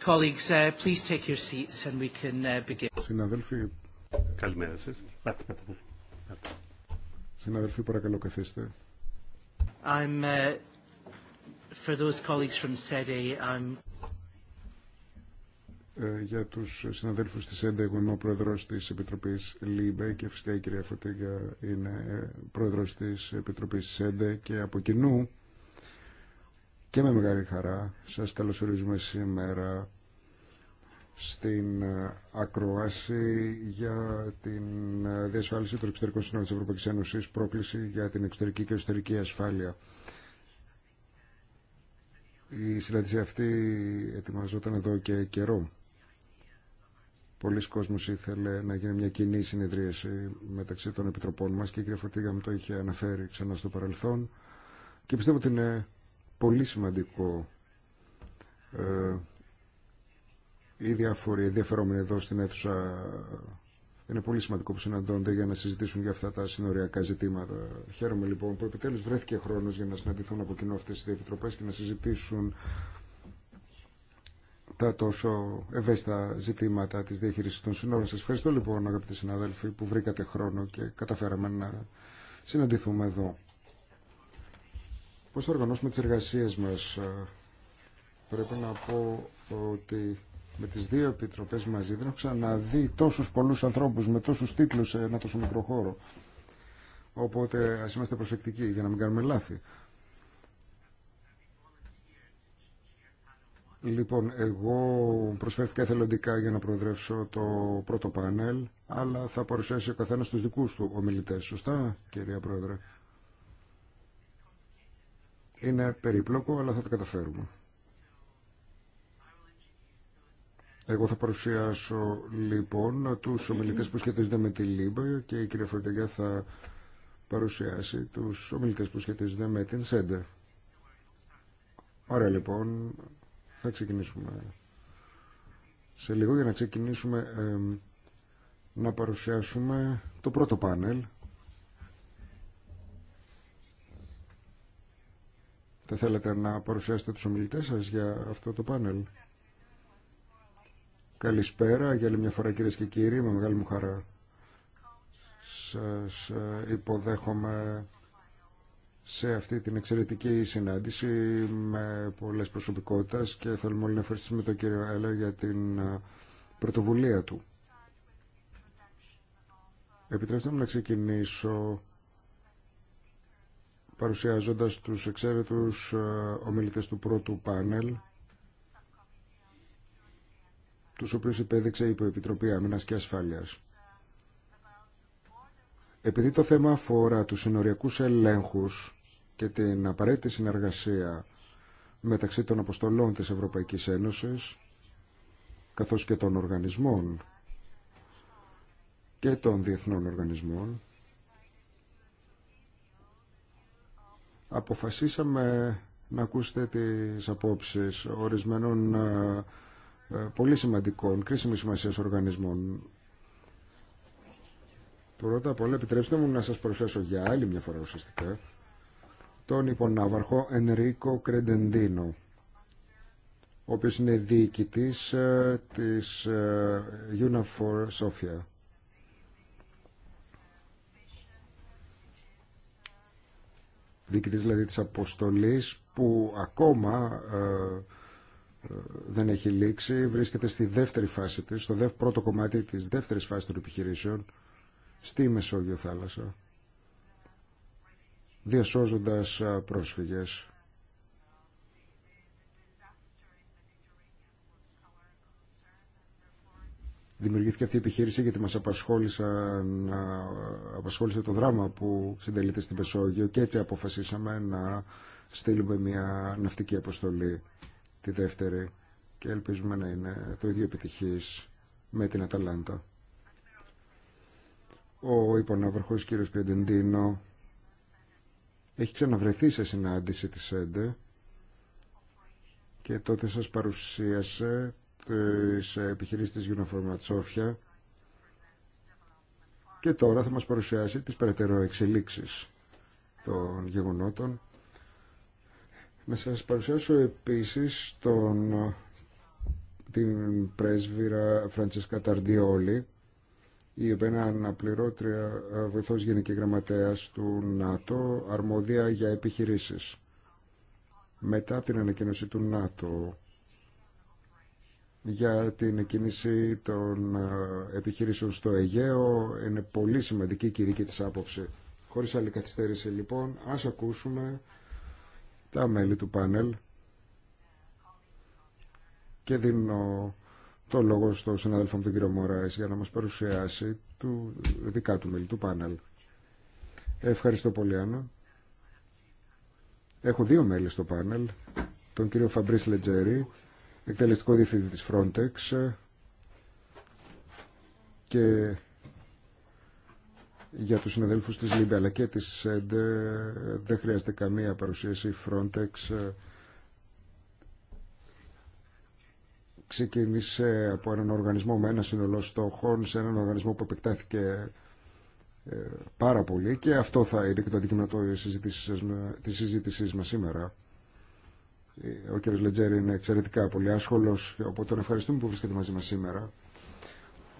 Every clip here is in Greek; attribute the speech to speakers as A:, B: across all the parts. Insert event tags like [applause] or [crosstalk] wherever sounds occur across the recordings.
A: Colleagues, uh, please take your seats and we can uh, begin. Συναδέλφοι, καλημέρα σας.
B: Συναδέλφοι, παρακαλώ καθίστε.
A: I'm uh, for those colleagues from SEDE, I'm
B: ε, για τους συναδέλφους της ΕΝΤΑ, εγώ είμαι ο πρόεδρος της Επιτροπής ΛΥΜΠΕ και φυσικά η κυρία Φωτήγα είναι ε, πρόεδρος της Επιτροπής ΕΝΤΑ και από κοινού και με μεγάλη χαρά σας καλωσορίζουμε σήμερα στην ε, ακρόαση για την ε, διασφάλιση των εξωτερικών συνόρων της Ευρωπαϊκής Ένωσης, πρόκληση για την εξωτερική και εσωτερική ασφάλεια. Η συνάντηση αυτή ετοιμαζόταν εδώ και καιρό. Πολλοί κόσμος ήθελε να γίνει μια κοινή συνεδρίαση μεταξύ των επιτροπών μας και η κυρία Φορτίγα μου το είχε αναφέρει ξανά στο παρελθόν και πιστεύω ότι είναι πολύ σημαντικό ε, οι διάφοροι ενδιαφερόμενοι εδώ στην αίθουσα ε, είναι πολύ σημαντικό που συναντώνται για να συζητήσουν για αυτά τα συνοριακά ζητήματα. Χαίρομαι λοιπόν που επιτέλους βρέθηκε χρόνος για να συναντηθούν από κοινό αυτές οι επιτροπές και να συζητήσουν τα τόσο ευαίσθητα ζητήματα της διαχείρισης των συνόρων. Σας ευχαριστώ λοιπόν αγαπητοί συνάδελφοι που βρήκατε χρόνο και καταφέραμε να συναντηθούμε εδώ. Πώς θα οργανώσουμε τις εργασίες μας. Ε, πρέπει να πω ότι με τις δύο επιτροπές μαζί δεν έχω ξαναδεί τόσους πολλούς ανθρώπους με τόσους τίτλους σε ένα τόσο μικρό χώρο. Οπότε ας είμαστε προσεκτικοί για να μην κάνουμε λάθη. Λοιπόν, εγώ προσφέρθηκα εθελοντικά για να προεδρεύσω το πρώτο πάνελ, αλλά θα παρουσιάσει ο καθένας τους δικούς του ομιλητές, σωστά, κυρία Πρόεδρε. Είναι περίπλοκο, αλλά θα το καταφέρουμε. Εγώ θα παρουσιάσω λοιπόν τους ομιλητές που σχετίζονται με τη ΛΥΜΠΑ και η κυρία θα παρουσιάσει τους ομιλητές που σχετίζονται με την ΣΕΝΤΕ. Ωραία λοιπόν, θα ξεκινήσουμε σε λίγο για να ξεκινήσουμε να παρουσιάσουμε το πρώτο πάνελ. Θα θέλατε να παρουσιάσετε τους ομιλητές σας για αυτό το πάνελ. Καλησπέρα για άλλη μια φορά κυρίες και κύριοι, με μεγάλη μου χαρά σας ε, υποδέχομαι σε αυτή την εξαιρετική συνάντηση με πολλές προσωπικότητες και θέλουμε όλοι να ευχαριστήσουμε τον κύριο Έλερ για την ε, πρωτοβουλία του. Επιτρέψτε μου να ξεκινήσω παρουσιάζοντας τους εξαίρετους ε, ομιλητές του πρώτου πάνελ τους οποίους υπέδειξε η Υποεπιτροπή Άμυνας και Ασφάλειας. Επειδή το θέμα αφορά τους συνοριακούς ελέγχους και την απαραίτητη συνεργασία μεταξύ των αποστολών της Ευρωπαϊκής Ένωσης καθώς και των οργανισμών και των διεθνών οργανισμών αποφασίσαμε να ακούσετε τις απόψεις ορισμένων ε, ε, πολύ σημαντικών, κρίσιμη σημασία οργανισμών. Πρώτα απ' όλα επιτρέψτε μου να σας προσθέσω για άλλη μια φορά ουσιαστικά τον υπονάβαρχο Ενρίκο Κρεντεντίνο ο οποίος είναι διοικητής ε, της UNAFOR Sofia διοικητής δηλαδή της αποστολής που ακόμα ε, ε, δεν έχει λήξει, βρίσκεται στη δεύτερη φάση της, στο πρώτο κομμάτι της δεύτερης φάσης των επιχειρήσεων, στη Μεσόγειο θάλασσα, διασώζοντας ε, πρόσφυγες δημιουργήθηκε αυτή η επιχείρηση γιατί μας απασχόλησαν, απασχόλησε το δράμα που συντελείται στην Πεσόγειο και έτσι αποφασίσαμε να στείλουμε μια ναυτική αποστολή τη δεύτερη και ελπίζουμε να είναι το ίδιο επιτυχής με την Αταλάντα. Ο υποναύρχος κ. Πιεντεντίνο έχει ξαναβρεθεί σε συνάντηση της ΕΝΤΕ και τότε σας παρουσίασε στις επιχειρήσεις της Uniformat και τώρα θα μας παρουσιάσει τις περαιτέρω εξελίξεις των γεγονότων. Να σας παρουσιάσω επίσης τον, την πρέσβυρα Φραντσέσκα Ταρντιόλη η οποία είναι αναπληρώτρια ε, βοηθός γενική γραμματέας του ΝΑΤΟ αρμόδια για επιχειρήσεις. Μετά από την ανακοίνωση του ΝΑΤΟ για την κίνηση των ε, επιχειρήσεων στο Αιγαίο. Είναι πολύ σημαντική και η δική της άποψη. Χωρίς άλλη καθυστέρηση λοιπόν, ας ακούσουμε τα μέλη του πάνελ και δίνω το λόγο στον συνάδελφο μου τον κύριο Μωράης για να μας παρουσιάσει του δικά του μέλη του πάνελ. Ευχαριστώ πολύ Άννα. Έχω δύο μέλη στο πάνελ, τον κύριο Φαμπρίς Λετζέρη εκτελεστικό διευθυντή της Frontex και για τους συναδέλφους της ΛΥΜΠΕ αλλά και της ΣΕΝΤ δεν χρειάζεται καμία παρουσίαση Frontex ξεκίνησε από έναν οργανισμό με ένα σύνολο στόχων σε έναν οργανισμό που επεκτάθηκε ε, πάρα πολύ και αυτό θα είναι και το αντικείμενο της συζήτησής μας σήμερα. Ο κ. Λετζέρη είναι εξαιρετικά πολύ άσχολο οπότε τον ευχαριστούμε που βρίσκεται μαζί μα σήμερα.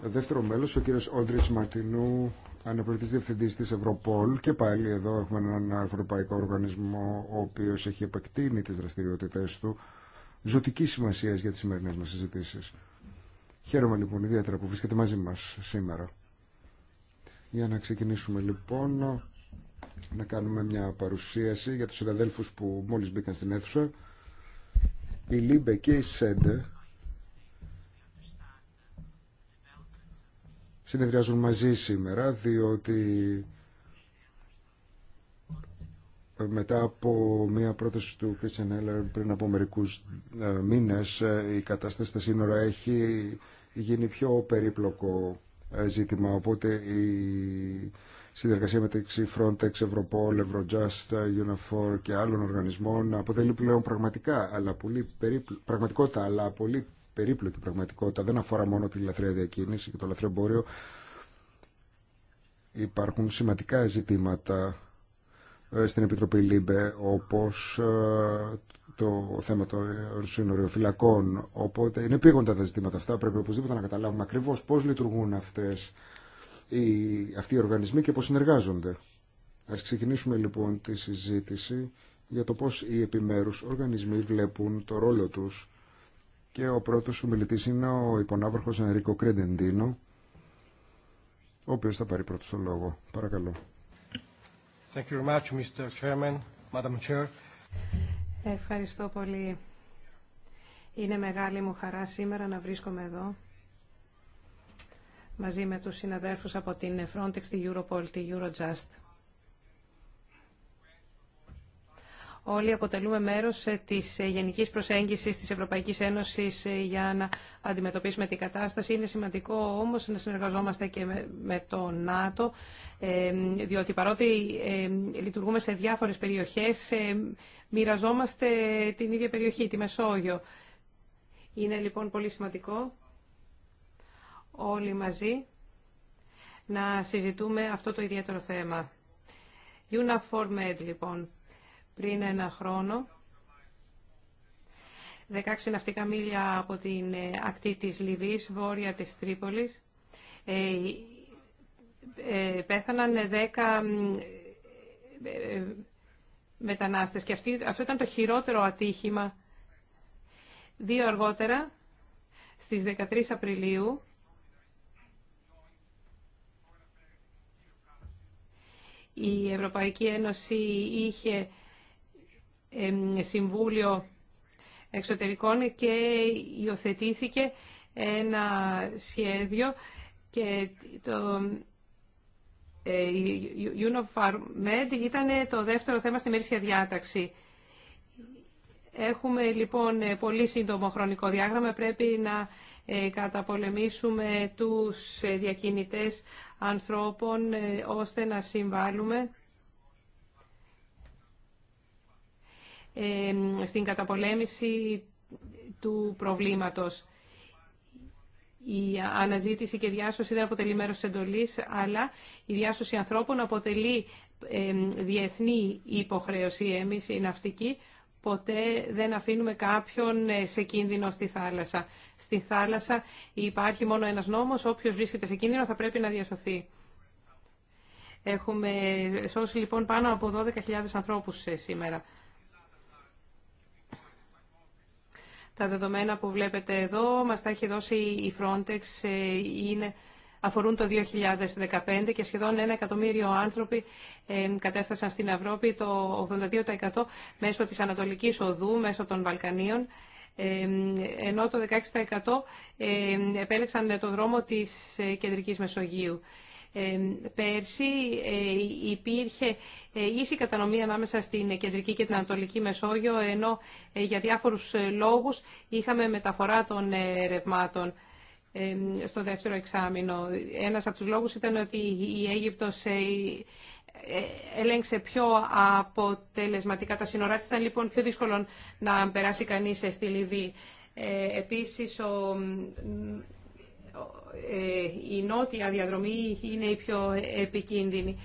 B: Δεύτερο μέλο ο κ. Όντριτ Μαρτινού, αναπληρωτή διευθυντή τη Ευρωπόλ και πάλι εδώ έχουμε έναν ευρωπαϊκό οργανισμό ο οποίο έχει επεκτείνει τι δραστηριότητε του ζωτική σημασία για τι σημερινέ μα συζητήσει. Χαίρομαι λοιπόν ιδιαίτερα που βρίσκεται μαζί μα σήμερα. Για να ξεκινήσουμε λοιπόν να κάνουμε μια παρουσίαση για τους συναδέλφους που μόλις μπήκαν στην αίθουσα η ΛΥΜΠΕ και η ΣΕΝΤΕ συνεδριάζουν μαζί σήμερα διότι μετά από μια πρόταση του Christian πριν από μερικούς ε, μήνες ε, η κατάσταση στα σύνορα έχει γίνει πιο περίπλοκο ε, ζήτημα οπότε η συνεργασία μεταξύ Frontex, Europol, Eurojust, Unifor και άλλων οργανισμών αποτελεί πλέον πραγματικά, αλλά πολύ περίπλο, πραγματικότητα, αλλά πολύ περίπλοκη πραγματικότητα. Δεν αφορά μόνο τη λαθρεία διακίνηση και το λαθρεμπόριο. Υπάρχουν σημαντικά ζητήματα ε, στην Επιτροπή ΛΥΜΠΕ, όπως ε, το θέμα των σύνοριοφυλακών. Οπότε είναι πήγοντα τα ζητήματα αυτά. Πρέπει οπωσδήποτε να καταλάβουμε ακριβώς πώς λειτουργούν αυτές οι, αυτοί οι οργανισμοί και πώς συνεργάζονται. Ας ξεκινήσουμε λοιπόν τη συζήτηση για το πώς οι επιμέρους οργανισμοί βλέπουν το ρόλο τους και ο πρώτος ομιλητής είναι ο υπονάβροχος Ενρίκο Κρεντεντίνο, ο οποίος θα πάρει πρώτος λόγο. Παρακαλώ. Thank you very much, Mr. Chairman, Madam Chair.
C: Ευχαριστώ πολύ. Είναι μεγάλη μου χαρά σήμερα να βρίσκομαι εδώ μαζί με τους συναδέρφους από την Frontex, τη Europol, τη Eurojust. Όλοι αποτελούμε μέρος ε, της ε, γενικής προσέγγισης της Ευρωπαϊκής Ένωσης ε, για να αντιμετωπίσουμε την κατάσταση. Είναι σημαντικό όμως να συνεργαζόμαστε και με το ΝΑΤΟ, διότι παρότι λειτουργούμε σε διάφορες περιοχές, μοιραζόμαστε την ίδια περιοχή, τη Μεσόγειο. Είναι λοιπόν πολύ σημαντικό όλοι μαζί να συζητούμε αυτό το ιδιαίτερο θέμα. Uniform Med, λοιπόν, πριν ένα χρόνο, 16 ναυτικά μίλια από την ε, ακτή της Λιβύης, βόρεια της Τρίπολης, ε, ε, πέθαναν 10 μετανάστες και αυτό ήταν το χειρότερο ατύχημα. Δύο αργότερα, στις 13 Απριλίου, η Ευρωπαϊκή Ένωση είχε Συμβούλιο Εξωτερικών και υιοθετήθηκε ένα σχέδιο και το ε, UNOFARMED ήταν το δεύτερο θέμα στη μερίσια διάταξη. Έχουμε λοιπόν πολύ σύντομο χρονικό διάγραμμα. Πρέπει να ε, καταπολεμήσουμε τους ε, διακινητές ανθρώπων ε, ώστε να συμβάλλουμε στην καταπολέμηση του προβλήματος. Η αναζήτηση και διάσωση δεν αποτελεί μέρος της εντολής, αλλά η διάσωση ανθρώπων αποτελεί διεθνή υποχρέωση. Εμείς οι ναυτικοί ποτέ δεν αφήνουμε κάποιον ε, σε κίνδυνο στη θάλασσα. Στη θάλασσα υπάρχει μόνο ένας νόμος, όποιος βρίσκεται σε κίνδυνο θα πρέπει να διασωθεί. Έχουμε σώσει λοιπόν πάνω από 12.000 ανθρώπους ε, σήμερα. Τα δεδομένα που βλέπετε εδώ μας τα έχει δώσει η Frontex, ε, είναι αφορούν το 2015 και σχεδόν ένα εκατομμύριο άνθρωποι κατέφτασαν στην Ευρώπη, το 82% μέσω της Ανατολικής Οδού, μέσω των Βαλκανίων, ενώ το 16% επέλεξαν το δρόμο της ε, Κεντρικής Μεσογείου. Πέρσι ε, υπήρχε ε, ίση κατανομή ανάμεσα στην Κεντρική και την Ανατολική Μεσόγειο, ενώ για διάφορους λόγους είχαμε μεταφορά των ρευμάτων στο δεύτερο εξάμεινο. Ένας από τους λόγους ήταν ότι η Αίγυπτος ε, ε, ελέγξε πιο αποτελεσματικά τα σύνορά της. Ήταν λοιπόν πιο δύσκολο να περάσει κανείς ε, στη Λιβύη. Επίσης, ο, η νότια διαδρομή είναι η πιο επικίνδυνη.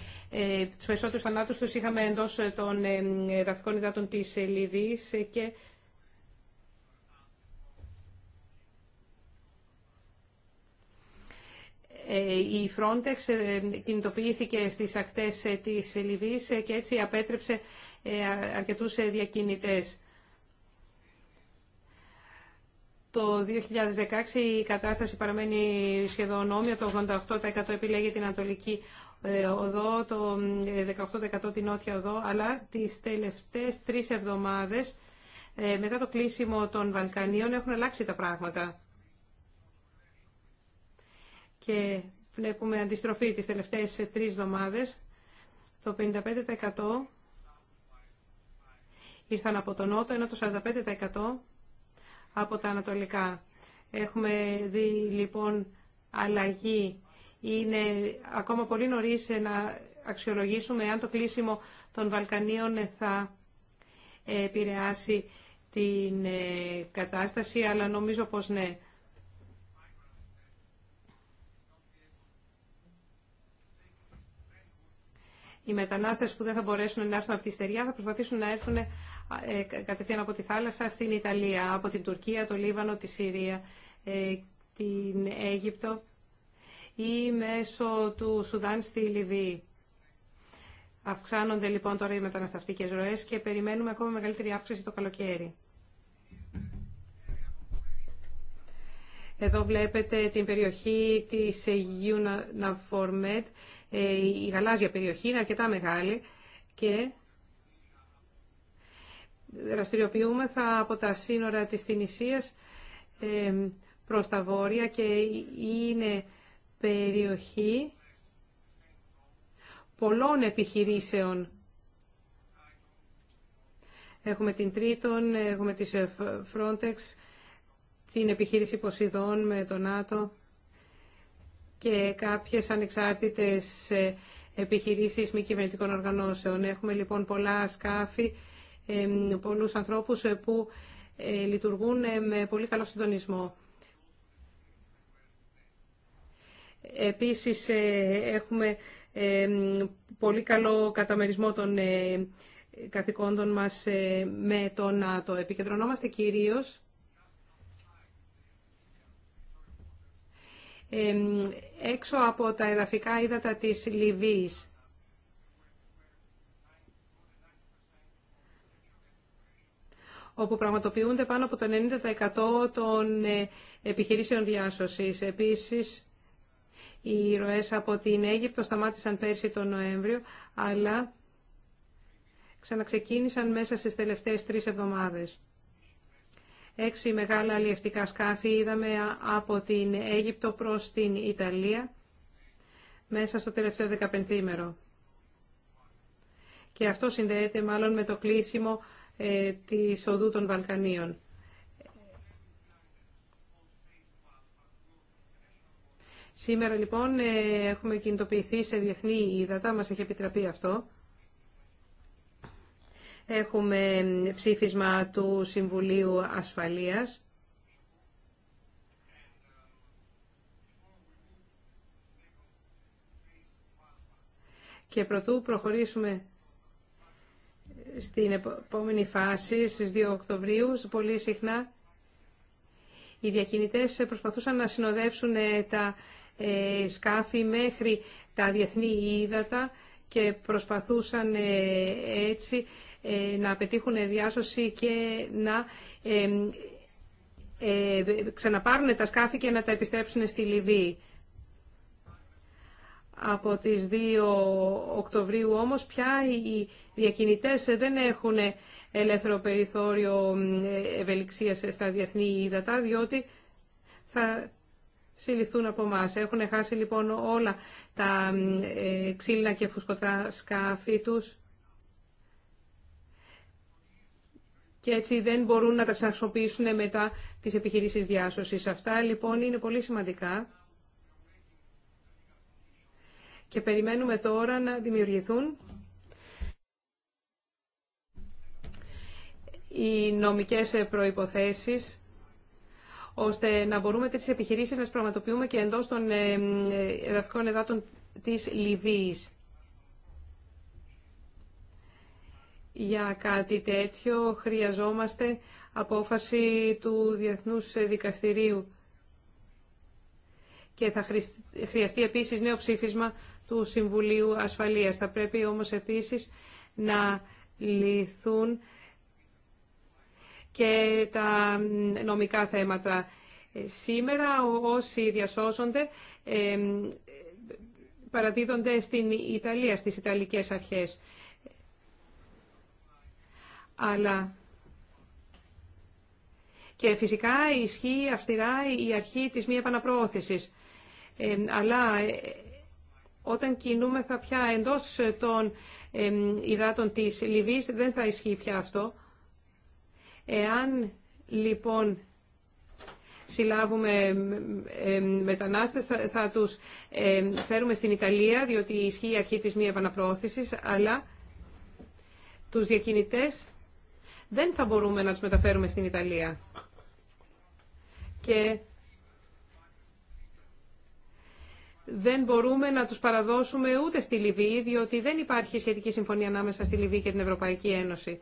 C: Τους περισσότερους θανάτους τους είχαμε εντός των εδαφικών υδάτων της Λιβύης και Η Frontex ε, κινητοποιήθηκε στις ακτές ε, της Λιβύης ε, και έτσι απέτρεψε αρκετούς διακινητές. Το 2016 η κατάσταση παραμένει σχεδόν όμοια. Το 88% επιλέγει την Ανατολική Οδό, το 18% την Νότια Οδό, αλλά τις τελευταίες τρεις εβδομάδες μετά το κλείσιμο των Βαλκανίων έχουν αλλάξει τα πράγματα και βλέπουμε αντιστροφή τις τελευταίες τρεις εβδομάδες. Το 55% ήρθαν από τον Νότο, ενώ το 45% από τα Ανατολικά. Έχουμε δει λοιπόν αλλαγή. Είναι ακόμα πολύ νωρίς να αξιολογήσουμε αν το κλείσιμο των Βαλκανίων θα ε, επηρεάσει την ε, κατάσταση, αλλά νομίζω πως ναι. οι μετανάστες που δεν θα μπορέσουν να έρθουν από τη Στεριά θα προσπαθήσουν να έρθουν ε, κατευθείαν από τη θάλασσα στην Ιταλία, από την Τουρκία, το Λίβανο, τη Συρία, ε, την Αίγυπτο ή μέσω του Σουδάν στη Λιβύη. Αυξάνονται λοιπόν τώρα οι μεταναστευτικές ροές και περιμένουμε ακόμα μεγαλύτερη αύξηση το καλοκαίρι. Εδώ βλέπετε την περιοχή της Αιγίου ε, η γαλάζια περιοχή είναι αρκετά μεγάλη και δραστηριοποιούμεθα από τα σύνορα της Τινησίας ε, προς τα βόρεια και είναι περιοχή πολλών επιχειρήσεων. Έχουμε την Τρίτον, έχουμε τη ε, Frontex, την επιχείρηση Ποσειδών με τον ΝΑΤΟ και κάποιες ανεξάρτητες ε, επιχειρήσεις μη κυβερνητικών οργανώσεων. Έχουμε λοιπόν πολλά σκάφη, πολλούς ανθρώπους ε, που ε, λειτουργούν με πολύ καλό συντονισμό. Επίσης έχουμε πολύ καλό καταμερισμό των καθηκόντων μας με το ΝΑΤΟ. Επικεντρωνόμαστε κυρίως έξω από τα εδαφικά ύδατα της Λιβύης. όπου πραγματοποιούνται πάνω από το 90% των ε, επιχειρήσεων διάσωσης. Επίσης, οι ροές από την Αίγυπτο σταμάτησαν πέρσι τον Νοέμβριο, αλλά ξαναξεκίνησαν μέσα στις τελευταίες τρεις εβδομάδες. Έξι μεγάλα αλλιευτικά σκάφη είδαμε από την Αίγυπτο προς την Ιταλία μέσα στο τελευταίο δεκαπενθήμερο. Και αυτό συνδέεται μάλλον με το κλείσιμο ε, της οδού των Βαλκανίων. Σήμερα λοιπόν ε, έχουμε κινητοποιηθεί σε διεθνή ύδατα, μας έχει επιτραπεί αυτό. Έχουμε ψήφισμα του Συμβουλίου Ασφαλείας. Και προτού προχωρήσουμε στην επόμενη φάση, στις 2 Οκτωβρίου, πολύ συχνά οι διακινητές προσπαθούσαν να συνοδεύσουν ε, τα ε, σκάφη μέχρι τα διεθνή ύδατα και προσπαθούσαν ε, έτσι ε, να πετύχουν διάσωση και να ε, ε, ξαναπάρουν τα σκάφη και να τα επιστρέψουν στη Λιβύη. Από τις 2 Οκτωβρίου όμως πια οι διακινητές δεν έχουν ελεύθερο περιθώριο ευελιξίας στα διεθνή ύδατα, διότι θα συλληφθούν από εμά. Έχουν χάσει λοιπόν όλα τα ξύλινα και φουσκωτά σκάφη τους. και έτσι δεν μπορούν να τα ξαναχρησιμοποιήσουν μετά τις επιχειρήσεις διάσωσης. Αυτά λοιπόν είναι πολύ σημαντικά και περιμένουμε τώρα να δημιουργηθούν οι νομικές προϋποθέσεις ώστε να μπορούμε τις επιχειρήσεις να πραγματοποιούμε και εντός των ε, ε, εδαφικών εδάτων της Λιβύης. Για κάτι τέτοιο χρειαζόμαστε απόφαση του Διεθνούς Δικαστηρίου και θα χρειαστεί επίσης νέο ψήφισμα του Συμβουλίου Ασφαλείας. Θα πρέπει όμως επίσης να λυθούν και τα νομικά θέματα. Σήμερα όσοι διασώζονται παραδίδονται στην Ιταλία, στις Ιταλικές αρχές αλλά και φυσικά ισχύει αυστηρά η αρχή της μη επαναπροώθησης. Ε, αλλά ε, όταν θα πια εντός ε, των ε, υδάτων της Λιβύης δεν θα ισχύει πια αυτό. Εάν λοιπόν συλλάβουμε ε, μετανάστες θα, θα τους φέρουμε στην Ιταλία διότι ισχύει η αρχή της μη επαναπροώθησης αλλά τους διακινητές δεν θα μπορούμε να τους μεταφέρουμε στην Ιταλία. Και δεν μπορούμε να τους παραδώσουμε ούτε στη Λιβύη, διότι δεν υπάρχει σχετική συμφωνία ανάμεσα στη Λιβύη και την Ευρωπαϊκή Ένωση.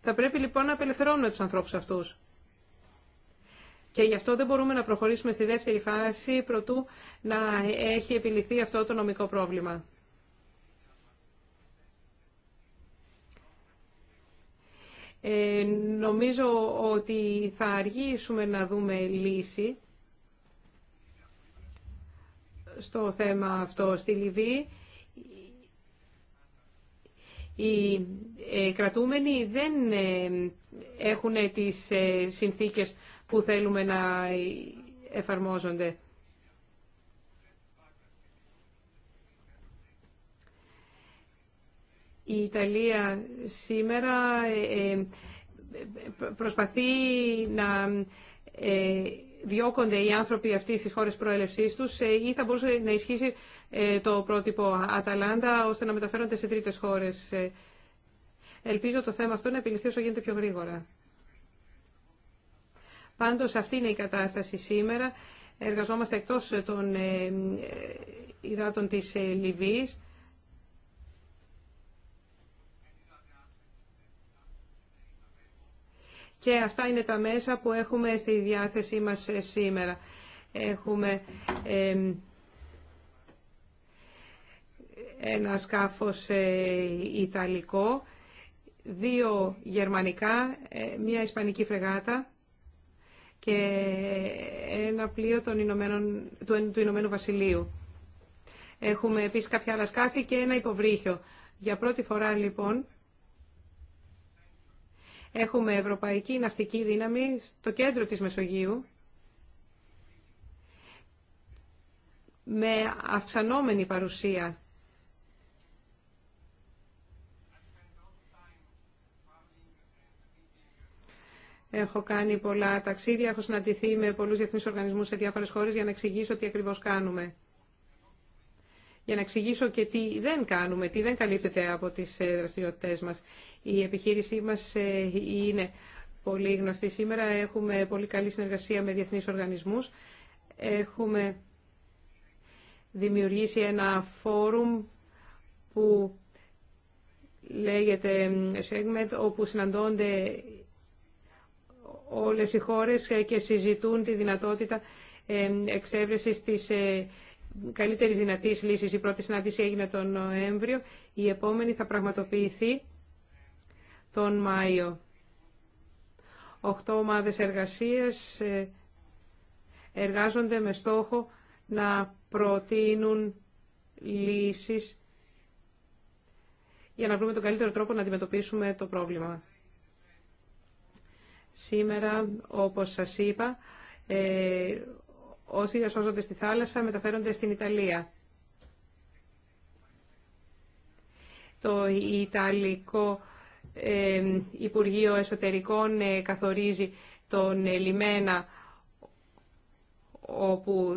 C: Θα πρέπει λοιπόν να απελευθερώνουμε τους ανθρώπους αυτούς. Και γι' αυτό δεν μπορούμε να προχωρήσουμε στη δεύτερη φάση προτού να έχει επιληθεί αυτό το νομικό πρόβλημα. Ε, νομίζω ότι θα αργήσουμε να δούμε λύση στο θέμα αυτό στη Λιβύη. Οι ε, κρατούμενοι δεν ε, έχουν τις συνθήκες που θέλουμε να εφαρμόζονται. Η Ιταλία σήμερα ε, ε, προσπαθεί να ε, διώκονται οι άνθρωποι αυτοί στις χώρες προέλευσής τους ή θα μπορούσε να ισχύσει το πρότυπο Αταλάντα ώστε να μεταφέρονται σε τρίτες χώρες. Ελπίζω το θέμα αυτό να επιληθεί όσο γίνεται πιο γρήγορα. Πάντως αυτή είναι η κατάσταση σήμερα. Εργαζόμαστε εκτός των υδάτων της Λιβύης. Και αυτά είναι τα μέσα που έχουμε στη διάθεσή μας ε, σήμερα. Έχουμε ένα σκάφος ε, ιταλικό, δύο γερμανικά, ε, μία ισπανική φρεγάτα και ένα πλοίο των του, του Ηνωμένου Βασιλείου. Έχουμε επίσης κάποια άλλα σκάφη και ένα υποβρύχιο. Για πρώτη φορά λοιπόν Έχουμε ευρωπαϊκή ναυτική δύναμη στο κέντρο της Μεσογείου με αυξανόμενη παρουσία. Έχω κάνει πολλά ταξίδια, έχω συναντηθεί με πολλούς διεθνείς οργανισμούς σε διάφορες χώρες για να εξηγήσω τι ακριβώς κάνουμε για να εξηγήσω και τι δεν κάνουμε, τι δεν καλύπτεται από τις ε, δραστηριότητές μας. Η επιχείρησή μας ε, είναι πολύ γνωστή σήμερα. Έχουμε πολύ καλή συνεργασία με διεθνείς οργανισμούς. Έχουμε δημιουργήσει ένα φόρουμ που λέγεται Segment, όπου συναντώνται όλες οι χώρες ε, και συζητούν τη δυνατότητα εξέβρεσης της καλύτερης δυνατής λύσης. Η πρώτη συνάντηση έγινε τον Νοέμβριο, η επόμενη θα πραγματοποιηθεί τον Μάιο. Οχτώ ομάδες εργασίας ε, εργάζονται με στόχο να προτείνουν λύσεις για να βρούμε τον καλύτερο τρόπο να αντιμετωπίσουμε το πρόβλημα. Σήμερα, όπως σας είπα, ε, όσοι διασώζονται στη θάλασσα μεταφέρονται στην Ιταλία. Το Ιταλικό ε, Υπουργείο Εσωτερικών ε, καθορίζει τον ε, λιμένα όπου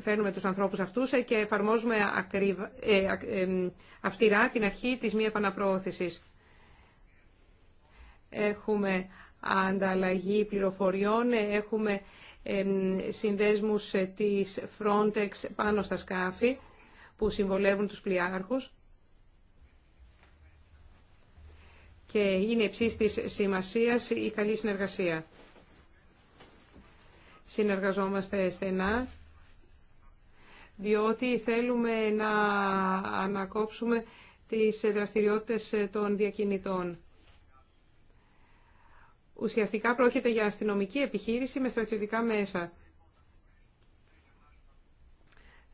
C: φέρνουμε τους ανθρώπους αυτούς και εφαρμόζουμε αυστηρά την αρχή της μη επαναπροώθησης. Έχουμε ανταλλαγή πληροφοριών, έχουμε συνδέσμους ε, της Frontex πάνω στα σκάφη που συμβολεύουν τους πλοιάρχους. Και είναι υψής της σημασίας η καλή συνεργασία. Συνεργαζόμαστε στενά, διότι θέλουμε να ανακόψουμε τις δραστηριότητες των διακινητών. Ουσιαστικά πρόκειται για αστυνομική επιχείρηση με στρατιωτικά μέσα.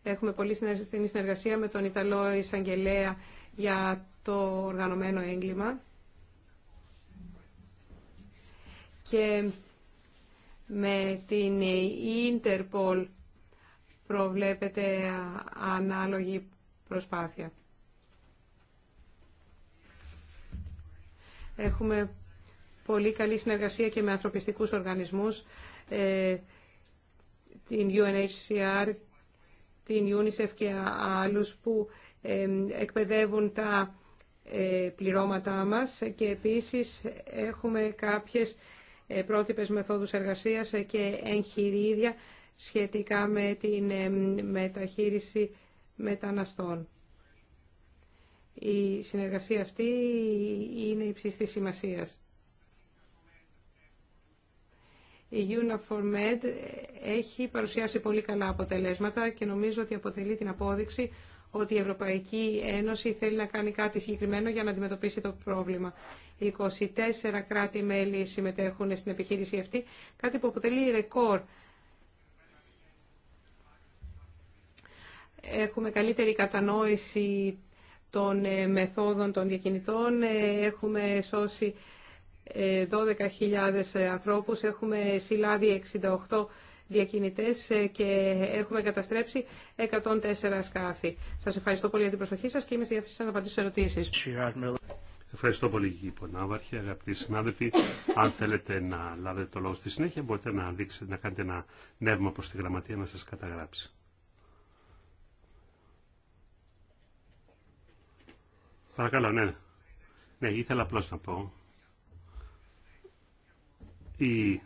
C: Έχουμε πολύ στενή συνεργασία με τον Ιταλό ισαγγελέα για το οργανωμένο έγκλημα. Και με την Interpol προβλέπεται ανάλογη προσπάθεια. Έχουμε πολύ καλή συνεργασία και με ανθρωπιστικούς οργανισμούς, ε, την UNHCR, την UNICEF και άλλους που ε, εκπαιδεύουν τα ε, πληρώματά μας και επίσης έχουμε κάποιες πρότυπες μεθόδους εργασίας και εγχειρίδια σχετικά με την μεταχείριση μεταναστών. Η συνεργασία αυτή είναι υψής της σημασίας. Η UNAFORMED έχει παρουσιάσει πολύ καλά αποτελέσματα και νομίζω ότι αποτελεί την απόδειξη ότι η Ευρωπαϊκή Ένωση θέλει να κάνει κάτι συγκεκριμένο για να αντιμετωπίσει το πρόβλημα. 24 κράτη-μέλη συμμετέχουν στην επιχείρηση αυτή, κάτι που αποτελεί ρεκόρ. Έχουμε καλύτερη κατανόηση των ε, μεθόδων των διακινητών, ε, έχουμε σώσει 12.000 ε, ανθρώπους, έχουμε συλλάβει 68 διακινητές ε, και έχουμε καταστρέψει 104 σκάφη. Σας ευχαριστώ πολύ για την προσοχή σας και είμαι στη διάθεση να απαντήσω σε
A: ερωτήσεις. Ευχαριστώ πολύ Πονάβαρχε, αγαπητοί συνάδελφοι. Αν θέλετε να λάβετε το λόγο στη συνέχεια, μπορείτε να, δείξετε, να κάνετε ένα νεύμα προς τη γραμματεία να σας καταγράψει. Παρακαλώ, ναι. Ναι, ήθελα απλώς να πω η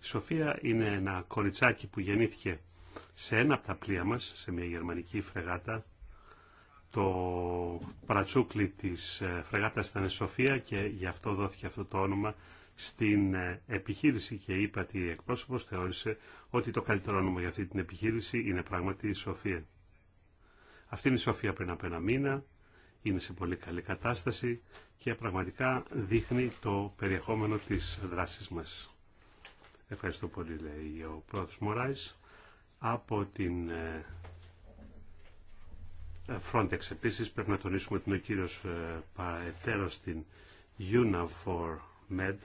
A: Σοφία είναι ένα κοριτσάκι που γεννήθηκε σε ένα από τα πλοία μας, σε μια γερμανική φρεγάτα. Το παρατσούκλι της ε, φρεγάτας ήταν Σοφία και γι' αυτό δόθηκε αυτό το όνομα στην ε, επιχείρηση και είπα ότι η εκπρόσωπος θεώρησε ότι το καλύτερο όνομα για αυτή την επιχείρηση είναι πράγματι η Σοφία. Αυτή είναι η Σοφία πριν από ένα μήνα είναι σε πολύ καλή κατάσταση και πραγματικά δείχνει το περιεχόμενο της δράσης μας. Ευχαριστώ πολύ, λέει ο πρόεδρος Μωράης. Από την ε, Frontex επίσης πρέπει να τονίσουμε ότι είναι ο κύριος ε, παρετέρος στην MED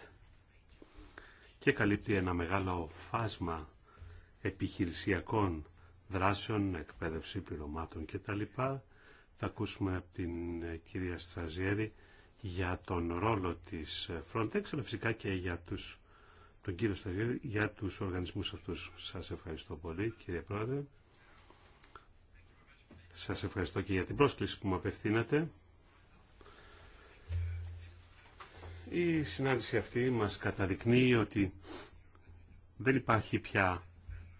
A: και καλύπτει ένα μεγάλο φάσμα επιχειρησιακών δράσεων, εκπαίδευση πληρωμάτων κτλ. Θα ακούσουμε από την ε, κυρία Στραζιέρη για τον ρόλο της ε, Frontex, αλλά φυσικά και για τους, τον κύριο Στραζιέρη για τους οργανισμούς αυτούς. Σας ευχαριστώ πολύ κύριε Πρόεδρε. Σας ευχαριστώ και για την πρόσκληση που μου απευθύνατε. Η συνάντηση αυτή μας καταδεικνύει ότι δεν υπάρχει πια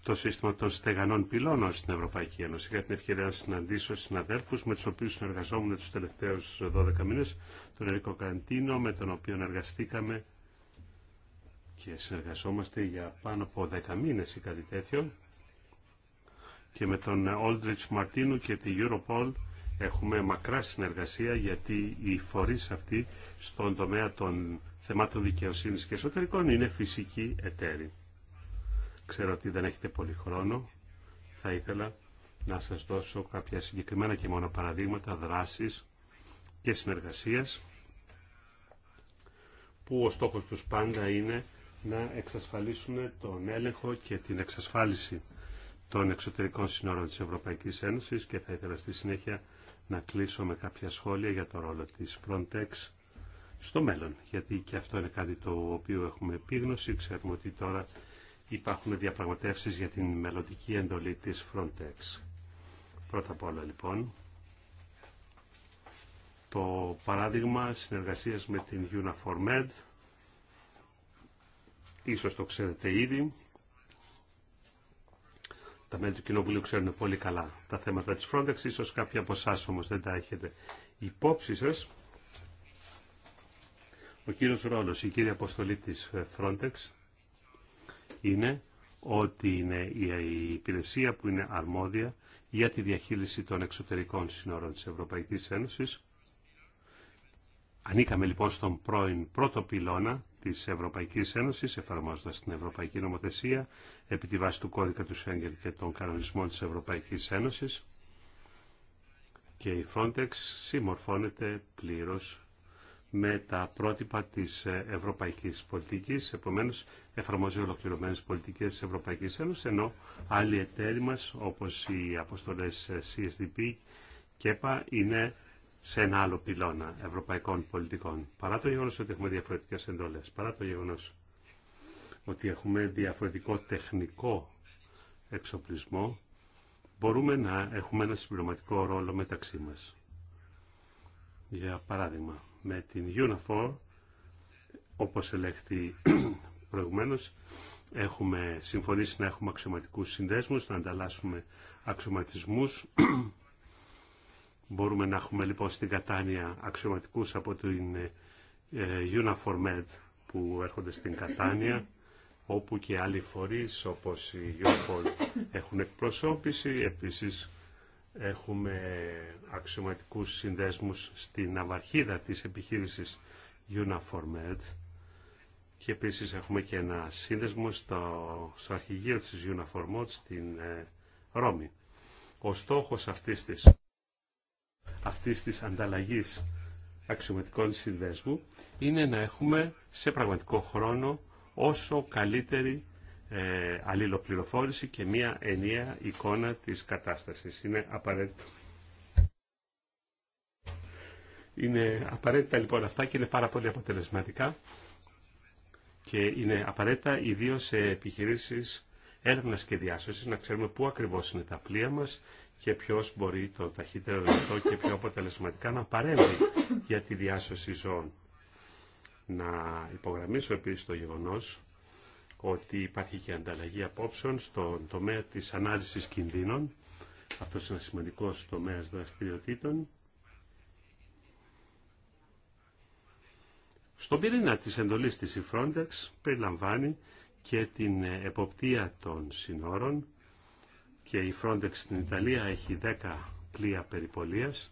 A: το σύστημα των στεγανών πυλώνων στην Ευρωπαϊκή Ένωση. Είχα την ευκαιρία να συναντήσω συναδέλφου με του οποίου συνεργαζόμουν του τελευταίου 12 μήνε, τον Ερικό Καντίνο, με τον οποίο εργαστήκαμε και συνεργαζόμαστε για πάνω από 10 μήνε ή κάτι τέτοιο, και με τον Όλτριτ Μαρτίνου και τη Europol έχουμε μακρά συνεργασία γιατί οι φορείς αυτοί στον τομέα των θεμάτων δικαιοσύνης και εσωτερικών είναι φυσικοί εταίροι. Ξέρω ότι δεν έχετε πολύ χρόνο. Θα ήθελα να σας δώσω κάποια συγκεκριμένα και μόνο παραδείγματα δράσης και συνεργασίας που ο στόχος τους πάντα είναι να εξασφαλίσουν τον έλεγχο και την εξασφάλιση των εξωτερικών σύνορων της Ευρωπαϊκής Ένωσης και θα ήθελα στη συνέχεια να κλείσω με κάποια σχόλια για το ρόλο της Frontex στο μέλλον, γιατί και αυτό είναι κάτι το οποίο έχουμε επίγνωση. Ξέρουμε ότι τώρα υπάρχουν διαπραγματεύσεις για την μελλοντική εντολή της Frontex. Πρώτα απ' όλα λοιπόν, το παράδειγμα συνεργασίας με την Uniformed ίσως το ξέρετε ήδη, τα μέλη του Κοινοβουλίου ξέρουν πολύ καλά τα θέματα της Frontex, ίσως κάποιοι από εσά όμως δεν τα έχετε υπόψη σας. Ο κύριος Ρόλος, η κύρια αποστολή της Frontex, είναι ότι είναι η υπηρεσία που είναι αρμόδια για τη διαχείριση των εξωτερικών σύνορων της Ευρωπαϊκής Ένωσης. Ανήκαμε λοιπόν στον πρώτο πυλώνα της Ευρωπαϊκής Ένωσης, εφαρμόζοντας την Ευρωπαϊκή Νομοθεσία, επί τη βάση του κώδικα του Σέγγελ και των κανονισμών της Ευρωπαϊκής Ένωσης. Και η Frontex συμμορφώνεται πλήρως με τα πρότυπα της ευρωπαϊκής πολιτικής, επομένως εφαρμόζει ολοκληρωμένες πολιτικές της Ευρωπαϊκής Ένωσης, ενώ άλλοι εταίροι μας, όπως οι αποστολές CSDP και ΕΠΑ, είναι σε ένα άλλο πυλώνα ευρωπαϊκών πολιτικών. Παρά το γεγονός ότι έχουμε διαφορετικές εντολές, παρά το γεγονός ότι έχουμε διαφορετικό τεχνικό εξοπλισμό, μπορούμε να έχουμε ένα συμπληρωματικό ρόλο μεταξύ μας. Για παράδειγμα, με την UNAFOR, όπως ελέγχθη [clears throat] προηγουμένως, έχουμε συμφωνήσει να έχουμε αξιωματικούς συνδέσμους, να ανταλλάσσουμε αξιωματισμούς. [clears throat] Μπορούμε να έχουμε λοιπόν στην Κατάνια αξιωματικούς από την ε, UNAFOR που έρχονται στην Κατάνια, όπου και άλλοι φορείς όπως η UNAFOR έχουν εκπροσώπηση, επίσης Έχουμε αξιωματικούς συνδέσμους στην ναυαρχίδα της επιχείρησης Uniformed και επίσης έχουμε και ένα σύνδεσμο στο, στο αρχηγείο της Uniformed στην ε, Ρώμη. Ο στόχος αυτής της, αυτής της ανταλλαγής αξιωματικών συνδέσμου είναι να έχουμε σε πραγματικό χρόνο όσο καλύτερη ε, αλληλοπληροφόρηση και μια ενιαία εικόνα της κατάστασης. Είναι απαραίτητο. Είναι απαραίτητα λοιπόν αυτά και είναι πάρα πολύ αποτελεσματικά και είναι απαραίτητα ιδίω σε επιχειρήσεις έρευνα και διάσωσης να ξέρουμε πού ακριβώς είναι τα πλοία μας και ποιος μπορεί το ταχύτερο δυνατό και πιο αποτελεσματικά να παρέμβει για τη διάσωση ζώων. Να υπογραμμίσω επίσης το γεγονός ότι υπάρχει και ανταλλαγή απόψεων στον τομέα της ανάλυσης κινδύνων. Αυτό είναι ένα σημαντικό τομέα δραστηριοτήτων. Στον πυρήνα της εντολή της η Frontex περιλαμβάνει και την εποπτεία των συνόρων και η Frontex στην Ιταλία έχει 10 πλοία περιπολίας.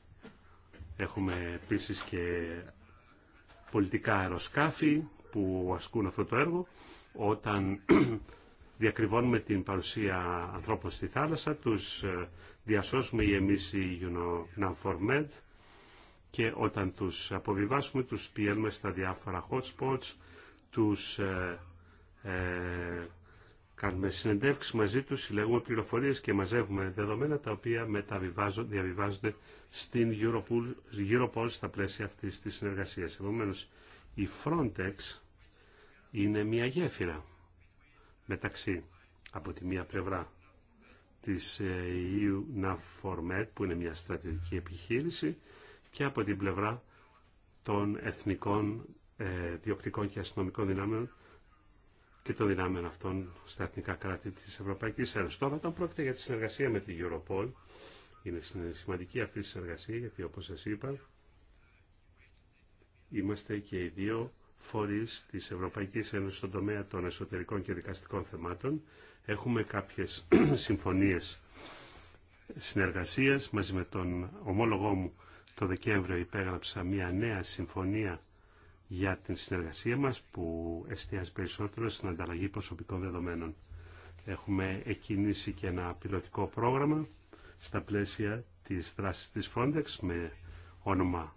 A: Έχουμε επίσης και πολιτικά αεροσκάφη που ασκούν αυτό το έργο όταν [clears throat] διακριβώνουμε την παρουσία ανθρώπων στη θάλασσα, τους ε, διασώσουμε ή εμείς οι UNAMFORMED και όταν τους αποβιβάσουμε τους πιέλουμε στα διάφορα hot spots, τους ε, ε, κάνουμε συνεντεύξεις μαζί τους, συλλέγουμε πληροφορίες και μαζεύουμε δεδομένα τα οποία διαβιβάζονται στην Europol, Europol στα πλαίσια αυτής της συνεργασίας. Επομένως, η Frontex είναι μια γέφυρα μεταξύ από τη μία πλευρά της EU ε, NAVFORMED που είναι μια στρατηγική επιχείρηση και από την πλευρά των εθνικών ε, διοκτικών και αστυνομικών δυνάμεων και των δυνάμεων αυτών στα εθνικά κράτη της Ευρωπαϊκής Ένωσης. Τώρα όταν πρόκειται για τη συνεργασία με την Europol, είναι σημαντική αυτή η συνεργασία γιατί όπως σας είπα είμαστε και οι δύο φορείς της Ευρωπαϊκής Ένωσης στον τομέα των εσωτερικών και δικαστικών θεμάτων. Έχουμε κάποιες [clears throat] συμφωνίες συνεργασίας. Μαζί με τον ομόλογό μου το Δεκέμβριο υπέγραψα μια νέα συμφωνία για την συνεργασία μας που εστιάζει περισσότερο στην ανταλλαγή προσωπικών δεδομένων. Έχουμε εκκινήσει και ένα πιλωτικό πρόγραμμα στα πλαίσια της δράσης της Frontex με όνομα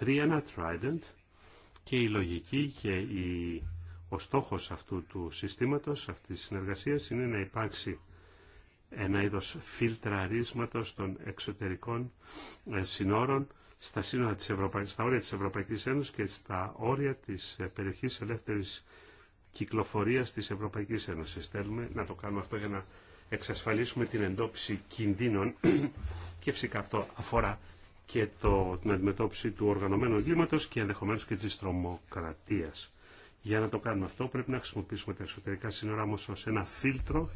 A: Triana Trident και η λογική και η, ο στόχος αυτού του συστήματος, αυτής της συνεργασίας είναι να υπάρξει ένα είδος φιλτραρίσματος των εξωτερικών ε, συνόρων στα, σύνορα της Ευρωπα... στα όρια της Ευρωπαϊκής Ένωσης και στα όρια της ε, περιοχής ελεύθερης κυκλοφορίας της Ευρωπαϊκής Ένωσης. Θέλουμε να το κάνουμε αυτό για να εξασφαλίσουμε την εντόπιση κινδύνων [clears throat] και φυσικά αυτό αφορά και το, την αντιμετώπιση του οργανωμένου εγκλήματο και ενδεχομένω και τη τρομοκρατία. Για να το κάνουμε αυτό πρέπει να χρησιμοποιήσουμε τα εσωτερικά σύνορα όμω ω ένα φίλτρο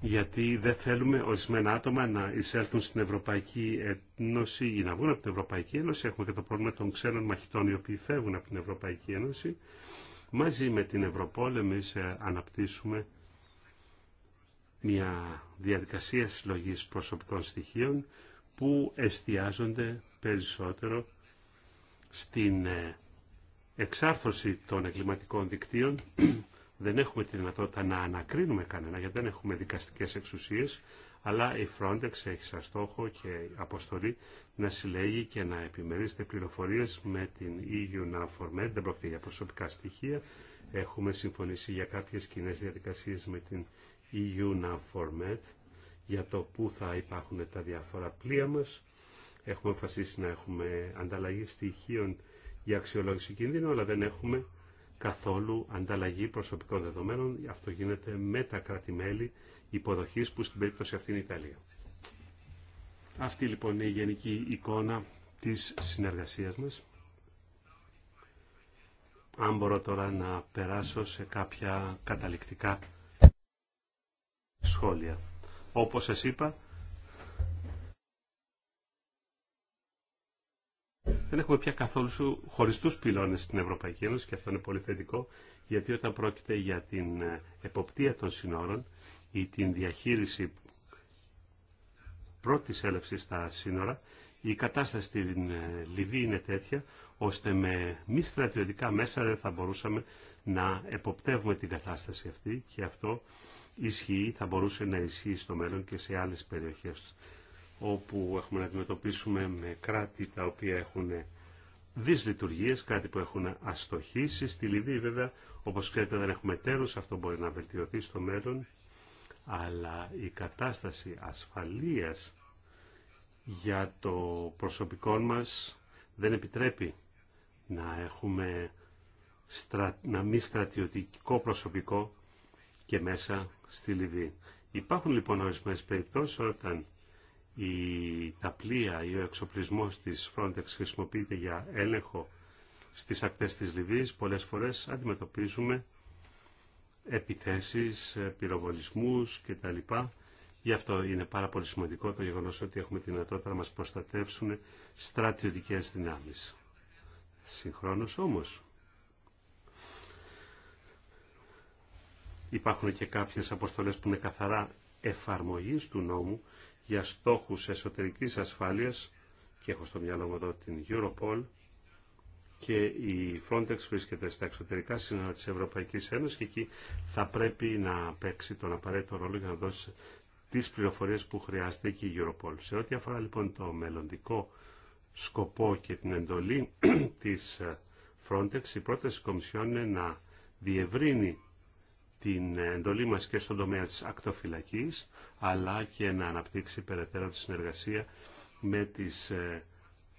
A: γιατί δεν θέλουμε ορισμένα άτομα να εισέλθουν στην Ευρωπαϊκή Ένωση ή να βγουν από την Ευρωπαϊκή Ένωση. Έχουμε και το πρόβλημα των ξένων μαχητών οι οποίοι φεύγουν από την Ευρωπαϊκή Ένωση. Μαζί με την Ευρωπόλεμη, ε, αναπτύσσουμε μια διαδικασία συλλογής προσωπικών στοιχείων που εστιάζονται περισσότερο στην ε, εξάρθρωση των εγκληματικών δικτύων. [clears throat] δεν έχουμε τη δυνατότητα να ανακρίνουμε κανένα γιατί δεν έχουμε δικαστικές εξουσίες, αλλά η Frontex έχει σαν στόχο και αποστολή να συλλέγει και να επιμερίζεται πληροφορίες με την EU Now δεν πρόκειται για προσωπικά στοιχεία. Έχουμε συμφωνήσει για κάποιες κοινέ διαδικασίες με την EU format για το πού θα υπάρχουν τα διάφορα πλοία μας. Έχουμε αποφασίσει να έχουμε ανταλλαγή στοιχείων για αξιολόγηση κινδύνου, αλλά δεν έχουμε καθόλου ανταλλαγή προσωπικών δεδομένων. Αυτό γίνεται με τα κράτη-μέλη υποδοχής που στην περίπτωση αυτή είναι η Ιταλία. Αυτή λοιπόν είναι η γενική εικόνα της συνεργασίας μας. Αν μπορώ τώρα να περάσω σε κάποια καταληκτικά σχόλια. Όπως σας είπα, δεν έχουμε πια καθόλου χωριστούς πυλώνες στην Ευρωπαϊκή Ένωση και αυτό είναι πολύ θετικό, γιατί όταν πρόκειται για την ε, εποπτεία των συνόρων ή την διαχείριση πρώτης έλευσης στα σύνορα, η κατάσταση στην ε, Λιβύη είναι τέτοια, ώστε με μη στρατιωτικά μέσα δεν θα μπορούσαμε να εποπτεύουμε την κατάσταση αυτή και αυτό ισχύει, θα μπορούσε να ισχύει στο μέλλον και σε άλλες περιοχές όπου έχουμε να αντιμετωπίσουμε με κράτη τα οποία έχουν δυσλειτουργίες, κάτι που έχουν αστοχήσει. Στη Λιβύη βέβαια, όπως ξέρετε δεν έχουμε τέρους, αυτό μπορεί να βελτιωθεί στο μέλλον, αλλά η κατάσταση ασφαλείας για το προσωπικό μας δεν επιτρέπει να έχουμε στρα... να μη στρατιωτικό προσωπικό και μέσα στη Λιβύη. Υπάρχουν λοιπόν ορισμένες περιπτώσεις όταν η, τα πλοία ή ο εξοπλισμός της Frontex χρησιμοποιείται για έλεγχο στις ακτές της Λιβύης, πολλές φορές αντιμετωπίζουμε επιθέσεις, πυροβολισμούς κτλ. Γι' αυτό είναι πάρα πολύ σημαντικό το γεγονός ότι έχουμε τη δυνατότητα να μας προστατεύσουν στρατιωτικές δυνάμεις. Συγχρόνως όμως, Υπάρχουν και κάποιες αποστολές που είναι καθαρά εφαρμογής του νόμου για στόχους εσωτερικής ασφάλειας και έχω στο μυαλό μου εδώ την Europol και η Frontex βρίσκεται στα εξωτερικά σύνορα της Ευρωπαϊκής Ένωσης και εκεί θα πρέπει να παίξει τον απαραίτητο ρόλο για να δώσει τις πληροφορίες που χρειάζεται και η Europol. Σε ό,τι αφορά λοιπόν το μελλοντικό σκοπό και την εντολή [clears throat] της ε, Frontex, η πρόταση της Κομισιόν είναι να διευρύνει την εντολή μας και στον τομέα της ακτοφυλακής, αλλά και να αναπτύξει περαιτέρω τη συνεργασία με τις ε,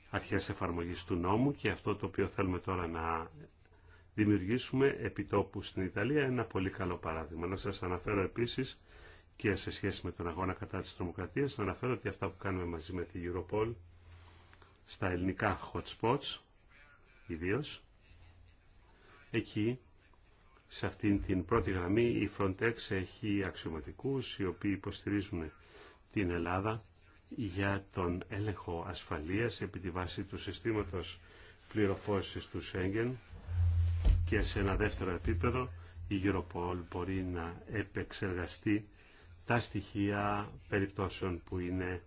A: αρχές εφαρμογής του νόμου και αυτό το οποίο θέλουμε τώρα να δημιουργήσουμε επιτόπου στην Ιταλία ένα πολύ καλό παράδειγμα. Να σας αναφέρω επίσης και σε σχέση με τον αγώνα κατά της τρομοκρατίας, να αναφέρω ότι αυτά που κάνουμε μαζί με τη Europol στα ελληνικά hotspots, ιδίως, εκεί σε αυτήν την πρώτη γραμμή η Frontex έχει αξιωματικούς οι οποίοι υποστηρίζουν την Ελλάδα για τον έλεγχο ασφαλείας επί τη βάση του συστήματος πληροφόρησης του Σέγγεν και σε ένα δεύτερο επίπεδο η Europol μπορεί να επεξεργαστεί τα στοιχεία περιπτώσεων που είναι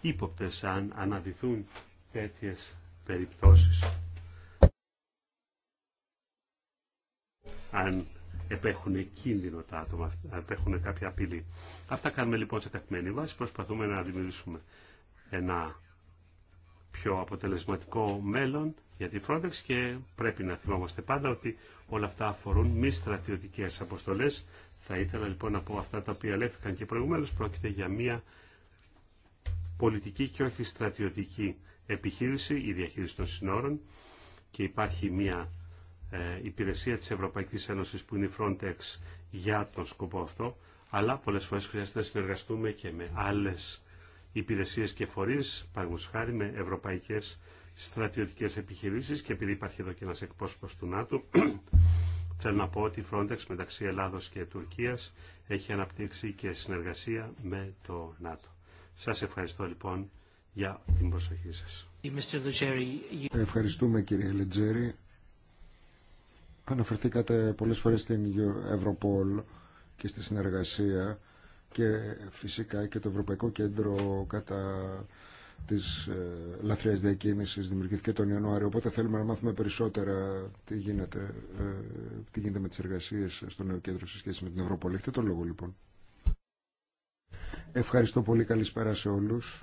A: ύποπτες αν αναδυθούν τέτοιες περιπτώσεις. αν επέχουν κίνδυνο τα άτομα, αν επέχουν κάποια απειλή. Αυτά κάνουμε λοιπόν σε καθημερινή βάση, προσπαθούμε να δημιουργήσουμε ένα πιο αποτελεσματικό μέλλον για τη Frontex και πρέπει να θυμόμαστε πάντα ότι όλα αυτά αφορούν μη στρατιωτικέ αποστολέ. Θα ήθελα λοιπόν να πω αυτά τα οποία λέχθηκαν και προηγουμένω. Πρόκειται για μια πολιτική και όχι στρατιωτική επιχείρηση, η διαχείριση των συνόρων και υπάρχει μια ε, υπηρεσία της Ευρωπαϊκής Ένωσης που είναι η Frontex για τον σκοπό αυτό, αλλά πολλές φορές χρειάζεται να συνεργαστούμε και με άλλες υπηρεσίες και φορείς, παραδείγματος με ευρωπαϊκές στρατιωτικές επιχειρήσεις και επειδή υπάρχει εδώ και ένας εκπρόσωπος του ΝΑΤΟ, [clears throat] θέλω να πω ότι η Frontex μεταξύ Ελλάδος και Τουρκίας έχει αναπτύξει και συνεργασία με το ΝΑΤΟ. Σας ευχαριστώ λοιπόν για την προσοχή σας.
B: Ευχαριστούμε κύριε Λετζέρη. Αναφερθήκατε πολλές φορές στην Ευρωπόλ και στη συνεργασία και φυσικά και το Ευρωπαϊκό Κέντρο κατά της ε, λαθρείας διακίνησης δημιουργήθηκε τον Ιανουάριο οπότε θέλουμε να μάθουμε περισσότερα τι γίνεται, ε, τι γίνεται με τις εργασίες στο νέο κέντρο σε σχέση με την Ευρωπόλ. Έχετε τον λόγο λοιπόν. Ευχαριστώ πολύ. Καλησπέρα σε όλους.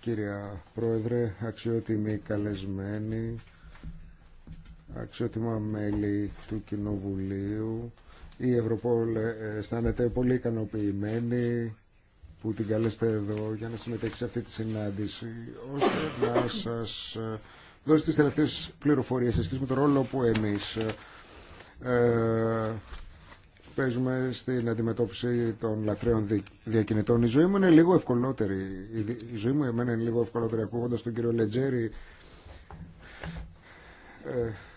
B: Κύρια Πρόεδρε, αξιότιμοι καλεσμένοι, αξιότιμα μέλη του Κοινοβουλίου. Η Ευρωπόλ ε, αισθάνεται πολύ ικανοποιημένη που την καλέστε εδώ για να συμμετέχει σε αυτή τη συνάντηση, ώστε να σας ε, δώσει τις τελευταίες πληροφορίες σε σχέση με τον ρόλο που εμείς ε, ε, παίζουμε στην αντιμετώπιση των λαθρέων διακινητών. Η ζωή μου είναι λίγο ευκολότερη. Η ζωή μου εμένα είναι λίγο ευκολότερη ακούγοντας τον κύριο Λετζέρη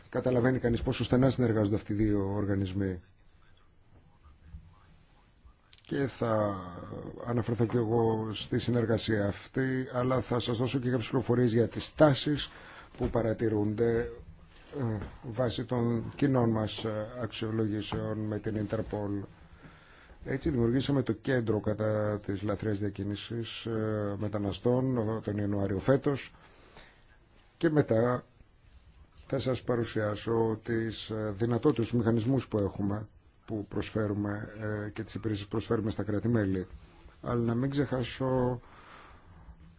B: καταλαβαίνει κανείς πόσο στενά συνεργάζονται αυτοί οι δύο οργανισμοί. Και θα αναφερθώ και εγώ στη συνεργασία αυτή, αλλά θα σας δώσω και κάποιες πληροφορίες για τις τάσεις που παρατηρούνται ε, βάσει των κοινών μας ε, αξιολογήσεων με την Interpol. Έτσι δημιουργήσαμε το κέντρο κατά της λαθρές διακίνησης ε, μεταναστών τον Ιανουάριο φέτος και μετά θα σας παρουσιάσω τις ε, δυνατότητες, τους μηχανισμούς που έχουμε, που προσφέρουμε ε, και τις υπηρεσίες που προσφέρουμε στα κράτη-μέλη. Αλλά να μην ξεχάσω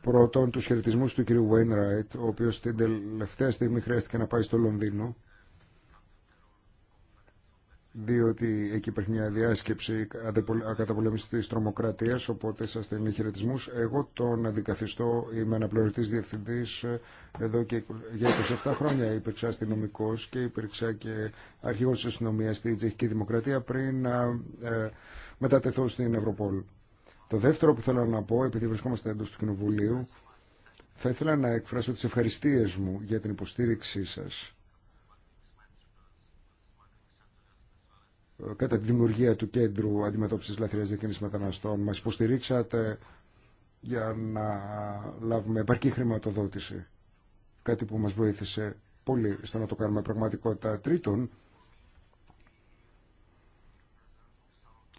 B: πρώτον τους χαιρετισμούς του κ. Wainwright, ο οποίος την τελευταία στιγμή χρειάστηκε να πάει στο Λονδίνο διότι εκεί υπάρχει μια διάσκεψη καταπολέμηση της τρομοκρατίας, οπότε σας στέλνει χαιρετισμού. Εγώ τον αντικαθιστώ, είμαι αναπληρωτής διευθυντής ε, εδώ και για 27 χρόνια υπήρξα αστυνομικό και υπήρξα και αρχηγός της αστυνομίας στη Τσεχική Δημοκρατία πριν να ε, μετατεθώ στην Ευρωπόλ. Το δεύτερο που θέλω να πω, επειδή βρισκόμαστε έντο του Κοινοβουλίου, θα ήθελα να εκφράσω τις ευχαριστίες μου για την υποστήριξή σας κατά τη δημιουργία του Κέντρου Αντιμετώπισης Λαθρείας Διακίνησης Μεταναστών. Μας υποστηρίξατε για να λάβουμε επαρκή χρηματοδότηση. Κάτι που μας βοήθησε πολύ στο να το κάνουμε πραγματικότητα. Τρίτον,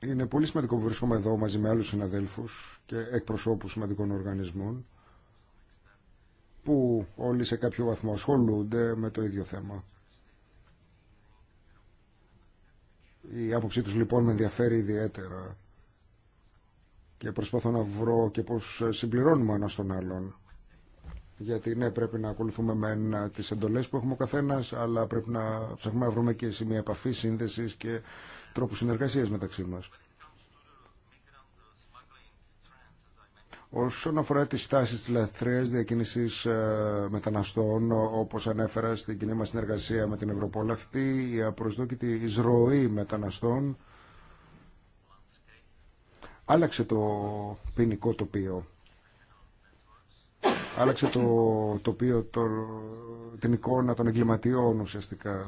B: είναι πολύ σημαντικό που βρισκόμαστε εδώ μαζί με άλλους συναδέλφους και εκπροσώπους σημαντικών οργανισμών που όλοι σε κάποιο βαθμό ασχολούνται με το ίδιο θέμα. Η άποψή τους λοιπόν με ενδιαφέρει ιδιαίτερα και προσπαθώ να βρω και πώς συμπληρώνουμε ένα τον άλλον. Γιατί ναι, πρέπει να ακολουθούμε με ε, τις εντολές που έχουμε ο καθένας, αλλά πρέπει να ψάχνουμε να βρούμε και σημεία επαφή, σύνδεσης και τρόπους συνεργασίας μεταξύ μας. Όσον αφορά τις τάσει της λαθρέα διακίνησης ε, μεταναστών, όπως ανέφερα στην κοινή μα συνεργασία με την Ευρωπόλα, αυτή η απροσδόκητη εισρωή μεταναστών άλλαξε το ποινικό τοπίο. Άλλαξε το τοπίο, το, την εικόνα των εγκληματιών ουσιαστικά.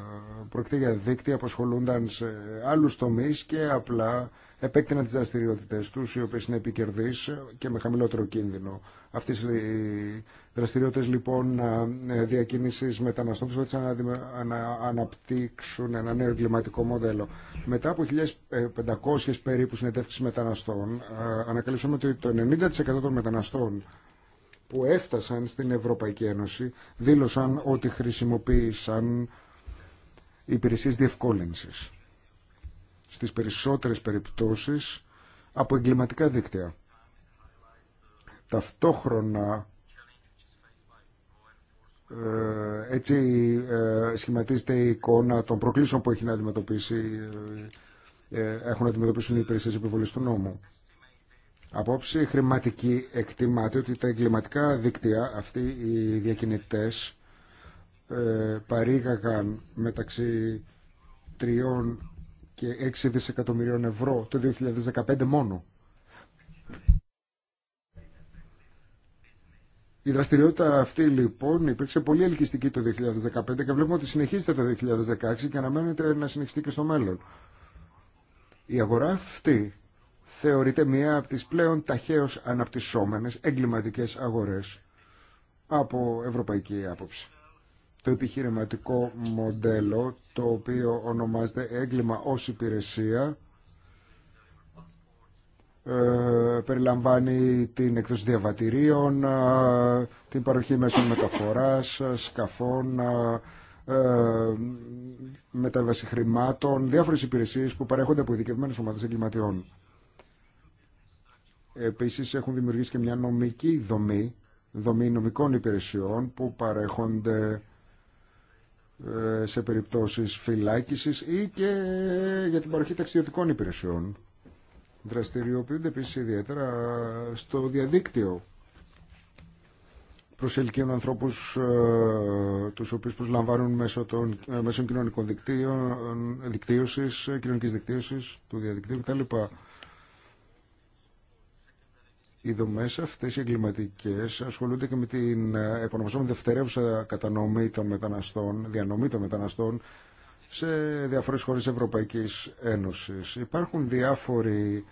B: Πρόκειται για δίκτυα που ασχολούνταν σε άλλους τομεί και απλά επέκτηναν τι δραστηριότητε του, οι οποίε είναι επικερδεί και με χαμηλότερο κίνδυνο. Αυτέ οι δραστηριότητε λοιπόν ε, διακίνηση μεταναστών που να αναπτύξουν ένα νέο εγκληματικό μοντέλο. Μετά από 1.500 περίπου συνεντεύξεις μεταναστών, ε, ανακαλύψαμε ότι το 90% των μεταναστών που έφτασαν στην Ευρωπαϊκή Ένωση δήλωσαν ότι χρησιμοποίησαν υπηρεσίες διευκόλυνσης στις περισσότερες περιπτώσεις από εγκληματικά δίκτυα. Ταυτόχρονα ε, έτσι ε, σχηματίζεται η εικόνα των προκλήσεων που έχει να αντιμετωπίσει, ε, έχουν να αντιμετωπίσουν οι υπηρεσίες επιβολής του νόμου. Απόψη χρηματική εκτιμάται ότι τα εγκληματικά δίκτυα, αυτοί οι διακινητές, παρήγαγαν μεταξύ τριών και 6 δισεκατομμυρίων ευρώ το 2015 μόνο. Η δραστηριότητα αυτή λοιπόν υπήρξε πολύ ελκυστική το 2015 και βλέπουμε ότι συνεχίζεται το 2016 και αναμένεται να συνεχιστεί και στο μέλλον. Η αγορά αυτή θεωρείται μία από τις πλέον ταχαίως αναπτυσσόμενες εγκληματικές αγορές από ευρωπαϊκή άποψη το επιχειρηματικό μοντέλο το οποίο ονομάζεται έγκλημα ως υπηρεσία ε, περιλαμβάνει την εκδοση διαβατηρίων, ε, την παροχή μέσων μεταφοράς, ε, σκαφών, ε, μετάβαση χρημάτων, διάφορες υπηρεσίες που παρέχονται από ειδικευμένες ομάδες εγκληματιών. Επίσης έχουν δημιουργήσει και μια νομική δομή, δομή νομικών υπηρεσιών που παρέχονται ε, σε περιπτώσεις φυλάκισης ή και για την παροχή ταξιδιωτικών υπηρεσιών. Δραστηριοποιούνται επίσης ιδιαίτερα στο διαδίκτυο. Προσελκύουν ανθρώπους ε, τους οποίους προσλαμβάνουν μέσω των ε, μέσω κοινωνικών δικτύων, δικτύωσης, κοινωνικής δικτύωσης, του διαδικτύου κτλ. Οι δομέ αυτέ οι εγκληματικέ ασχολούνται και με την ε, επωνομαζόμενη δευτερεύουσα κατανομή των μεταναστών, διανομή των μεταναστών σε διάφορε χώρε Ευρωπαϊκή Ένωση. Υπάρχουν διάφοροι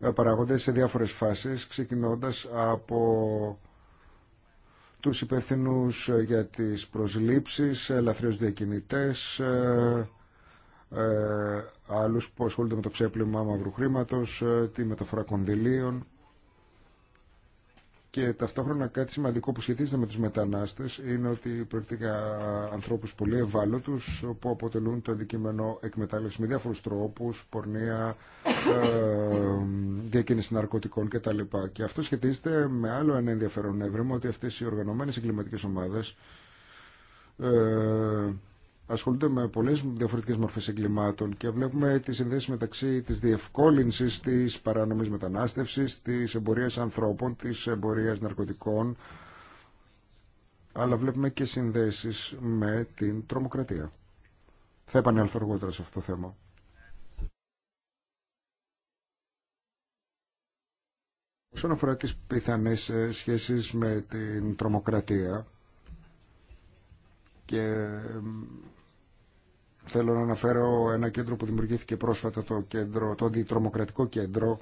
B: ε, παραγόντες σε διάφορε φάσει, ξεκινώντα από τους υπεύθυνου για τις προσλήψεις, ελαφρίους διακινητές, ε, άλλου που ασχολούνται με το ξέπλυμα μαύρου χρήματος, τη μεταφορά κονδυλίων. Και ταυτόχρονα κάτι σημαντικό που σχετίζεται με τους μετανάστες είναι ότι πρόκειται για ανθρώπους πολύ ευάλωτους που αποτελούν το αντικείμενο εκμετάλλευση με διάφορους τρόπους, πορνεία, ε, διακίνηση ναρκωτικών κτλ. Και αυτό σχετίζεται με άλλο ένα ενδιαφέρον έβριμο ότι αυτές οι οργανωμένες εγκληματικές ομάδες ε, ασχολούνται με πολλές διαφορετικές μορφές εγκλημάτων και βλέπουμε τις συνδέσεις μεταξύ της διευκόλυνσης, της παράνομης μετανάστευσης, της εμπορίας ανθρώπων, της εμπορίας ναρκωτικών, αλλά βλέπουμε και συνδέσεις με την τρομοκρατία. Θα επανέλθω αργότερα σε αυτό το θέμα. Όσον αφορά τις πιθανές ε, σχέσεις με την τρομοκρατία και ε, Θέλω να αναφέρω ένα κέντρο που δημιουργήθηκε πρόσφατα, το, κέντρο, το αντιτρομοκρατικό κέντρο,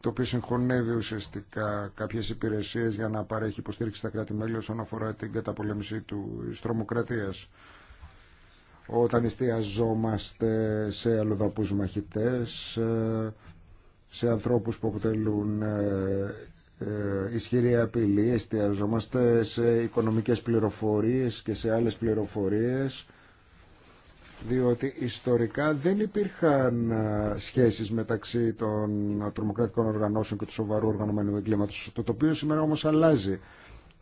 B: το οποίο συγχωνεύει ουσιαστικά κάποιες υπηρεσίες για να παρέχει υποστήριξη στα κράτη-μέλη όσον αφορά την καταπολέμηση του τρομοκρατίας. Όταν εστιαζόμαστε σε αλλοδαπούς μαχητές, σε ανθρώπους που αποτελούν ε, ε, ισχυρή απειλή, εστιαζόμαστε σε οικονομικές πληροφορίες και σε άλλες πληροφορίες διότι ιστορικά δεν υπήρχαν ε, σχέσεις μεταξύ των τρομοκρατικών οργανώσεων και του σοβαρού οργανωμένου εγκλήματος, το οποίο σήμερα όμως αλλάζει.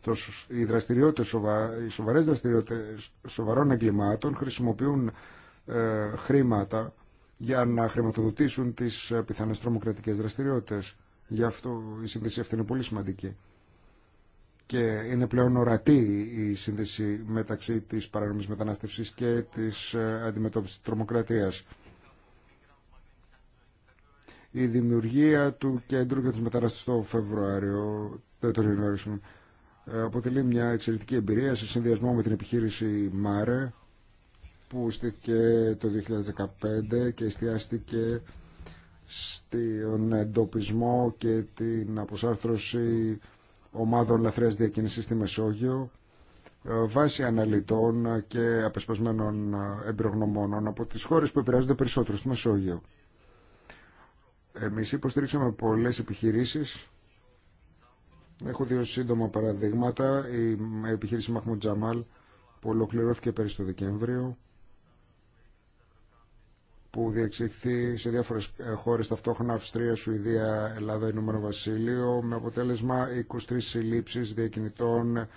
B: Το, οι, δραστηριότητες, οι σοβαρές δραστηριότητες σοβαρών εγκλημάτων χρησιμοποιούν ε, χρήματα για να χρηματοδοτήσουν τις ε, πιθανές τρομοκρατικές δραστηριότητες. Γι' αυτό η σύνδεση αυτή είναι πολύ σημαντική και είναι πλέον ορατή η σύνδεση μεταξύ της παρανομής μετανάστευσης και της ε, αντιμετώπισης της τρομοκρατίας. Η δημιουργία του κέντρου για τους μετανάστες το Φεβρουάριο, δεν τον γνωρίζουν, ε, αποτελεί μια εξαιρετική εμπειρία σε συνδυασμό με την επιχείρηση ΜΑΡΕ που στήθηκε το 2015 και εστιάστηκε στον εντοπισμό και την αποσάρθρωση ομάδων λαθρέας διακίνησης στη Μεσόγειο ε, βάσει αναλυτών και απεσπασμένων ε, εμπειρογνωμόνων από τις χώρες που επηρεάζονται περισσότερο στη Μεσόγειο. Εμείς υποστηρίξαμε πολλές επιχειρήσεις. Έχω δύο σύντομα παραδείγματα. Η επιχείρηση Μαχμού που ολοκληρώθηκε πέρυσι το Δεκέμβριο που διεξήχθη σε διάφορες ε, χώρες ταυτόχρονα Αυστρία, Σουηδία, Ελλάδα, Ηνωμένο Βασίλειο με αποτέλεσμα 23 συλλήψεις διακινητών ε,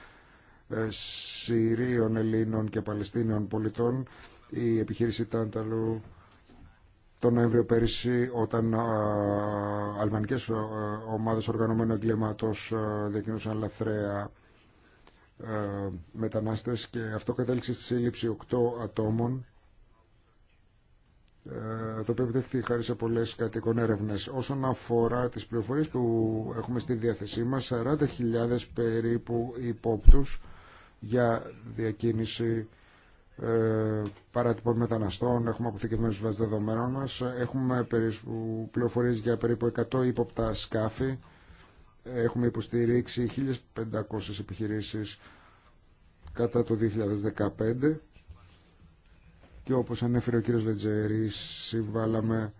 B: Συρίων, Ελλήνων και Παλαιστίνιων πολιτών. Η επιχείρηση Τάνταλου τον Νοέμβριο πέρυσι όταν αλμανικές ε, ομάδες οργανωμένου εγκλήματος διακινούσαν λαθρέα μετανάστες και αυτό κατέληξε στη σύλληψη 8 ατόμων ε, το οποίο επιτευχθεί χάρη σε πολλέ κατοικών έρευνε. Όσον αφορά τις πληροφορίες που έχουμε στη διάθεσή μας, 40.000 περίπου υπόπτους για διακίνηση ε, παράτυπων μεταναστών, έχουμε αποθηκευμένους βάσεις δεδομένων μας, έχουμε περίπου, πληροφορίες για περίπου 100 ύποπτα σκάφη, έχουμε υποστηρίξει 1.500 επιχειρήσεις κατά το 2015 και όπως ανέφερε ο κύριος Λετζέρη συμβάλαμε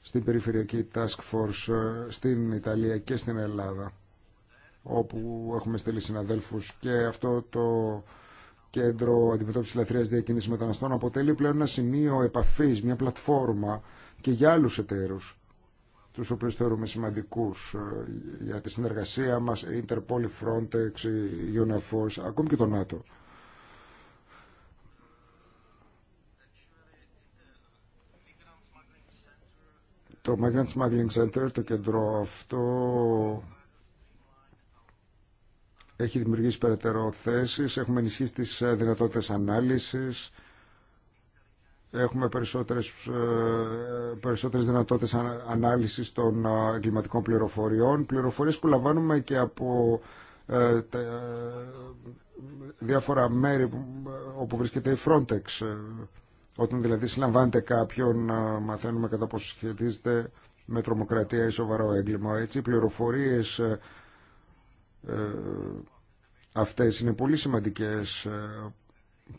B: στην περιφερειακή task force ε, στην Ιταλία και στην Ελλάδα όπου έχουμε στείλει συναδέλφους και αυτό το κέντρο αντιμετώπισης Λαθρίας διακίνησης μεταναστών αποτελεί πλέον ένα σημείο επαφής, μια πλατφόρμα και για άλλους εταίρους τους οποίους θεωρούμε σημαντικούς ε, για τη συνεργασία μας, Interpol, Frontex, UNFOS, ακόμη και το ΝΑΤΟ. Το Magnet Smuggling Center, το κέντρο αυτό, έχει δημιουργήσει περαιτέρω θέσεις, έχουμε ενισχύσει τις ε, δυνατότητες ανάλυσης, έχουμε περισσότερες, ε, περισσότερες δυνατότητες ανάλυσης των ε, εγκληματικών πληροφοριών, πληροφορίες που λαμβάνουμε και από διάφορα μέρη όπου βρίσκεται η Frontex όταν δηλαδή συλλαμβάνεται κάποιον, μαθαίνουμε κατά πόσο σχετίζεται με τρομοκρατία ή σοβαρό έγκλημα. Έτσι, οι πληροφορίες ε, ε, αυτές είναι πολύ σημαντικές ε,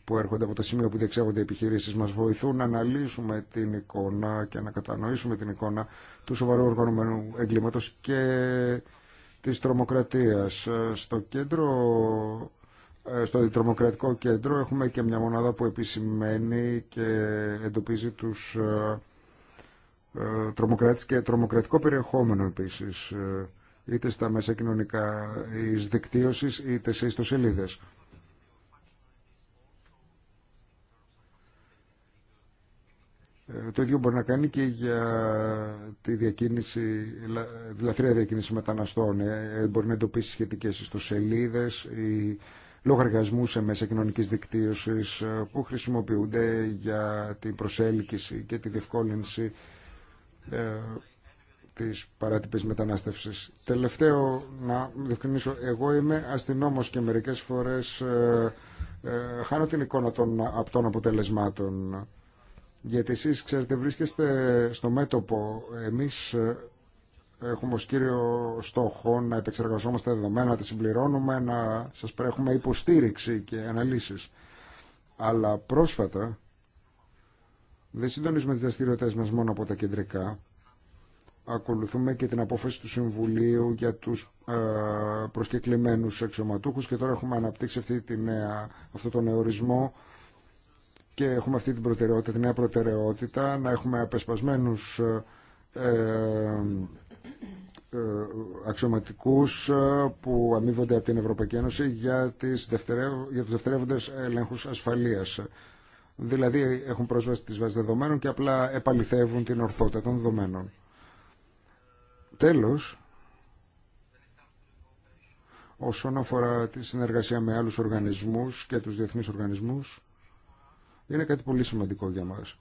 B: που έρχονται από τα σημεία που διεξάγονται οι επιχειρήσεις μας βοηθούν να αναλύσουμε την εικόνα και να κατανοήσουμε την εικόνα του σοβαρού οργανωμένου εγκλήματος και της τρομοκρατίας. Στο κέντρο ε, στο τρομοκρατικό κέντρο έχουμε και μια μονάδα που επισημαίνει και εντοπίζει τους ε, ε, τρομοκράτες και τρομοκρατικό περιεχόμενο επίσης είτε στα μέσα κοινωνικά εις δικτύωσης είτε σε ιστοσελίδες. Το ίδιο μπορεί να κάνει και για τη διακίνηση, τη λαθρεία διακίνηση μεταναστών. Μπορεί να εντοπίσει σχετικές ιστοσελίδες ή λογαριασμού σε μέσα κοινωνική δικτύωση ε, που χρησιμοποιούνται για την προσέλκυση και τη διευκόλυνση ε, της παράτυπη μετανάστευση. Τελευταίο, να διευκρινίσω, εγώ είμαι αστυνόμο και μερικές φορές ε, ε, χάνω την εικόνα των απτών αποτελεσμάτων. Γιατί εσείς, ξέρετε, βρίσκεστε στο μέτωπο. Εμείς Έχουμε ως κύριο στόχο να επεξεργαζόμαστε δεδομένα, να τα συμπληρώνουμε, να σας παρέχουμε υποστήριξη και αναλύσεις. Αλλά πρόσφατα δεν συντονίζουμε τις δραστηριότητε μας μόνο από τα κεντρικά. Ακολουθούμε και την απόφαση του Συμβουλίου για τους ε, προσκεκλημένους εξωματούχους και τώρα έχουμε αναπτύξει αυτή τη αυτό τον ορισμό και έχουμε αυτή την προτεραιότητα, τη νέα προτεραιότητα να έχουμε απεσπασμένους ε, ε, αξιωματικούς ε, που αμείβονται από την Ευρωπαϊκή Ένωση για, τις για τους δευτερεύοντες ελέγχους ασφαλείας. Δηλαδή έχουν πρόσβαση στις βάσεις δεδομένων και απλά επαληθεύουν την ορθότητα των δεδομένων. Τέλος, όσον αφορά τη συνεργασία με άλλους οργανισμούς και τους διεθνείς οργανισμούς, είναι κάτι πολύ σημαντικό για μας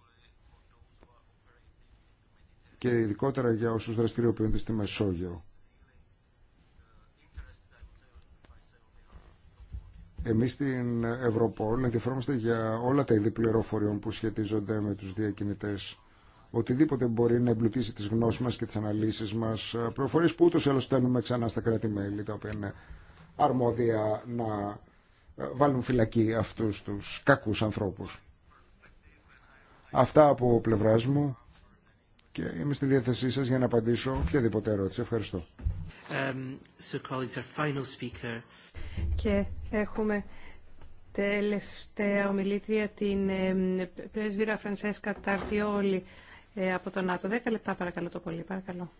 B: και ειδικότερα για όσους δραστηριοποιούνται στη Μεσόγειο. Εμείς στην Ευρωπόλ ενδιαφερόμαστε για όλα τα είδη πληροφοριών που σχετίζονται με τους διακινητές. Οτιδήποτε μπορεί να εμπλουτίσει τις γνώσεις μας και τις αναλύσεις μας. Πληροφορίες που ούτως άλλως στέλνουμε ξανά στα κράτη-μέλη, τα οποία είναι αρμόδια να ε, βάλουν φυλακή αυτούς τους κακούς ανθρώπους. Αυτά από πλευράς μου και είμαι στη διάθεσή σας για να απαντήσω οποιαδήποτε ερώτηση. Ευχαριστώ.
A: final speaker.
C: Και έχουμε τελευταία ομιλήτρια την ε, πρέσβυρα Φρανσέσκα Ταρτιόλη ε, από τον ΝΑΤΟ. Δέκα λεπτά παρακαλώ το πολύ. Παρακαλώ.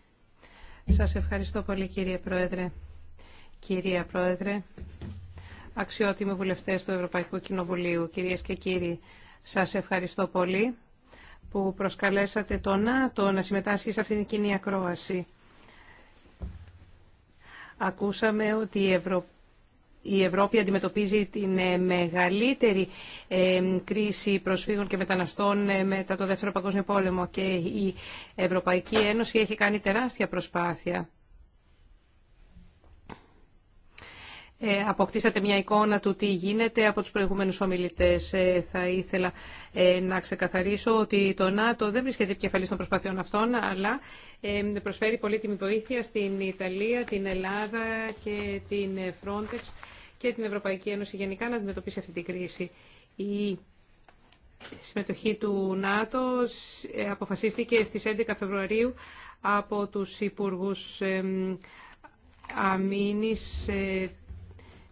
C: Σας ευχαριστώ πολύ κύριε Πρόεδρε. Κυρία Πρόεδρε, αξιότιμοι βουλευτές του Ευρωπαϊκού Κοινοβουλίου, κυρίες και κύριοι, σας ευχαριστώ πολύ που προσκαλέσατε το ΝΑΤΟ να συμμετάσχει σε αυτήν την κοινή ακρόαση. Ακούσαμε ότι η η Ευρώπη αντιμετωπίζει την ε, μεγαλύτερη ε, κρίση προσφύγων και μεταναστών ε, μετά το Δεύτερο Παγκόσμιο Πόλεμο και η Ευρωπαϊκή Ένωση έχει κάνει τεράστια προσπάθεια. Ε, αποκτήσατε μια εικόνα του τι γίνεται από τους προηγούμενους ομιλητές. Ε, θα ήθελα ε, να ξεκαθαρίσω ότι το ΝΑΤΟ δεν βρίσκεται επικεφαλής των προσπαθειών αυτών, αλλά προσφέρει πολύτιμη βοήθεια στην Ιταλία, την Ελλάδα και την Frontex και την Ευρωπαϊκή Ένωση γενικά να αντιμετωπίσει αυτή την κρίση. Η συμμετοχή του ΝΑΤΟ αποφασίστηκε στις 11 Φεβρουαρίου από τους Υπουργούς Αμήνης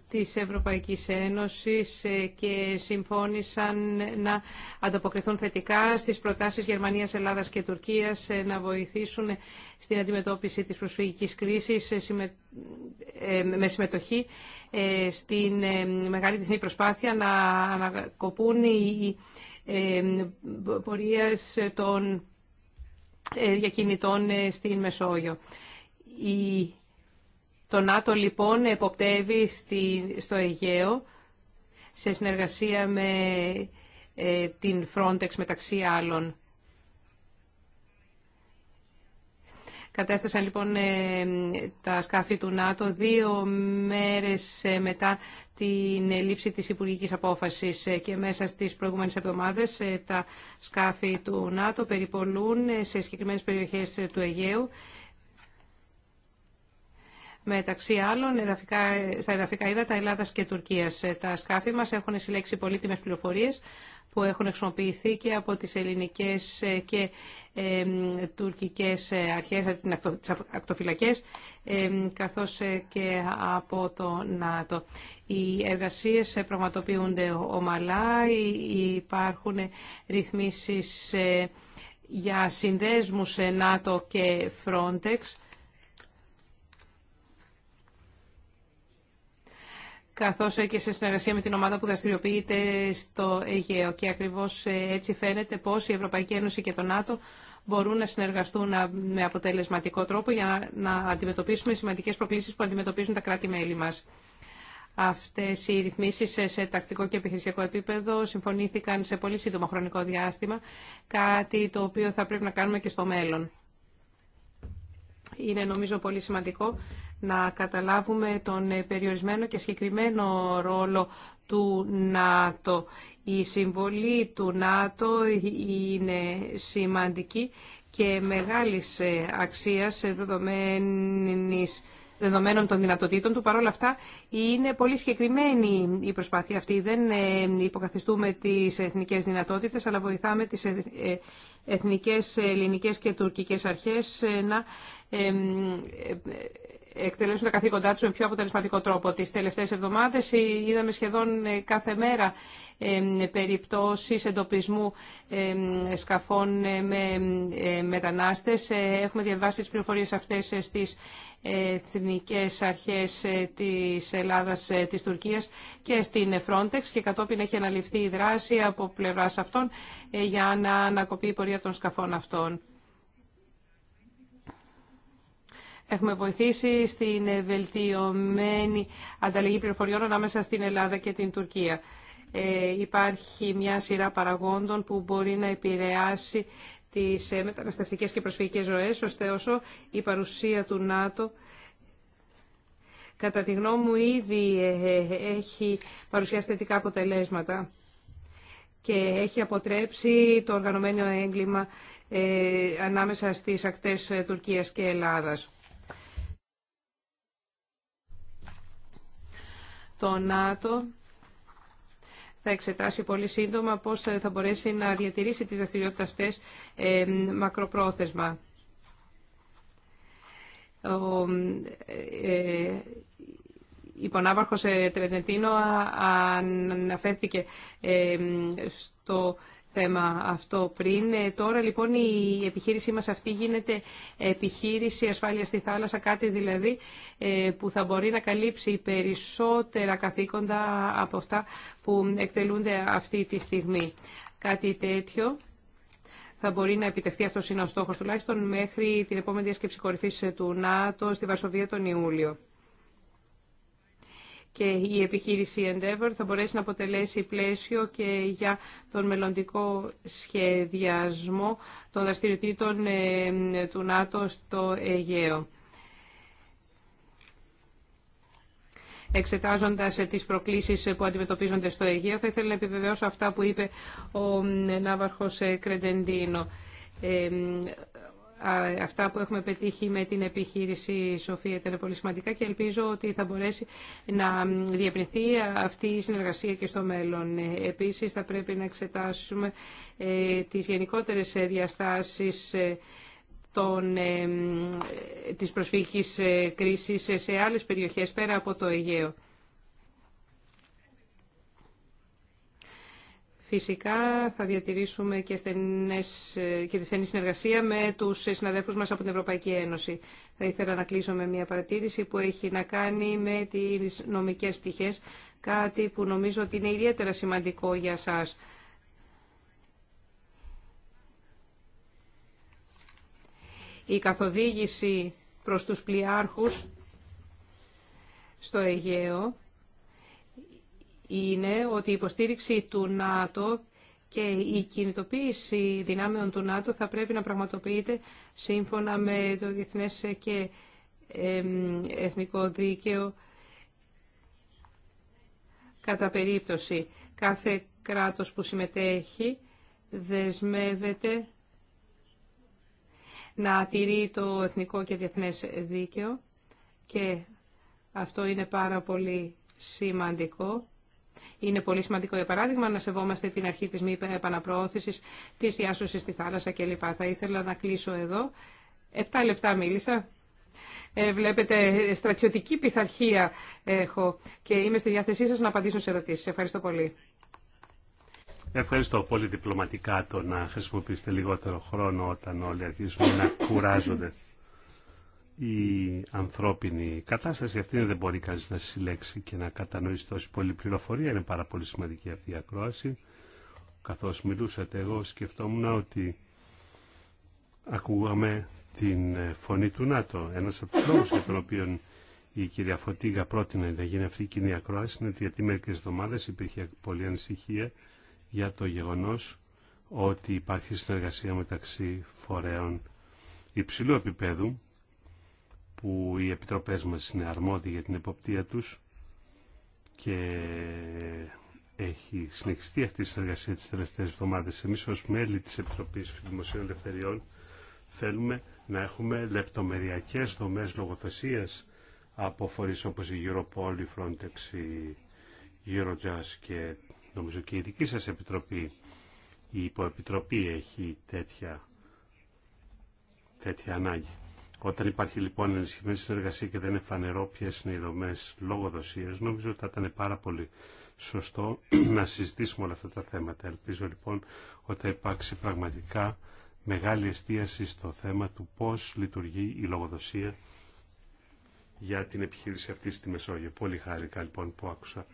C: της Ευρωπαϊκής Ένωσης ε, και συμφώνησαν να ανταποκριθούν θετικά στις προτάσεις Γερμανίας, Ελλάδας και Τουρκίας ε, να βοηθήσουν στην αντιμετώπιση της προσφυγικής κρίσης ε, με συμμετοχή στην μεγάλη διεθνή προσπάθεια να ανακοπούν οι πορείες των διακινητών στην Μεσόγειο. Η το ΝΑΤΟ λοιπόν εποπτεύει στο Αιγαίο σε συνεργασία με ε, την Frontex μεταξύ άλλων. Κατέστασαν λοιπόν ε, τα σκάφη του ΝΑΤΟ δύο μέρες ε, μετά την λήψη της υπουργικής απόφασης και μέσα στις προηγούμενες εβδομάδες τα σκάφη του ΝΑΤΟ περιπολούν σε συγκεκριμένες περιοχές του Αιγαίου μεταξύ άλλων εδαφικά, στα εδαφικά ύδατα Ελλάδα και Τουρκίας. Ε, τα σκάφη μας έχουν συλλέξει πολύτιμες πληροφορίες που έχουν χρησιμοποιηθεί και από τις ελληνικές ε, και ε, τουρκικές ε, αρχές, τις ακτοφυλακές, καθώς και από το ΝΑΤΟ. Οι εργασίες πραγματοποιούνται ομαλά, υπάρχουν ρυθμίσεις για συνδέσμους ΝΑΤΟ και Frontex, καθώς και σε συνεργασία με την ομάδα που δραστηριοποιείται στο Αιγαίο. Και ακριβώς ε, έτσι φαίνεται πώς η Ευρωπαϊκή Ένωση και το ΝΑΤΟ μπορούν να συνεργαστούν με αποτελεσματικό τρόπο για να αντιμετωπίσουμε σημαντικές προκλήσεις που αντιμετωπίζουν τα κράτη-μέλη μας. Αυτές οι ρυθμίσεις σε τακτικό και επιχειρησιακό επίπεδο συμφωνήθηκαν σε πολύ σύντομο χρονικό διάστημα, κάτι το οποίο θα πρέπει να κάνουμε και στο μέλλον. Είναι νομίζω πολύ σημαντικό να καταλάβουμε τον ε, περιορισμένο και συγκεκριμένο ρόλο του ΝΑΤΟ. Η συμβολή του ΝΑΤΟ είναι σημαντική και μεγάλης ε, αξίας ε, δεδομένης δεδομένων των δυνατοτήτων του. Παρ' όλα αυτά, είναι πολύ συγκεκριμένη η προσπάθεια αυτή. Δεν υποκαθιστούμε τις εθνικές δυνατότητες, αλλά βοηθάμε τις εθνικές, ελληνικές και τουρκικές αρχές να εκτελέσουν τα καθήκοντά του με πιο αποτελεσματικό τρόπο. Τις τελευταίες εβδομάδες ε, είδαμε σχεδόν ε, κάθε μέρα ε, περιπτώσεις εντοπισμού σκαφών με μετανάστες. Έχουμε διαβάσει τις πληροφορίες αυτές στις εθνικές αρχές της Ελλάδας, της Τουρκίας και στην Frontex και κατόπιν έχει αναλυφθεί η δράση από πλευράς αυτών για να ανακοπεί η πορεία των σκαφών αυτών. Έχουμε βοηθήσει στην βελτιωμένη ανταλλαγή πληροφοριών ανάμεσα στην Ελλάδα και την Τουρκία. Ε, υπάρχει μια σειρά παραγόντων που μπορεί να επηρεάσει τις ε, μεταναστευτικές και προσφυγικές ζωές, ώστε όσο η παρουσία του ΝΑΤΟ κατά τη γνώμη μου ήδη ε, ε, έχει παρουσιάσει θετικά αποτελέσματα και έχει αποτρέψει το οργανωμένο έγκλημα ανάμεσα στις ακτές Τουρκίας και Ελλάδας. το ΝΑΤΟ θα εξετάσει πολύ σύντομα πώς θα μπορέσει να διατηρήσει τις δραστηριότητε αυτές ε, μακροπρόθεσμα. Ο ε, υπονάβαρχος ε, Τρεντετίνο αναφέρθηκε ε, στο θέμα αυτό πριν. Ε, τώρα λοιπόν η επιχείρησή μας αυτή γίνεται επιχείρηση ασφάλεια στη θάλασσα, κάτι δηλαδή ε, που θα μπορεί να καλύψει περισσότερα καθήκοντα από αυτά που εκτελούνται αυτή τη στιγμή. Κάτι τέτοιο θα μπορεί να επιτευχθεί, αυτό είναι ο στόχος τουλάχιστον, μέχρι την επόμενη διασκέψη κορυφής του ΝΑΤΟ στη Βαρσοβία τον Ιούλιο και η επιχείρηση Endeavor θα μπορέσει να αποτελέσει πλαίσιο και για τον μελλοντικό σχεδιασμό των δραστηριοτήτων ε, του ΝΑΤΟ στο Αιγαίο. Εξετάζοντα ε, τι προκλήσει ε, που αντιμετωπίζονται στο Αιγαίο, θα ήθελα να επιβεβαιώσω αυτά που είπε ο Ναύαρχο Κρεντεντίνο αυτά που έχουμε πετύχει με την επιχείρηση Σοφία ήταν πολύ σημαντικά και ελπίζω ότι θα μπορέσει να διευρυνθεί αυτή η συνεργασία και στο μέλλον. Επίσης θα πρέπει να εξετάσουμε ε, τις γενικότερες διαστάσεις ε, των, ε, της προσφυγικής κρίσης σε άλλες περιοχές πέρα από το Αιγαίο. Φυσικά θα διατηρήσουμε και, στενές, ε, και τη στενή συνεργασία με τους συναδέλφους μας από την Ευρωπαϊκή Ένωση. Θα ήθελα να κλείσω με μια παρατήρηση που έχει να κάνει με τις νομικές πτυχές, κάτι που νομίζω ότι είναι ιδιαίτερα σημαντικό για σας. Η καθοδήγηση προς τους πλοιάρχους στο Αιγαίο είναι ότι η υποστήριξη του ΝΑΤΟ και η κινητοποίηση δυνάμεων του ΝΑΤΟ θα πρέπει να πραγματοποιείται σύμφωνα με το διεθνές και εθνικό δίκαιο κατά περίπτωση. Κάθε κράτος που συμμετέχει δεσμεύεται να τηρεί το εθνικό και διεθνές δίκαιο και αυτό είναι πάρα πολύ σημαντικό είναι πολύ σημαντικό, για παράδειγμα, να σεβόμαστε την αρχή της μη επαναπροώθηση, της διάσωσης στη θάλασσα κλπ. Θα ήθελα να κλείσω εδώ. Επτά λεπτά μίλησα. Ε, βλέπετε, στρατιωτική πειθαρχία έχω και είμαι στη διάθεσή σας να απαντήσω σε ερωτήσεις. Ευχαριστώ πολύ.
A: Ευχαριστώ πολύ διπλωματικά το να χρησιμοποιήσετε λιγότερο χρόνο όταν όλοι αρχίζουμε να κουράζονται η ανθρώπινη κατάσταση αυτή δεν μπορεί κανείς να συλλέξει και να κατανοήσει τόση πολλή πληροφορία. Είναι πάρα πολύ σημαντική αυτή η ακρόαση. καθώ μιλούσατε εγώ σκεφτόμουν ότι ακούγαμε την φωνή του ΝΑΤΟ. Ένα από του λόγου για τον οποίο η κυρία Φωτίγα πρότεινε να γίνει αυτή η κοινή ακρόαση είναι ότι γιατί μερικέ εβδομάδε υπήρχε πολλή ανησυχία για το γεγονό ότι υπάρχει συνεργασία μεταξύ φορέων υψηλού επίπεδου που οι επιτροπές μας είναι αρμόδιοι για την εποπτεία τους και έχει συνεχιστεί αυτή η συνεργασία τις τελευταίες εβδομάδες. Εμείς ως μέλη της Επιτροπής Δημοσίων Ελευθεριών θέλουμε να έχουμε λεπτομεριακές δομές λογοθεσίας από φορείς όπως η Europol, η Frontex, η Eurojust και νομίζω και η δική σας Επιτροπή, η Υποεπιτροπή έχει τέτοια, τέτοια ανάγκη. Όταν υπάρχει λοιπόν ενισχυμένη συνεργασία και δεν είναι φανερό ποιε είναι οι δομέ λογοδοσία, νομίζω ότι θα ήταν πάρα πολύ σωστό [clears throat] να συζητήσουμε όλα αυτά τα θέματα. Ελπίζω λοιπόν ότι θα υπάρξει πραγματικά μεγάλη εστίαση στο θέμα του πώ λειτουργεί η λογοδοσία για την επιχείρηση αυτή στη Μεσόγειο. Πολύ χάρηκα λοιπόν που άκουσα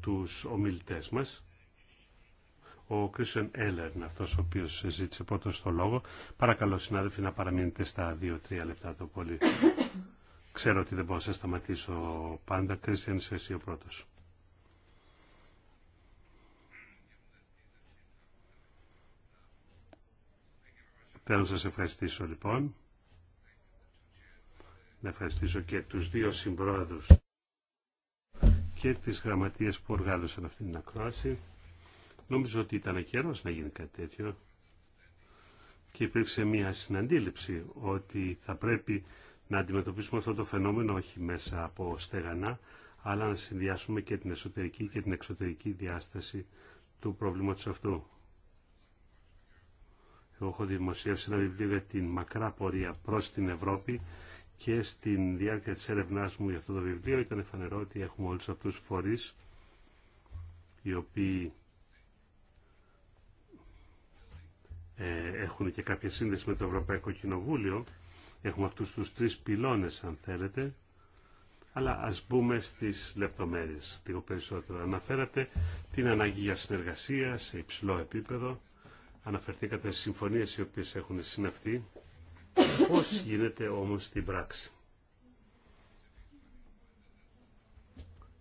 A: τους ομιλητές μας ο Κρίσον Έλερν, αυτός ο οποίος ζήτησε πρώτο το λόγο. Παρακαλώ συνάδελφοι να παραμείνετε στα δύο-τρία λεπτά το πολύ. Ξέρω ότι δεν μπορώ να σταματήσω πάντα. Κρίσεν, είσαι εσύ ο πρώτος. Θέλω να σας ευχαριστήσω λοιπόν. Να ευχαριστήσω και τους δύο συμπρόεδρους και τις γραμματείες που οργάνωσαν αυτήν την ακρόαση. Νομίζω ότι ήταν καιρό να γίνει κάτι τέτοιο και υπήρξε μια συναντήληψη ότι θα πρέπει να αντιμετωπίσουμε αυτό το φαινόμενο όχι μέσα από στεγανά, αλλά να συνδυάσουμε και την εσωτερική και την εξωτερική διάσταση του προβλήματος αυτού. Εγώ έχω δημοσιεύσει ένα βιβλίο για την μακρά πορεία προς την Ευρώπη και στην διάρκεια της έρευνάς μου για αυτό το βιβλίο ήταν φανερό ότι έχουμε όλους αυτούς τους φορείς οι οποίοι Ε, έχουν και κάποια σύνδεση με το Ευρωπαϊκό Κοινοβούλιο. Έχουμε αυτούς τους τρεις πυλώνες, αν θέλετε. Αλλά ας μπούμε στις λεπτομέρειες λίγο περισσότερο. Αναφέρατε την ανάγκη για συνεργασία σε υψηλό επίπεδο. Αναφερθήκατε στις συμφωνίες οι οποίες έχουν συναυθεί. Πώς γίνεται όμως στην πράξη.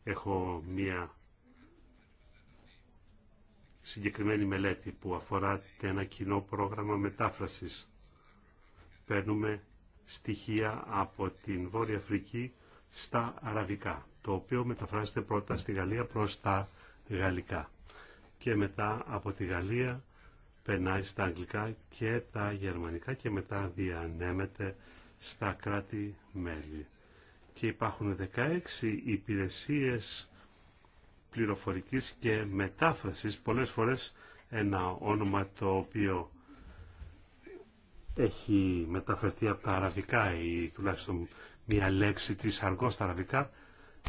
A: Έχω μία συγκεκριμένη μελέτη που αφορά ένα κοινό πρόγραμμα μετάφρασης. Παίρνουμε στοιχεία από την Βόρεια Αφρική στα αραβικά, το οποίο μεταφράζεται πρώτα στη Γαλλία προς τα γαλλικά και μετά από τη Γαλλία περνάει στα αγγλικά και τα γερμανικά και μετά διανέμεται στα κράτη-μέλη. Και υπάρχουν 16 υπηρεσίες πληροφορικής και μετάφρασης πολλές φορές ένα όνομα το οποίο έχει μεταφερθεί από τα αραβικά ή τουλάχιστον μια λέξη της αργό στα αραβικά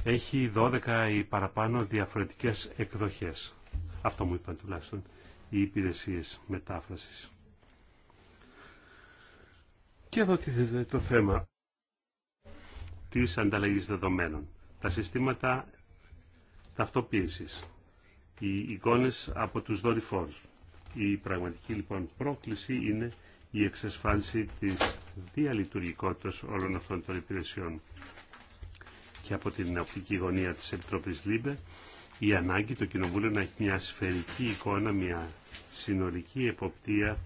A: έχει 12 ή παραπάνω διαφορετικές εκδοχές. Αυτό μου είπαν τουλάχιστον οι υπηρεσίες μετάφρασης. Και εδώ τίθεται το θέμα της ανταλλαγής δεδομένων. Τα συστήματα ταυτοποίησης, οι εικόνες από τους δορυφόρους. Η πραγματική λοιπόν πρόκληση είναι η εξασφάλιση της διαλειτουργικότητας όλων αυτών των υπηρεσιών. Και από την οπτική γωνία της Επιτροπής ΛΥΜΠΕ, η ανάγκη το Κοινοβούλιο να έχει μια σφαιρική εικόνα, μια συνολική εποπτεία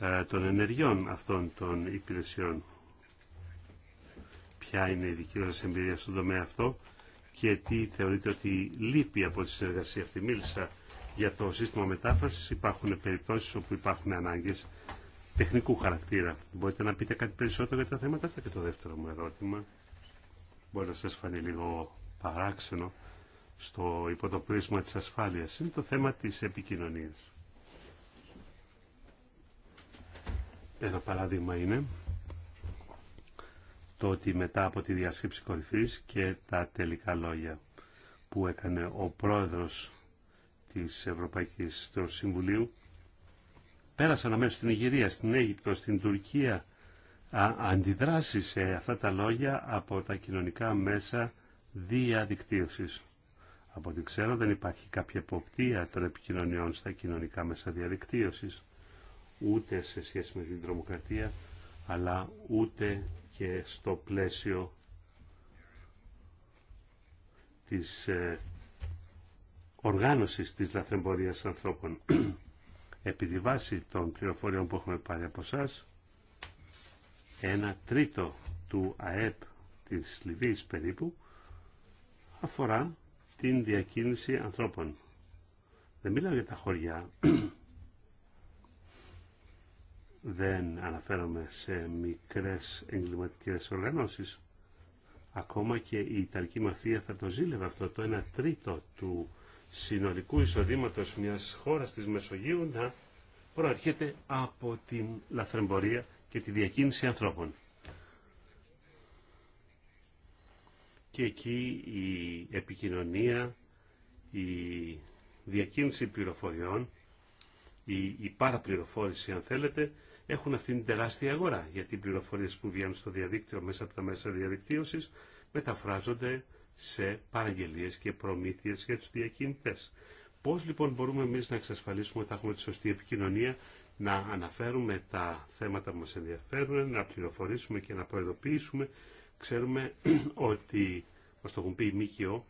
A: ε, των ενεργειών αυτών των υπηρεσιών. Ποια είναι η δική μας εμπειρία στον τομέα αυτό και τι θεωρείτε ότι λείπει από τη συνεργασία αυτή. Μίλησα για το σύστημα μετάφραση. Υπάρχουν περιπτώσεις όπου υπάρχουν ανάγκε τεχνικού χαρακτήρα. Μπορείτε να πείτε κάτι περισσότερο για τα θέματα αυτά και το δεύτερο μου ερώτημα. Μπορεί να σας φανεί λίγο παράξενο στο πρίσμα της ασφάλειας. Είναι το θέμα της επικοινωνίας. Ένα παράδειγμα είναι το ότι μετά από τη διασύψη κορυφής και τα τελικά λόγια που έκανε ο πρόεδρος της Ευρωπαϊκής του Συμβουλίου πέρασαν αμέσως στην Ιγυρία, στην Αίγυπτο, στην Τουρκία αντιδράσεις αντιδράσει σε αυτά τα λόγια από τα κοινωνικά μέσα διαδικτύωσης. Από ό,τι ξέρω δεν υπάρχει κάποια εποπτεία των επικοινωνιών στα κοινωνικά μέσα διαδικτύωσης ούτε σε σχέση με την τρομοκρατία αλλά ούτε και στο πλαίσιο της ε, οργάνωσης της λαθρεμπορίας ανθρώπων. [clears throat] Επί τη βάση των πληροφοριών που έχουμε πάρει από εσά, ένα τρίτο του ΑΕΠ της Λιβύης περίπου αφορά την διακίνηση ανθρώπων. Δεν μιλάω για τα χωριά, [clears throat] δεν αναφέρομαι σε μικρές εγκληματικές οργανώσεις. Ακόμα και η Ιταλική μαφία θα το ζήλευε αυτό το 1 τρίτο του συνολικού εισοδήματος μιας χώρας της Μεσογείου να προέρχεται από την λαθρεμπορία και τη διακίνηση ανθρώπων. Και εκεί η επικοινωνία, η διακίνηση πληροφοριών, η, η παραπληροφόρηση αν θέλετε, έχουν αυτήν την τεράστια αγορά. Γιατί οι πληροφορίε που βγαίνουν στο διαδίκτυο μέσα από τα μέσα διαδικτύωση μεταφράζονται σε παραγγελίε και προμήθειε για του διακινητέ. Πώ λοιπόν μπορούμε εμεί να εξασφαλίσουμε ότι θα έχουμε τη σωστή επικοινωνία, να αναφέρουμε τα θέματα που μα ενδιαφέρουν, να πληροφορήσουμε και να προειδοποιήσουμε. Ξέρουμε [clears throat] ότι, μα το έχουν πει οι ΜΚΟ,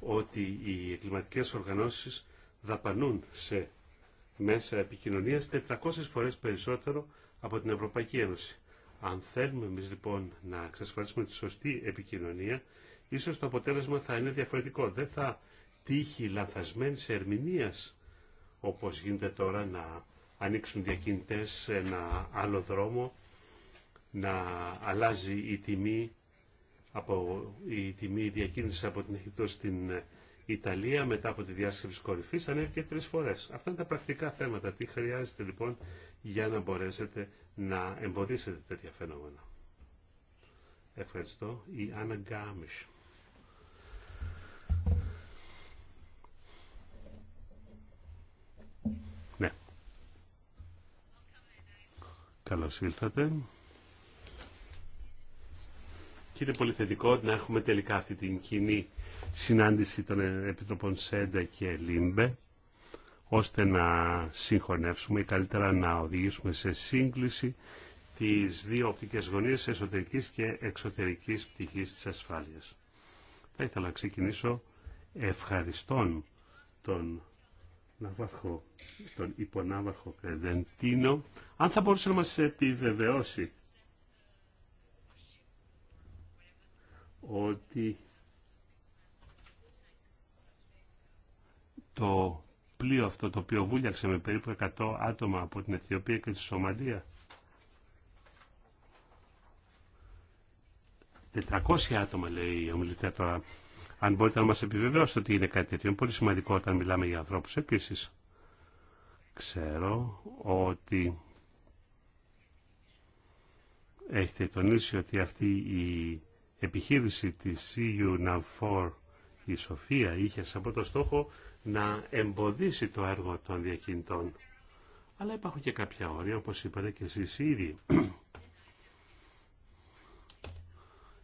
A: ότι οι εγκληματικέ οργανώσει δαπανούν σε μέσα επικοινωνίας 400 φορές περισσότερο από την Ευρωπαϊκή Ένωση. Αν θέλουμε εμείς λοιπόν να εξασφαλίσουμε τη σωστή επικοινωνία, ίσως το αποτέλεσμα θα είναι διαφορετικό. Δεν θα τύχει λανθασμένης ερμηνείας, όπως γίνεται τώρα να ανοίξουν διακινητές σε ένα άλλο δρόμο, να αλλάζει η τιμή, από, η τιμή διακίνησης από την Αιγυπτό στην η Ιταλία μετά από τη διάσκεψη κορυφής ανέβηκε τρεις φορές. Αυτά είναι τα πρακτικά θέματα. Τι χρειάζεται λοιπόν για να μπορέσετε να εμποδίσετε τέτοια φαινόμενα. Ευχαριστώ. Η Άννα Γκάμις. Ναι. Καλώς ήλθατε. Και είναι πολύ θετικό να έχουμε τελικά αυτή την κοινή συνάντηση των Επιτροπών Σέντα και Λίμπε, ώστε να συγχωνεύσουμε ή καλύτερα να οδηγήσουμε σε σύγκληση τις δύο οπτικές γωνίες εσωτερικής και εξωτερικής πτυχής της ασφάλειας. Θα ήθελα να ξεκινήσω ευχαριστών τον ναύαρχο, τον υπονάβαρχο Κρεδεντίνο, αν θα μπορούσε να μας επιβεβαιώσει ότι το πλοίο αυτό το οποίο βούλιαξε με περίπου 100 άτομα από την Αιθιοπία και τη Σομαλία. 400 άτομα λέει η ομιλητή τώρα. Αν μπορείτε να μας επιβεβαιώσετε ότι είναι κάτι τέτοιο, είναι πολύ σημαντικό όταν μιλάμε για ανθρώπους. Επίσης, ξέρω ότι έχετε τονίσει ότι αυτή η επιχείρηση της EU Nav4 η Σοφία είχε σαν πρώτο στόχο να εμποδίσει το έργο των διακινητών. Αλλά υπάρχουν και κάποια όρια, όπως είπατε και εσείς ήδη.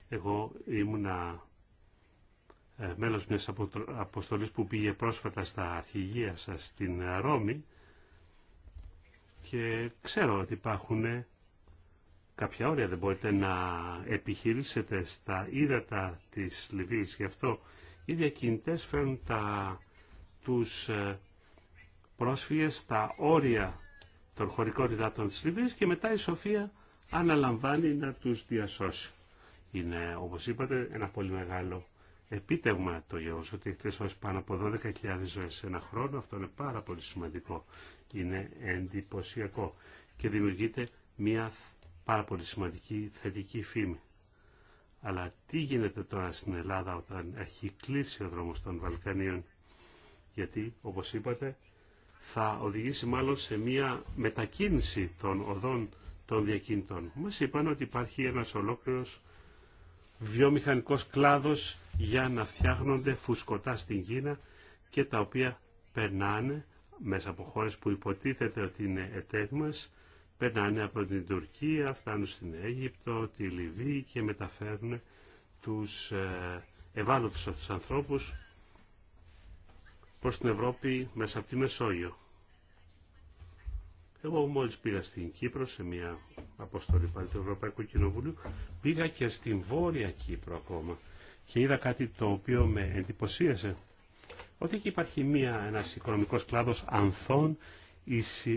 A: Εγώ ήμουνα ε, μέλος μιας αποστολής που πήγε πρόσφατα στα αρχηγεία σας στην Ρώμη και ξέρω ότι υπάρχουν ε, κάποια όρια. Δεν μπορείτε να επιχειρήσετε στα ύδατα της Λιβύης. Γι' αυτό οι διακινητές φέρνουν τα τους ε, πρόσφυγες στα όρια των χωρικών υδάτων της Λιβύης και μετά η Σοφία αναλαμβάνει να τους διασώσει. Είναι, όπως είπατε, ένα πολύ μεγάλο επίτευγμα το γεγονός ότι έχει σώσει πάνω από 12.000 ζωές σε ένα χρόνο. Αυτό είναι πάρα πολύ σημαντικό. Είναι εντυπωσιακό και δημιουργείται μια πάρα πολύ σημαντική θετική φήμη. Αλλά τι γίνεται τώρα στην Ελλάδα όταν έχει κλείσει ο δρόμος των Βαλκανίων γιατί όπως είπατε θα οδηγήσει μάλλον σε μια μετακίνηση των οδών των διακίνητων. Μας είπαν ότι υπάρχει ένας ολόκληρος βιομηχανικός κλάδος για να φτιάχνονται φουσκωτά στην Κίνα και τα οποία περνάνε μέσα από χώρες που υποτίθεται ότι είναι εταίροι περνάνε από την Τουρκία, φτάνουν στην Αίγυπτο, τη Λιβύη και μεταφέρουν τους ε, ευάλωτους ανθρώπους προς την Ευρώπη μέσα από τη Μεσόγειο. Εγώ μόλις πήγα στην Κύπρο σε μια αποστολή πάλι του Ευρωπαϊκού Κοινοβουλίου, πήγα και στην Βόρεια Κύπρο ακόμα και είδα κάτι το οποίο με εντυπωσίασε. Ότι εκεί υπάρχει μια, ένας οικονομικός κλάδος ανθών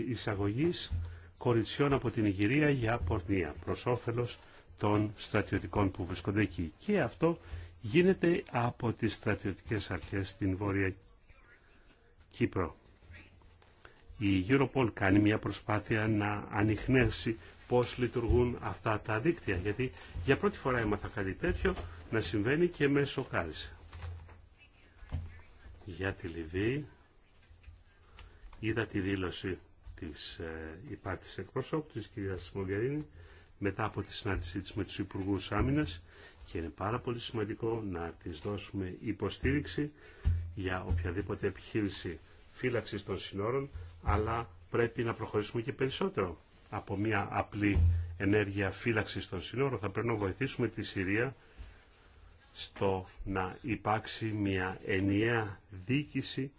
A: εισαγωγής κοριτσιών από την Ιγυρία για πορνεία, προς όφελος των στρατιωτικών που βρίσκονται εκεί. Και αυτό γίνεται από τις στρατιωτικές αρχές στην Βόρεια Κύπρο. Η Europol κάνει μια προσπάθεια να ανοιχνεύσει πώς λειτουργούν αυτά τα δίκτυα, γιατί για πρώτη φορά έμαθα κάτι τέτοιο να συμβαίνει και μέσω σοκάρισε. Για τη Λιβύη είδα τη δήλωση της ε, εκπροσώπου της κυρίας Μογκερίνη μετά από τη συνάντησή της με τους Υπουργούς Άμυνας και είναι πάρα πολύ σημαντικό να της δώσουμε υποστήριξη για οποιαδήποτε επιχείρηση φύλαξης των συνόρων, αλλά πρέπει να προχωρήσουμε και περισσότερο από μια απλή ενέργεια φύλαξης των συνόρων. Θα πρέπει να βοηθήσουμε τη Συρία στο να υπάρξει μια ενιαία δίκηση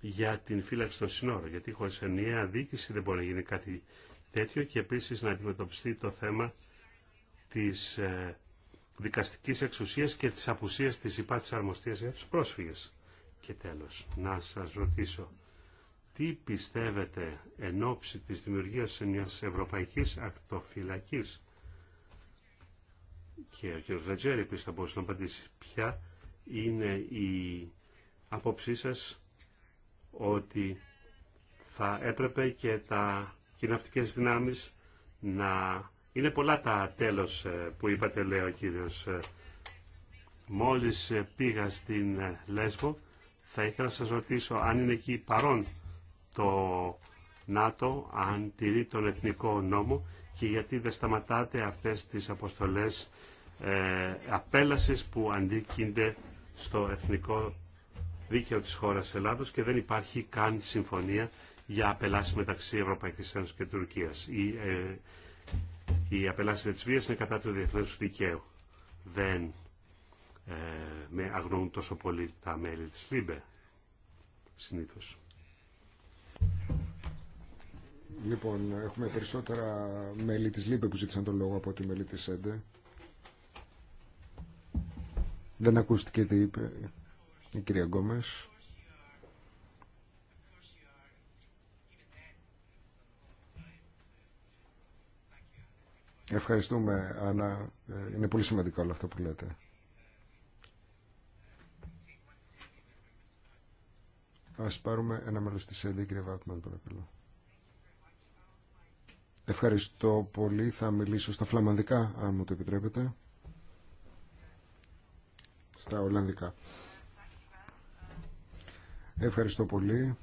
A: για την φύλαξη των συνόρων. Γιατί χωρίς ενιαία δίκηση δεν μπορεί να γίνει κάτι τέτοιο και επίσης να αντιμετωπιστεί το θέμα της ε, δικαστικής εξουσίας και της απουσίας της υπάτης αρμοστίας για τους πρόσφυγες. Και τέλος, να σας ρωτήσω, τι πιστεύετε εν ώψη της δημιουργίας μιας ευρωπαϊκής ακτοφυλακής και ο κ. Βετζέρη επίσης θα μπορούσε να απαντήσει ποια είναι η άποψή σας ότι θα έπρεπε και τα και οι ναυτικέ δυνάμεις να... Είναι πολλά τα τέλο ε, που είπατε, λέει ο κύριο. Ε, μόλις ε, πήγα στην Λέσβο, θα ήθελα να σας ρωτήσω αν είναι εκεί παρόν το ΝΑΤΟ, αν τηρεί τον εθνικό νόμο και γιατί δεν σταματάτε αυτές τις αποστολές ε, που αντίκυνται στο εθνικό δίκαιο της χώρας Ελλάδος και δεν υπάρχει καν συμφωνία για απελάσεις μεταξύ Ευρωπαϊκής Ένωσης και Τουρκία. Οι, ε, οι απελάσεις της βίας είναι κατά του διεθνούς δικαίου. Δεν ε, με αγνοούν τόσο πολύ τα μέλη της ΛΥΜΠΕ,
B: συνήθως. Λοιπόν, έχουμε περισσότερα μέλη της ΛΥΜΠΕ που ζήτησαν τον λόγο από τη μέλη της ΕΝΤΕ. Δεν ακούστηκε τι είπε η κυρία Γκόμες. Ευχαριστούμε, Άννα. Είναι πολύ σημαντικό όλο αυτό που λέτε. Ας πάρουμε ένα μέλος της ΕΔΗ, κύριε Βάτμαν, παρακαλώ. Ευχαριστώ πολύ. Θα μιλήσω στα φλαμανδικά, αν μου το επιτρέπετε. Στα Ολλανδικά. Ευχαριστώ πολύ.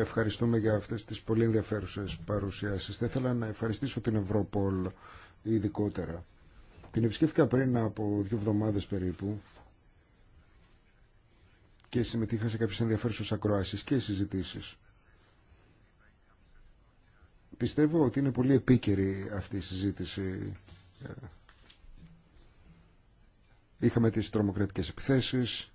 B: Ευχαριστούμε για αυτές τις πολύ ενδιαφέρουσες παρουσιάσεις. Θα ήθελα να ευχαριστήσω την Ευρωπόλ ειδικότερα. Την επισκέφθηκα πριν από δύο εβδομάδες περίπου και συμμετείχα σε κάποιες ενδιαφέρουσες ακροάσεις και συζητήσεις. Πιστεύω ότι είναι πολύ επίκαιρη αυτή η συζήτηση. Είχαμε τις τρομοκρατικές επιθέσεις,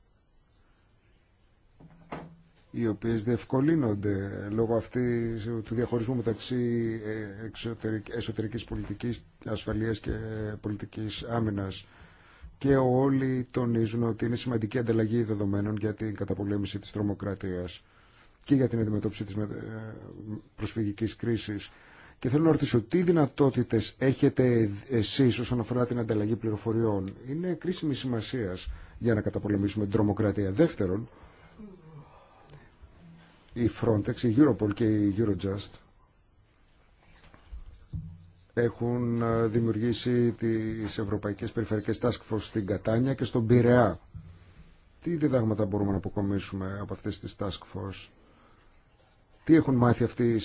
B: οι οποίες διευκολύνονται λόγω αυτή του διαχωρισμού μεταξύ ε, εσωτερικής πολιτικής ασφαλείας και πολιτικής άμυνας και όλοι τονίζουν ότι είναι σημαντική ανταλλαγή δεδομένων για την καταπολέμηση της τρομοκρατίας και για την αντιμετώπιση της ε, προσφυγικής κρίσης. Και θέλω να ρωτήσω τι δυνατότητες έχετε εσείς όσον αφορά την ανταλλαγή πληροφοριών. Είναι κρίσιμη σημασία για να καταπολεμήσουμε την τρομοκρατία. Δεύτερον, η Frontex, η Europol και η Eurojust έχουν ε, δημιουργήσει τις Ευρωπαϊκές Περιφερειακές Task Force στην Κατάνια και στον Πειραιά. Τι διδάγματα μπορούμε να αποκομίσουμε από αυτές τις Task Force. Τι έχουν μάθει αυτοί,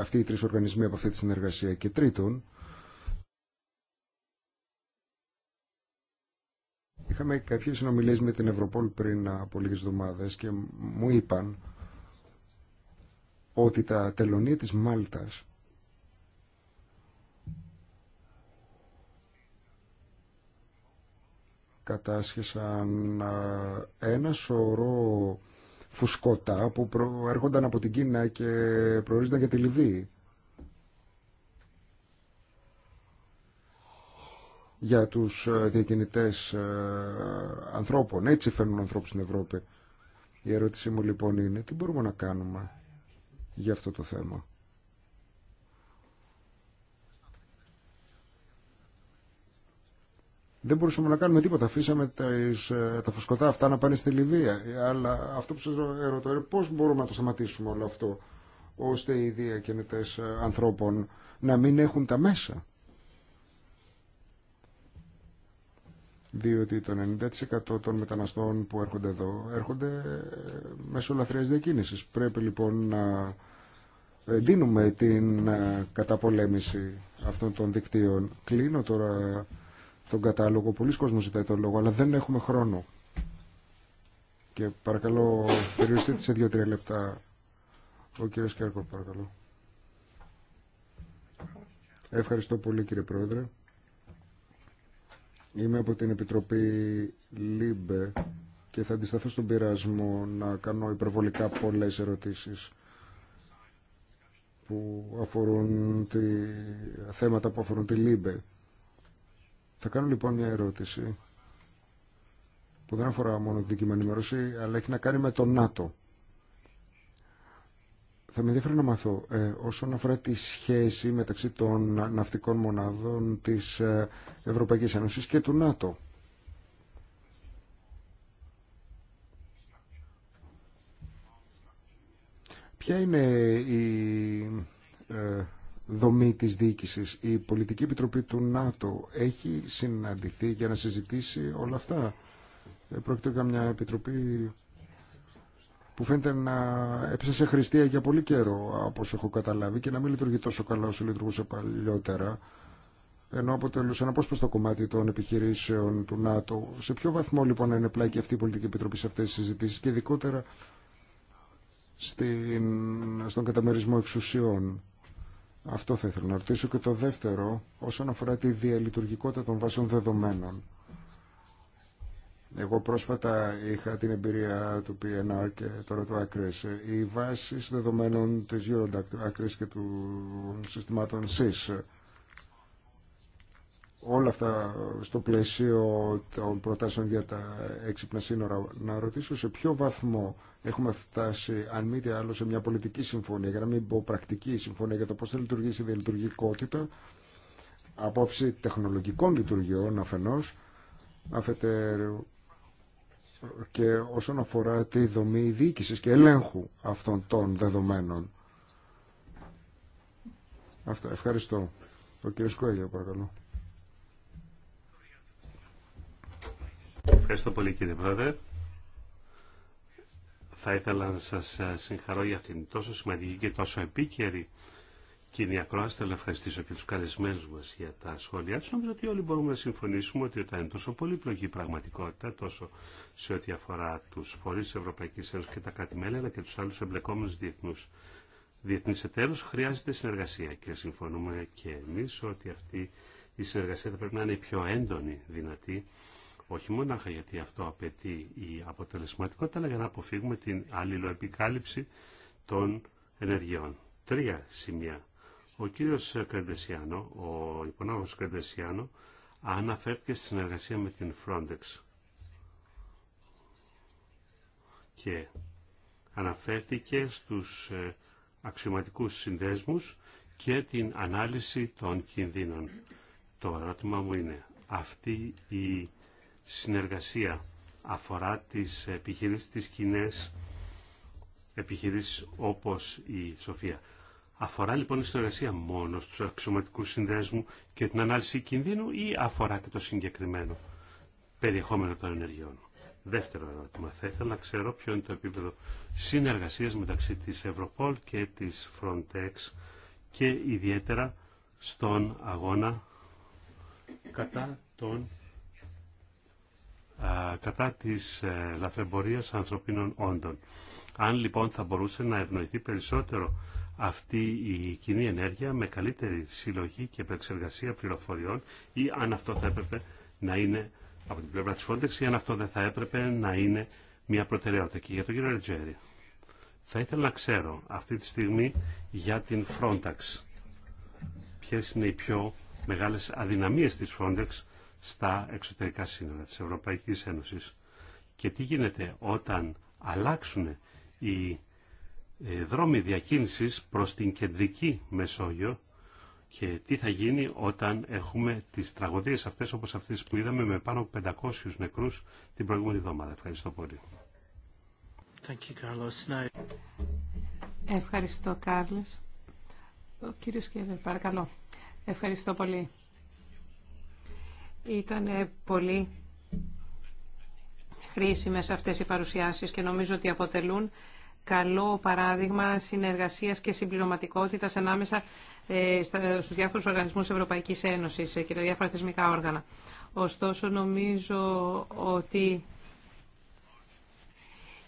B: αυτοί οι τρεις οργανισμοί από αυτή τη συνεργασία. Και τρίτον, είχαμε κάποιες συνομιλίες με την Ευρωπόλ πριν από λίγες εβδομάδες και μου είπαν ότι τα τελωνία της Μάλτας κατάσχεσαν ένα σωρό φουσκότα που έρχονταν από την Κίνα και προορίζονταν για τη Λιβύη. για τους διακινητές ανθρώπων. Έτσι φέρνουν ανθρώπους στην Ευρώπη. Η ερώτησή μου λοιπόν είναι τι μπορούμε να κάνουμε για αυτό το θέμα. Δεν μπορούσαμε να κάνουμε τίποτα. Αφήσαμε τα, ε, τα φουσκωτά αυτά να πάνε στη Λιβύα. Αλλά αυτό που σας ερωτώ είναι πώς μπορούμε να το σταματήσουμε όλο αυτό ώστε οι διακινητές ε, ανθρώπων να μην έχουν τα μέσα. Διότι το 90% των μεταναστών που έρχονται εδώ έρχονται ε, μέσω λαθρέας διακίνησης. Πρέπει λοιπόν να ε, δίνουμε την ε, καταπολέμηση αυτών των δικτύων. Κλείνω τώρα τον κατάλογο. Πολλοί κόσμοι ζητάει τον λόγο, αλλά δεν έχουμε χρόνο. Και παρακαλώ, περιοριστείτε σε δύο-τρία λεπτά. Ο κύριος Κέρκο, παρακαλώ. Ευχαριστώ πολύ κύριε Πρόεδρε. Είμαι από την Επιτροπή ΛΥΜΠΕ και θα αντισταθώ στον πειρασμό να κάνω υπερβολικά πολλές ερωτήσεις που αφορούν τη, θέματα που αφορούν τη ΛΥΜΠΕ. Θα κάνω λοιπόν μια ερώτηση που δεν αφορά μόνο τη δική ενημέρωση, αλλά έχει να κάνει με το ΝΑΤΟ. Θα με ενδιαφέρει να μάθω ε, όσον αφορά τη σχέση μεταξύ των ναυτικών μονάδων της ε, Ευρωπαϊκής Ένωσης και του ΝΑΤΟ. Ποια είναι η ε, δομή της διοίκησης. Η Πολιτική Επιτροπή του ΝΑΤΟ έχει συναντηθεί για να συζητήσει όλα αυτά. Ε, πρόκειται για μια επιτροπή που φαίνεται να έπεσε σε χρηστία για πολύ καιρό, όπω έχω καταλάβει, και να μην λειτουργεί τόσο καλά όσο λειτουργούσε παλιότερα, ενώ αποτελούσε ένα στο κομμάτι των επιχειρήσεων του ΝΑΤΟ. Σε ποιο βαθμό λοιπόν είναι πλάκη αυτή η πολιτική επιτροπή σε αυτέ τι συζητήσει και ειδικότερα στην, στον καταμερισμό εξουσιών. Αυτό θα ήθελα να ρωτήσω. Και το δεύτερο, όσον αφορά τη διαλειτουργικότητα των βάσεων δεδομένων. Εγώ πρόσφατα είχα την εμπειρία του PNR και τώρα του ACRES. Οι βάσεις δεδομένων της Eurodact, του ACRES και του συστημάτων SIS. Όλα αυτά στο πλαίσιο των προτάσεων για τα έξυπνα σύνορα. Να ρωτήσω σε ποιο βαθμό έχουμε φτάσει, αν μη τι άλλο, σε μια πολιτική συμφωνία, για να μην πω πρακτική συμφωνία για το πώ θα λειτουργήσει η διαλειτουργικότητα απόψη τεχνολογικών λειτουργιών αφενό, αφετέρου και όσον αφορά τη δομή διοίκηση και ελέγχου αυτών των δεδομένων. Αυτά. Ευχαριστώ. Ο κύριο Σκόγια, παρακαλώ.
A: Ευχαριστώ πολύ κύριε Πρόεδρε θα ήθελα να σας ε, συγχαρώ για την τόσο σημαντική και τόσο επίκαιρη κοινή ακρόαση. Θέλω να ευχαριστήσω και τους καλεσμένους μας για τα σχόλιά τους. Νομίζω ότι όλοι μπορούμε να συμφωνήσουμε ότι όταν είναι τόσο πολύπλοκη η πραγματικότητα, τόσο σε ό,τι αφορά τους φορείς της Ευρωπαϊκής Ένωσης και τα κρατη αλλά και τους άλλους εμπλεκόμενους διεθνού διεθνείς εταίρους, χρειάζεται συνεργασία. Και συμφωνούμε και εμείς ότι αυτή η συνεργασία θα πρέπει να είναι πιο έντονη δυνατή όχι μόνο γιατί αυτό απαιτεί η αποτελεσματικότητα, αλλά για να αποφύγουμε την αλληλοεπικάλυψη των ενεργειών. Τρία σημεία. Ο κύριος Κρεντεσιάνο, ο υπονόμος Κρεντεσιάνο, αναφέρθηκε στη συνεργασία με την Frontex και αναφέρθηκε στους ε, αξιωματικούς συνδέσμους και την ανάλυση των κινδύνων. Το ερώτημα μου είναι, αυτή η συνεργασία αφορά τις επιχειρήσεις της κοινέ επιχειρήσεις όπως η Σοφία. Αφορά λοιπόν η συνεργασία μόνο στους αξιωματικούς συνδέσμου και την ανάλυση κινδύνου ή αφορά και το συγκεκριμένο περιεχόμενο των ενεργειών. Δεύτερο ερώτημα. Θα ήθελα να ξέρω ποιο είναι το επίπεδο συνεργασίας μεταξύ της Ευρωπόλ και της Frontex και ιδιαίτερα στον αγώνα κατά των κατά της ε, λαθρεμπορίας ανθρωπίνων όντων. Αν λοιπόν θα μπορούσε να ευνοηθεί περισσότερο αυτή η κοινή ενέργεια με καλύτερη συλλογή και επεξεργασία πληροφοριών ή αν αυτό θα έπρεπε να είναι από την πλευρά της Frontex ή αν αυτό δεν θα έπρεπε να είναι μια προτεραιότητα. Και για τον κύριο Ρετζέρη, θα ήθελα να ξέρω αυτή τη στιγμή για την Frontex ποιες είναι οι πιο μεγάλες αδυναμίες της Frontex στα εξωτερικά σύνορα της Ευρωπαϊκής Ένωσης. Και τι γίνεται όταν αλλάξουν οι ε, δρόμοι διακίνησης προς την κεντρική Μεσόγειο και τι θα γίνει όταν έχουμε τις τραγωδίες αυτές όπως αυτές που είδαμε με πάνω από 500 νεκρούς την προηγούμενη εβδομάδα. Ευχαριστώ πολύ. Carlos.
C: Ευχαριστώ, Κάρλος. Ο κύριος Κέλλερ, παρακαλώ. Ευχαριστώ πολύ. Ήταν πολύ χρήσιμες αυτές οι παρουσιάσεις και νομίζω ότι αποτελούν καλό παράδειγμα συνεργασίας και συμπληρωματικότητας ανάμεσα ε, στους διάφορους οργανισμούς Ευρωπαϊκής Ένωσης ε, και τα διάφορα θεσμικά όργανα. Ωστόσο, νομίζω ότι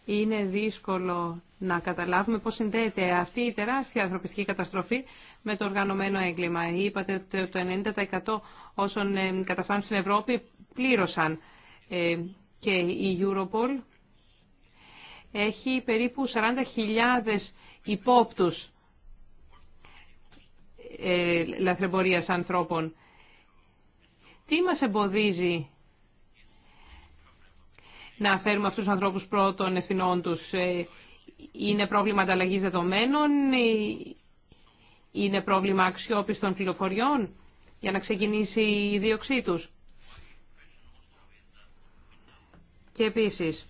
C: είναι δύσκολο να καταλάβουμε πώς συνδέεται αυτή η τεράστια ανθρωπιστική καταστροφή με το οργανωμένο έγκλημα. Είπατε ότι το 90% όσων ε, καταφάνουν στην Ευρώπη πλήρωσαν ε, και η Europol έχει περίπου 40.000 υπόπτους ε, λαθρεμπορίας ανθρώπων. Τι μας εμποδίζει να φέρουμε αυτούς τους ανθρώπους πρώτων ευθυνών τους είναι πρόβλημα ανταλλαγή δεδομένων, είναι πρόβλημα αξιόπιστων πληροφοριών για να ξεκινήσει η δίωξή του. Και επίσης,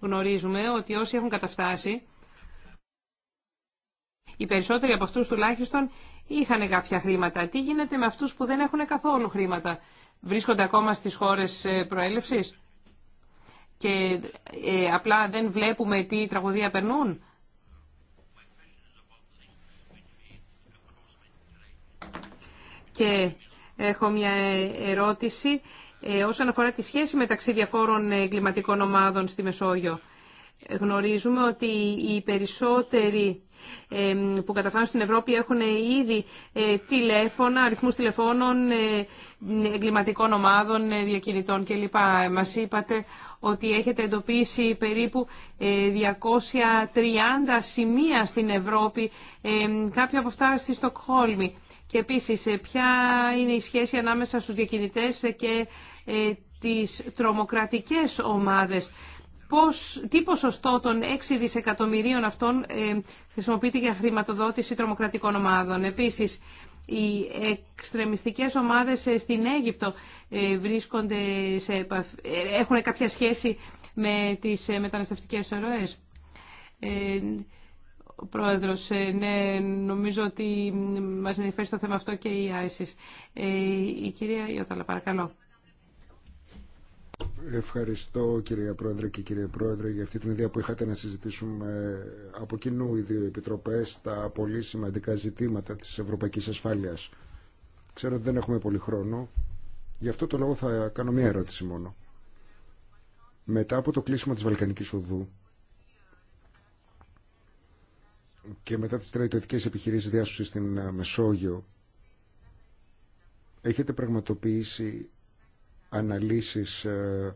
C: γνωρίζουμε ότι όσοι έχουν καταφτάσει, οι περισσότεροι από αυτούς τουλάχιστον είχαν κάποια χρήματα. Τι γίνεται με αυτούς που δεν έχουν καθόλου χρήματα. Βρίσκονται ακόμα στις χώρες ε, προέλευσης και ε, απλά δεν βλέπουμε τι τραγωδία περνούν. Και έχω μια ερώτηση ε, όσον αφορά τη σχέση μεταξύ διαφόρων εγκληματικών ομάδων στη Μεσόγειο. Γνωρίζουμε ότι οι περισσότεροι ε, που καταφάνουν στην Ευρώπη έχουν ήδη ε, τηλέφωνα, αριθμούς τηλεφώνων ε, εγκληματικών ομάδων, διακινητών κλπ. Μας είπατε ότι έχετε εντοπίσει περίπου 230 σημεία στην Ευρώπη, κάποια από αυτά στη Στοκχόλμη. Και επίσης, ποια είναι η σχέση ανάμεσα στους διακινητές και τις τρομοκρατικές ομάδες πώς, τι ποσοστό των 6 δισεκατομμυρίων αυτών ε, χρησιμοποιείται για χρηματοδότηση τρομοκρατικών ομάδων. Επίσης, οι εξτρεμιστικές ομάδες ε, στην Αίγυπτο ε, βρίσκονται σε ε, έχουν κάποια σχέση με τις μεταναστευτικές ροές. Ο πρόεδρος, ναι, νομίζω ότι μας ενδιαφέρει το θέμα αυτό και η ISIS. Η κυρία Ιώταλα, παρακαλώ.
B: Ευχαριστώ κυρία Πρόεδρε και κύριε Πρόεδρε για αυτή την ιδέα που είχατε να συζητήσουμε από κοινού οι δύο επιτροπές τα πολύ σημαντικά ζητήματα της ευρωπαϊκής ασφάλειας. Ξέρω ότι δεν έχουμε πολύ χρόνο, γι' αυτό το λόγο θα κάνω μία ερώτηση μόνο. Μετά από το κλείσιμο της Βαλκανικής Οδού και μετά τις στρατιωτικές επιχειρήσεις διάσωσης στην ε, Μεσόγειο έχετε πραγματοποιήσει αναλύσεις ε,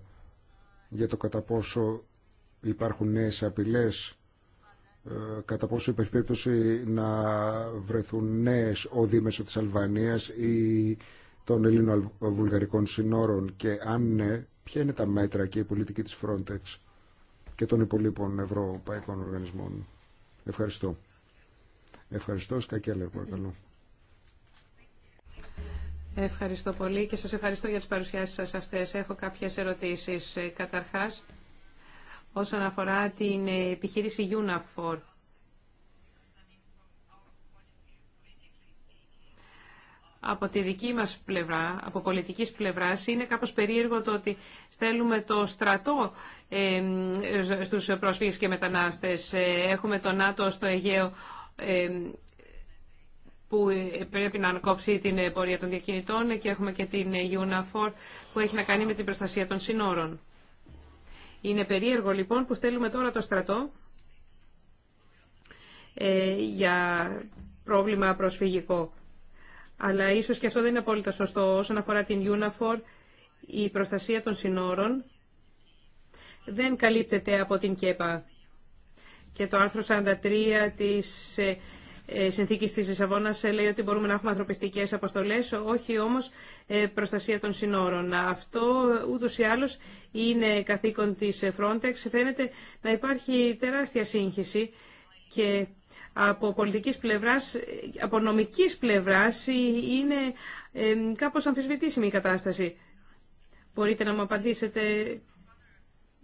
B: για το κατά πόσο υπάρχουν νέες απειλές, ε, κατά πόσο υπάρχει περίπτωση να βρεθούν νέες οδοί μέσω της Αλβανίας ή των Ελληνοβουλγαρικών συνόρων και αν ναι, ποια είναι τα μέτρα και η πολιτική της Frontex και των υπολείπων ευρωπαϊκών οργανισμών. Ευχαριστώ. Ευχαριστώ. Σκακέλερ, παρακαλώ.
C: Ευχαριστώ πολύ και σας ευχαριστώ για τις παρουσιάσεις σας αυτές. Έχω κάποιες ερωτήσεις. Ε, καταρχάς, όσον αφορά την ε, επιχείρηση UNAFOR. Από τη δική μας πλευρά, από πολιτικής πλευράς, είναι κάπως περίεργο το ότι στέλνουμε το στρατό ε, στους πρόσφυγες και μετανάστες. Ε, έχουμε το ΝΑΤΟ στο Αιγαίο ε, που ε, πρέπει να ανακόψει την ε, πορεία των διακινητών και έχουμε και την ε, UNAFOR που έχει να κάνει με την προστασία των συνόρων. Είναι περίεργο λοιπόν που στέλνουμε τώρα το στρατό ε, για πρόβλημα προσφυγικό. Αλλά ίσως και αυτό δεν είναι απόλυτα σωστό. Όσον αφορά την UNAFOR, η προστασία των συνόρων δεν καλύπτεται από την ΚΕΠΑ. Και το άρθρο 43 της ε, Συνθήκη της Λισαβόνα, ε, λέει ότι μπορούμε να έχουμε ανθρωπιστικές αποστολές, όχι όμως ε, προστασία των συνόρων. Αυτό πολιτική πλευρά, από νομική πλευρά είναι κάπω αμφισβητήσιμη ή αλλω είναι καθήκον τη Frontex. Φαίνεται να υπάρχει τεράστια σύγχυση και από πολιτικής πλευράς, από νομικής πλευράς είναι κάπως αμφισβητήσιμη η κατάσταση. Μπορείτε να μου απαντήσετε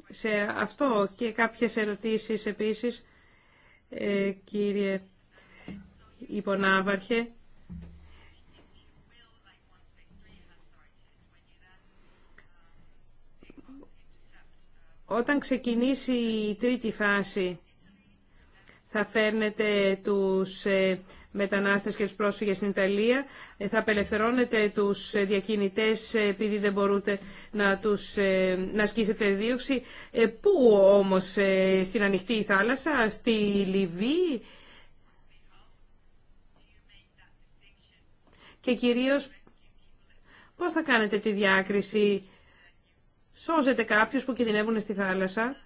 C: σε αυτό και κάποιες ερωτήσεις επίσης, κύριε υπονάβαρχε. Όταν ξεκινήσει η τρίτη φάση, θα φέρνετε τους ε, μετανάστες και τους πρόσφυγες στην Ιταλία, ε, θα απελευθερώνετε τους ε, διακινητές επειδή δεν μπορούτε να, τους, να ασκήσετε δίωξη. Πού όμως, στην ανοιχτή θάλασσα, στη Λιβύη, και κυρίως πώς θα κάνετε τη διάκριση. Σώζετε κάποιους που κινδυνεύουν στη θάλασσα,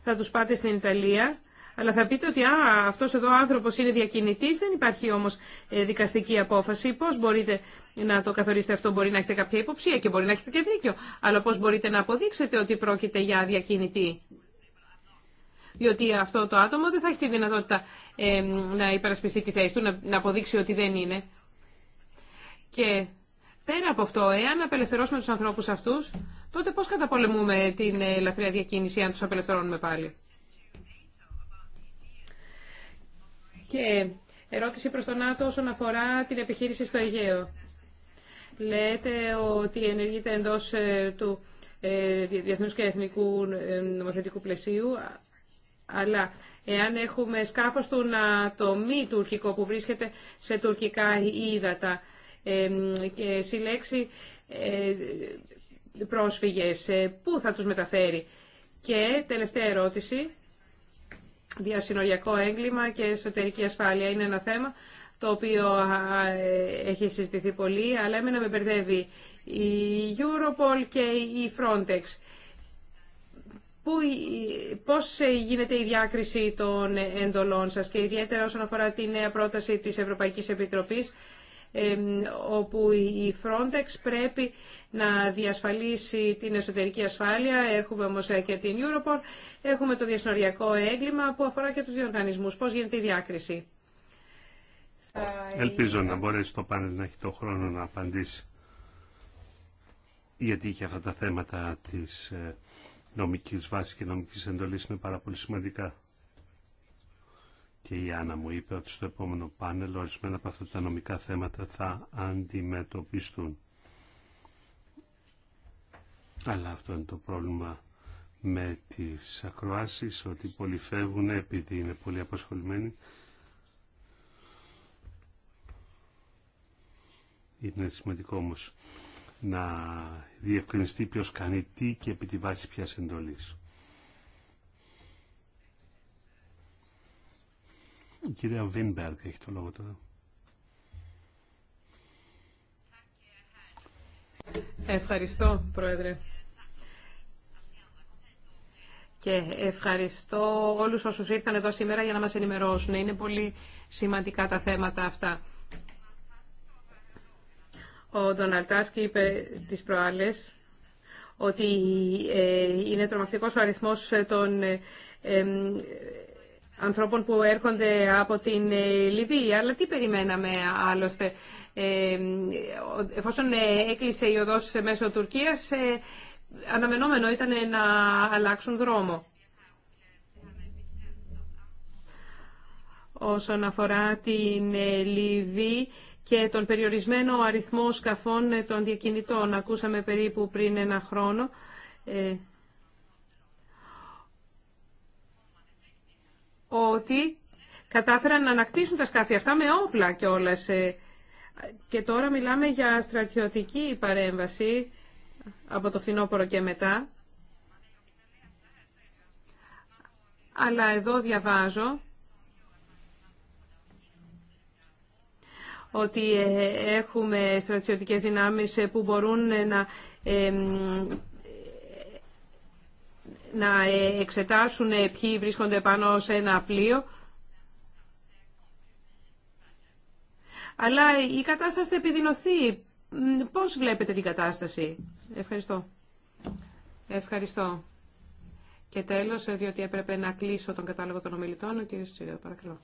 C: θα τους πάτε στην Ιταλία, αλλά θα πείτε ότι α, αυτός εδώ ο άνθρωπος είναι διακινητής, δεν υπάρχει όμως ε, δικαστική απόφαση. Πώς μπορείτε να το καθορίσετε αυτό, μπορεί να έχετε κάποια υποψία και μπορεί να έχετε και δίκιο, αλλά πώς μπορείτε να αποδείξετε ότι πρόκειται για διακινητή διότι αυτό το άτομο δεν θα έχει τη δυνατότητα να υπερασπιστεί τη θέση του, να αποδείξει ότι δεν είναι. Και πέρα από αυτό, εάν απελευθερώσουμε τους ανθρώπους αυτούς, τότε πώς καταπολεμούμε την ε, ελαφριά διακίνηση αν τους απελευθερώνουμε πάλι. Και ερώτηση προς τον Άτο, όσον αφορά την επιχείρηση στο Αιγαίο. Λέτε ότι ενεργείται εντός ε, του ε, διεθνούς και εθνικού νομοθετικού πλαισίου, αλλά εάν έχουμε σκάφος του το μη τουρκικό που βρίσκεται σε τουρκικά ύδατα και συλλέξει ε, πρόσφυγες, ε, πού θα τους μεταφέρει. Και τελευταία ερώτηση, διασυνοριακό έγκλημα και εσωτερική ασφάλεια είναι ένα θέμα το οποίο ε, έχει συζητηθεί πολύ, αλλά εμένα με μπερδεύει η Europol και η Frontex. Πού, πώς ε, γίνεται η διάκριση των εντολών σας και ιδιαίτερα όσον αφορά τη νέα πρόταση της Ευρωπαϊκής Επιτροπής όπου η Frontex πρέπει να διασφαλίσει την εσωτερική ασφάλεια. Έχουμε όμως ε, και την Europol, έχουμε το διασυνοριακό έγκλημα που αφορά και τους δύο οργανισμούς. Πώς γίνεται η διάκριση.
A: Ελπίζω να μπορέσει το πάνελ να έχει το χρόνο να απαντήσει γιατί είχε αυτά τα θέματα της ε, νομικής βάσης και νομικής εντολής είναι πάρα πολύ σημαντικά. Και η Άννα μου είπε ότι στο επόμενο πάνελ ορισμένα από αυτά τα νομικά θέματα θα αντιμετωπιστούν. Αλλά αυτό είναι το πρόβλημα με τις ακροάσεις, ότι πολλοί φεύγουν επειδή είναι πολύ απασχολημένοι. Είναι σημαντικό όμως να διευκρινιστεί ποιος κάνει τι και επί τη βάση ποιας εντολής. Η κυρία Βίνμπεργκ έχει το λόγο τώρα.
C: Ευχαριστώ, Πρόεδρε. Και ευχαριστώ όλους όσους ήρθαν εδώ σήμερα για να μας ενημερώσουν. Είναι πολύ σημαντικά τα θέματα αυτά. Ο Ντόναλτ είπε τις προάλλες ότι ε, είναι τρομακτικός ο αριθμός ε, των ε, ανθρώπων που έρχονται από την Λιβύη. Αλλά τι περιμέναμε άλλωστε. Εφόσον έκλεισε η οδός μέσω Τουρκίας, αναμενόμενο ήταν να αλλάξουν δρόμο. Όσον αφορά την Λιβύη, και τον περιορισμένο αριθμό σκαφών ε, των διακινητών. Ακούσαμε περίπου πριν ένα χρόνο ε, ότι κατάφεραν να ανακτήσουν τα σκάφη αυτά με όπλα κιόλα. Ε. Και τώρα μιλάμε για στρατιωτική παρέμβαση από το φθινόπωρο και μετά. Αλλά εδώ διαβάζω ότι ε, έχουμε στρατιωτικές δυνάμεις ε, που μπορούν ε, να να εξετάσουν ποιοι βρίσκονται πάνω σε ένα πλοίο. Αλλά η κατάσταση θα επιδεινωθεί. Πώς βλέπετε την κατάσταση. Ευχαριστώ. Ευχαριστώ. Και τέλος, διότι έπρεπε να κλείσω τον κατάλογο των ομιλητών, ο κύριος Τσίδεο, παρακαλώ.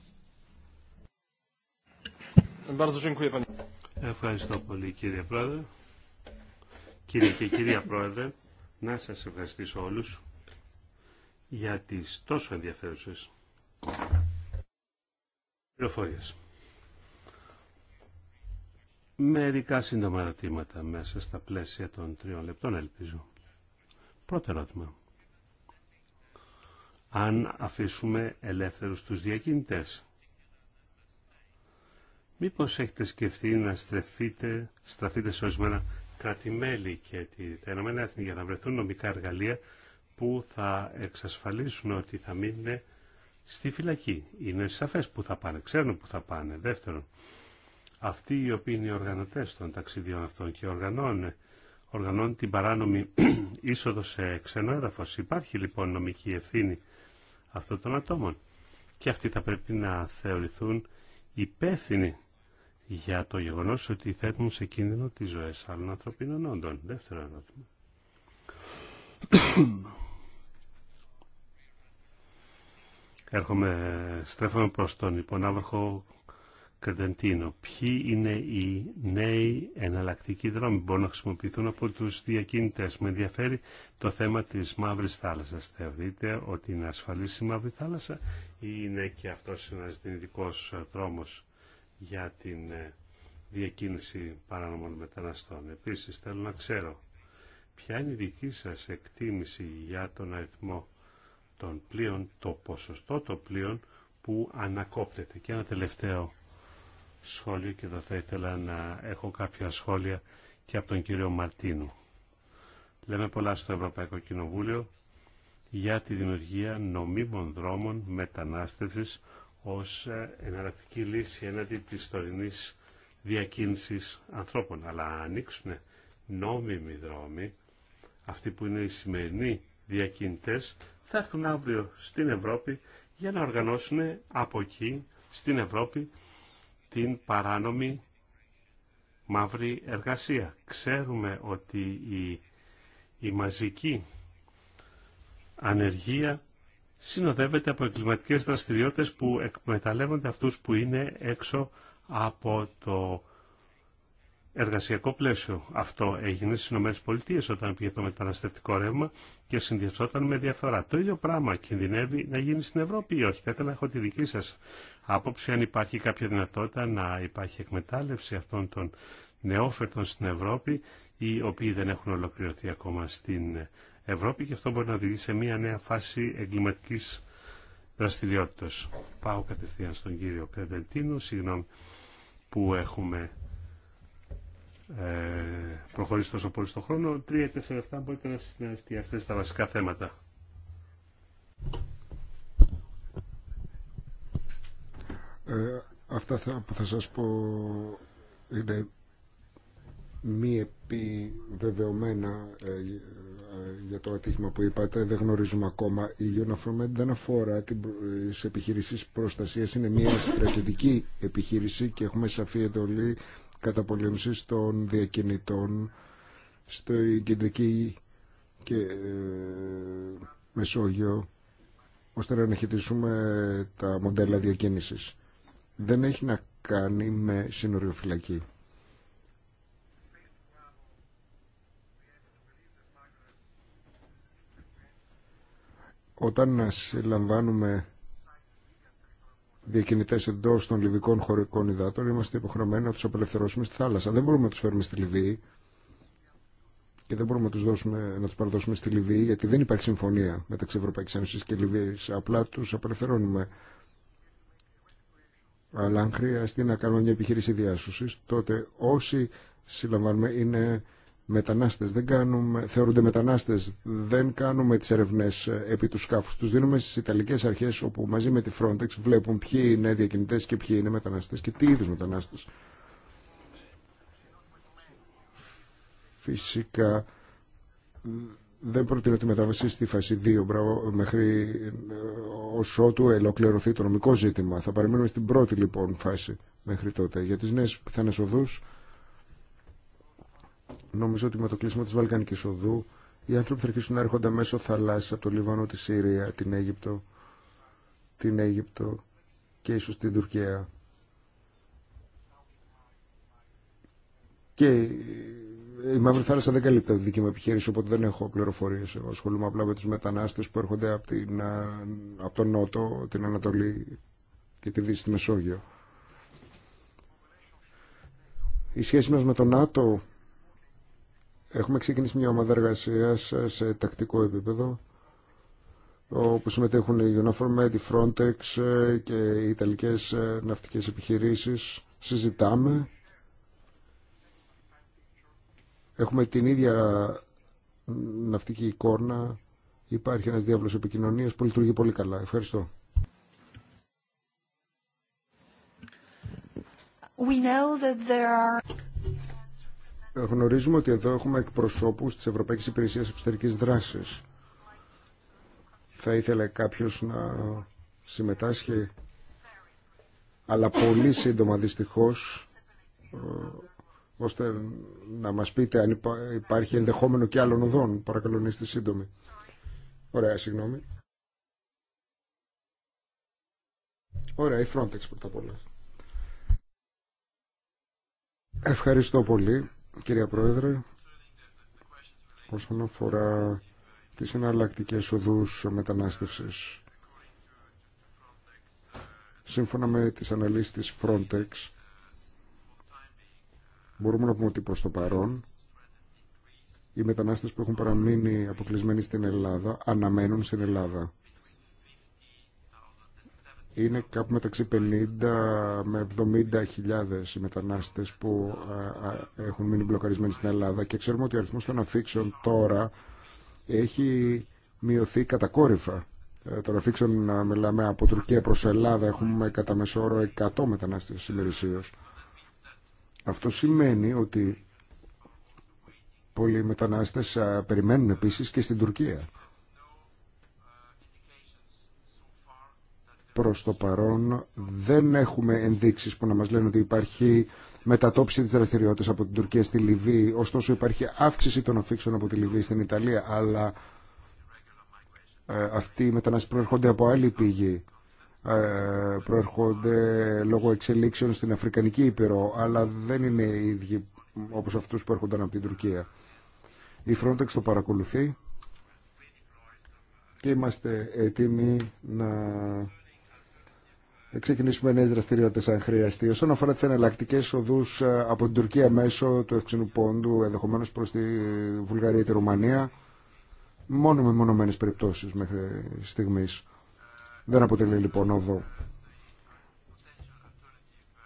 A: Ευχαριστώ πολύ κύριε Πρόεδρε. Κύριε και κυρία Πρόεδρε, να σας ευχαριστήσω όλους για τις τόσο ενδιαφέρουσες πληροφορίες. Μερικά σύντομα ερωτήματα μέσα στα πλαίσια των τριών λεπτών ελπίζω. Πρώτο ερώτημα. Αν αφήσουμε ελεύθερους τους διακίνητες, Μήπως έχετε σκεφτεί να στρεφείτε, στραφείτε σε ορισμένα κράτη-μέλη και τα Ηνωμένα Έθνη για να βρεθούν νομικά εργαλεία που θα εξασφαλίσουν ότι θα μείνουν στη φυλακή. Είναι σαφές που θα πάνε, ξέρουν που θα πάνε. Δεύτερον, αυτοί οι οποίοι είναι οι οργανωτές των ταξιδιών αυτών και οργανώνουν, οργανώνουν την παράνομη [clears throat] είσοδο σε ξένο έδαφος. Υπάρχει λοιπόν νομική ευθύνη αυτών των ατόμων και αυτοί θα πρέπει να θεωρηθούν υπεύθυνοι για το γεγονός ότι θέτουν σε κίνδυνο τις ζωές άλλων ανθρωπίνων όντων. Δεύτερο ερώτημα. [coughs] Έρχομαι, στρέφομαι προς τον υπονάβαρχο Κρεντεντίνο. Ποιοι είναι οι νέοι εναλλακτικοί δρόμοι που μπορούν να χρησιμοποιηθούν από τους διακίνητες. Με ενδιαφέρει το θέμα της μαύρης θάλασσας. Θεωρείτε ότι είναι ασφαλής η μαύρη θάλασσα ή είναι και αυτός ένας δυνητικός δρόμος για την ε, διακίνηση παράνομων μεταναστών. Επίσης θέλω να ξέρω ποια είναι η δική σας εκτίμηση για τον αριθμό των πλοίων, το ποσοστό των πλοίων που ανακόπτεται. Και ένα τελευταίο σχόλιο και εδώ θα ήθελα να έχω κάποια σχόλια και από τον κύριο Μαρτίνου. Λέμε πολλά στο Ευρωπαϊκό Κοινοβούλιο για τη δημιουργία νομίμων δρόμων μετανάστευσης ως ε, εναλλακτική λύση έναντι της τωρινής διακίνησης ανθρώπων. Αλλά ανοίξουν νόμιμοι δρόμοι, αυτοί που είναι οι σημερινοί διακινητές, θα έρθουν αύριο στην Ευρώπη για να οργανώσουν από εκεί, στην Ευρώπη, την παράνομη μαύρη εργασία. Ξέρουμε ότι η, η μαζική ανεργία συνοδεύεται από εγκληματικές δραστηριότητες που εκμεταλλεύονται αυτούς που είναι έξω από το εργασιακό πλαίσιο. Αυτό έγινε στι ΗΠΑ όταν πήγε το μεταναστευτικό ρεύμα και συνδυασόταν με διαφθορά. Το ίδιο πράγμα κινδυνεύει να γίνει στην Ευρώπη ή όχι. Θα ήθελα να έχω τη δική σα άποψη αν υπάρχει κάποια δυνατότητα να υπάρχει εκμετάλλευση αυτών των νεόφερτων στην Ευρώπη οι οποίοι δεν έχουν ολοκληρωθεί ακόμα στην Ευρώπη και αυτό μπορεί να οδηγήσει σε μια νέα φάση εγκληματικής δραστηριότητας. Πάω κατευθείαν στον κύριο Κρεντεντίνο, συγγνώμη που έχουμε ε, προχωρήσει τόσο πολύ στον χρόνο. Τρία-τέσσερα λεπτά μπορείτε να εστιαστείτε στα βασικά θέματα.
B: Ε, αυτά που θα σας πω είναι μη επιβεβαιωμένα ε, ε, για το ατύχημα που είπατε, δεν γνωρίζουμε ακόμα. Η Uniformed δεν αφορά τι επιχειρήσεις προστασίας, είναι μια στρατιωτική επιχείρηση και έχουμε σαφή εντολή καταπολέμησης των διακινητών στο κεντρική και ε, Μεσόγειο ώστε να αναχαιτήσουμε τα μοντέλα διακίνησης. Δεν έχει να κάνει με σύνοριοφυλακή. Όταν συλλαμβάνουμε διακινητέ εντό των λιβικών χωρικών υδάτων, είμαστε υποχρεωμένοι να του απελευθερώσουμε στη θάλασσα. Δεν μπορούμε να του φέρουμε στη Λιβύη και δεν μπορούμε να του δώσουμε, να τους παραδώσουμε στη Λιβύη, γιατί δεν υπάρχει συμφωνία μεταξύ Ευρωπαϊκής Ένωση και Λιβύη. Απλά του απελευθερώνουμε. Αλλά αν χρειαστεί να κάνουμε μια επιχείρηση διάσωση, τότε όσοι συλλαμβάνουμε είναι μετανάστες δεν κάνουμε, θεωρούνται μετανάστες, δεν κάνουμε τις ερευνές ε, επί του σκάφους. Τους δίνουμε στις Ιταλικές αρχές όπου μαζί με τη Frontex βλέπουν ποιοι είναι διακινητές και ποιοι είναι μετανάστες και τι είδους μετανάστες. Φυσικά δεν προτείνω τη μετάβαση στη φάση 2 μέχρι ε, όσο του ελοκληρωθεί το νομικό ζήτημα. Θα παραμείνουμε στην πρώτη λοιπόν φάση μέχρι τότε. Για τις νέες πιθανές οδούς Νομίζω ότι με το κλείσιμο της Βαλκανικής Οδού οι άνθρωποι θα αρχίσουν να έρχονται μέσω θαλάσσης από το Λίβανο, τη Σύρια, την Αίγυπτο, την Αίγυπτο και ίσως την Τουρκία. Και η Μαύρη Θάλασσα δεν καλύπτει τη δική μου επιχείρηση, οπότε δεν έχω πληροφορίε. Ασχολούμαι απλά με του μετανάστε που έρχονται από, την, από τον Νότο, την Ανατολή και τη Δύση, τη Μεσόγειο. Η σχέση μας με τον ΝΑΤΟ Έχουμε ξεκινήσει μια ομάδα εργασία σε τακτικό επίπεδο όπου συμμετέχουν η Uniformed, η Frontex και οι Ιταλικές ναυτικές επιχειρήσεις. Συζητάμε. Έχουμε την ίδια ναυτική εικόνα. Υπάρχει ένας διάβλος επικοινωνίας που λειτουργεί πολύ καλά. Ευχαριστώ. We know that there are... Γνωρίζουμε ότι εδώ έχουμε εκπροσώπους της Ευρωπαϊκής Υπηρεσίας Εξωτερικής Δράσης. Θα ήθελε κάποιος να συμμετάσχει, αλλά πολύ σύντομα δυστυχώς, ε, ώστε να μας πείτε αν υπάρχει ενδεχόμενο και άλλων οδών. Παρακαλώ να είστε σύντομοι. Ωραία, συγγνώμη. Ωραία, η Frontex πρώτα απ' όλα. Ευχαριστώ πολύ. Κύριε Πρόεδρε, όσον αφορά τις εναλλακτικές οδούς μετανάστευσης, σύμφωνα με τις αναλύσεις της Frontex, μπορούμε να πούμε ότι προς το παρόν, οι μετανάστες που έχουν παραμείνει αποκλεισμένοι στην Ελλάδα αναμένουν στην Ελλάδα είναι κάπου μεταξύ 50 με 70 χιλιάδες οι μετανάστες που έχουν μείνει μπλοκαρισμένοι στην Ελλάδα και ξέρουμε ότι ο αριθμός των αφήξεων τώρα έχει μειωθεί κατακόρυφα. Ε, των αφήξεων μιλάμε από Τουρκία προς Ελλάδα έχουμε κατά όρο 100 μετανάστες συμμερισίως. Αυτό σημαίνει ότι πολλοί μετανάστες περιμένουν επίσης και στην Τουρκία. Προς το παρόν δεν έχουμε ενδείξεις που να μας λένε ότι υπάρχει μετατόπιση της δραστηριότητας από την Τουρκία στη Λιβύη. Ωστόσο υπάρχει αύξηση των αφήξεων από τη Λιβύη στην Ιταλία, αλλά ε, αυτοί οι μετανάστες προερχόνται από άλλη πηγή ε, προερχόνται λόγω εξελίξεων στην Αφρικανική Ήπειρο, αλλά δεν είναι οι ίδιοι όπως αυτούς που έρχονταν από την Τουρκία. Η Frontex το παρακολουθεί και είμαστε έτοιμοι να ε, ξεκινήσουμε νέε δραστηριότητε αν χρειαστεί. Όσον αφορά τι εναλλακτικέ οδού ε, από την Τουρκία μέσω του Ευξηνού Πόντου, ενδεχομένω προ τη Βουλγαρία ή τη Ρουμανία, μόνο με μονομένε περιπτώσει μέχρι στιγμή. Δεν αποτελεί λοιπόν οδό.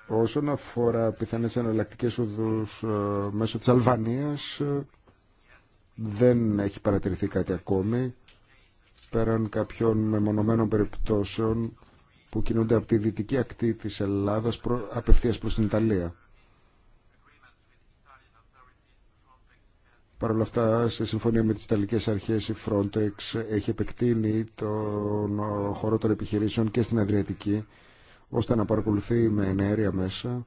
B: Όσον αφορά πιθανές εναλλακτικές οδούς ε, μέσω της Αλβανίας, δεν έχει παρατηρηθεί κάτι ακόμη, πέραν κάποιων μεμονωμένων περιπτώσεων που κινούνται από τη δυτική ακτή της Ελλάδας προ, απευθείας προς την Ιταλία. Παρ' όλα αυτά, σε συμφωνία με τις Ιταλικές Αρχές, η Frontex έχει επεκτείνει τον χώρο των επιχειρήσεων και στην Αδριατική, ώστε να παρακολουθεί με ενέργεια μέσα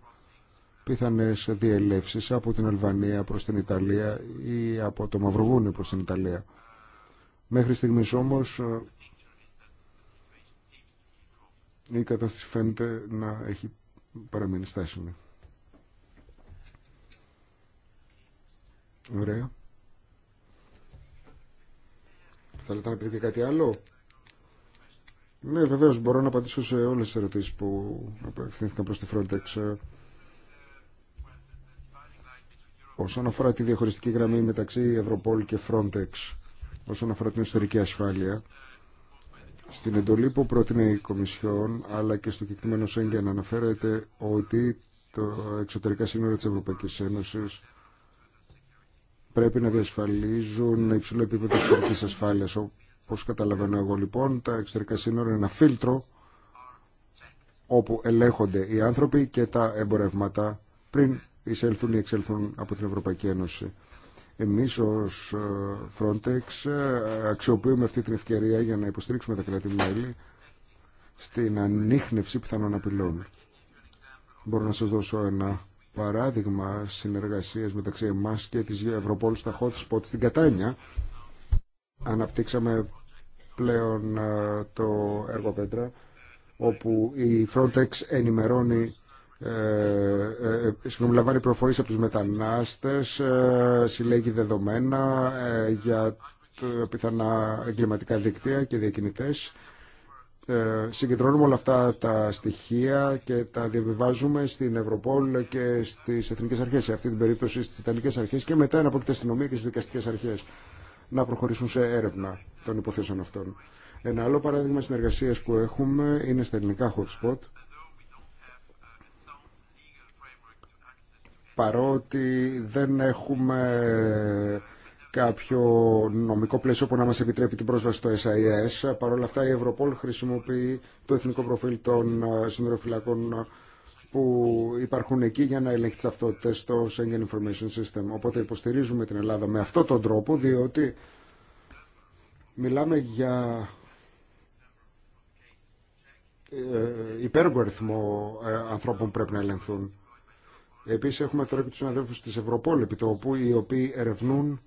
B: πιθανές διελεύσεις από την Αλβανία προς την Ιταλία ή από το Μαυροβούνιο προς την Ιταλία. Μέχρι στιγμής όμως η κατάσταση φαίνεται να έχει παραμείνει στάσιμη. Ωραία. Θέλετε να πείτε κάτι άλλο. Ναι, βεβαίως μπορώ να απαντήσω σε όλες τις ερωτήσεις που απευθύνθηκαν προς τη Frontex. Όσον αφορά τη διαχωριστική γραμμή μεταξύ Ευρωπόλ και Frontex, όσον αφορά την ιστορική ασφάλεια, στην εντολή που πρότεινε η Κομισιόν αλλά και στο κεκτημένο Σέγγεν αναφέρεται ότι τα εξωτερικά σύνορα της Ευρωπαϊκής Ένωσης πρέπει να διασφαλίζουν υψηλό επίπεδο ιστορικής ασφάλειας. Όπως καταλαβαίνω εγώ λοιπόν, τα εξωτερικά σύνορα είναι ένα φίλτρο όπου ελέγχονται οι άνθρωποι και τα εμπορεύματα πριν εισέλθουν ή εξέλθουν από την Ευρωπαϊκή Ένωση. Εμείς ως ε, Frontex ε, αξιοποιούμε αυτή την ευκαιρία για να υποστηρίξουμε τα κράτη-μέλη στην ανείχνευση πιθανών απειλών. Μπορώ να σας δώσω ένα παράδειγμα συνεργασίας μεταξύ εμάς και της Ευρωπόλου στα hot spot στην Κατάνια. Αναπτύξαμε πλέον ε, το έργο Πέτρα, όπου η Frontex ενημερώνει ε, ε, ε, συνομιλαμβάνει προφορίες από τους μετανάστες, συλλέγει δεδομένα για πιθανά εγκληματικά δίκτυα και διακινητές. Συγκεντρώνουμε όλα αυτά τα στοιχεία και τα διαβιβάζουμε στην Ευρωπόλ και στις εθνικές αρχές, σε αυτή την περίπτωση στις Ιταλικές αρχές και μετά από την αστυνομία και στις δικαστικές αρχές να προχωρήσουν σε έρευνα των υποθέσεων αυτών. Ένα άλλο παράδειγμα συνεργασίας που έχουμε είναι στα ελληνικά hotspot παρότι δεν έχουμε κάποιο νομικό πλαίσιο που να μας επιτρέπει την πρόσβαση στο SIS. Παρ' όλα αυτά η Ευρωπόλ χρησιμοποιεί το εθνικό προφίλ των συνδροφυλακών που υπάρχουν εκεί για να ελέγχει τις ταυτότητες στο Schengen Information System. Οπότε υποστηρίζουμε την Ελλάδα με αυτόν τον τρόπο, διότι μιλάμε για ε, υπέργο αριθμό ε, ανθρώπων που πρέπει να ελεγχθούν. Επίσης έχουμε τώρα και τους συναδέλφους της Ευρωπόλ τόπου, οι οποίοι ερευνούν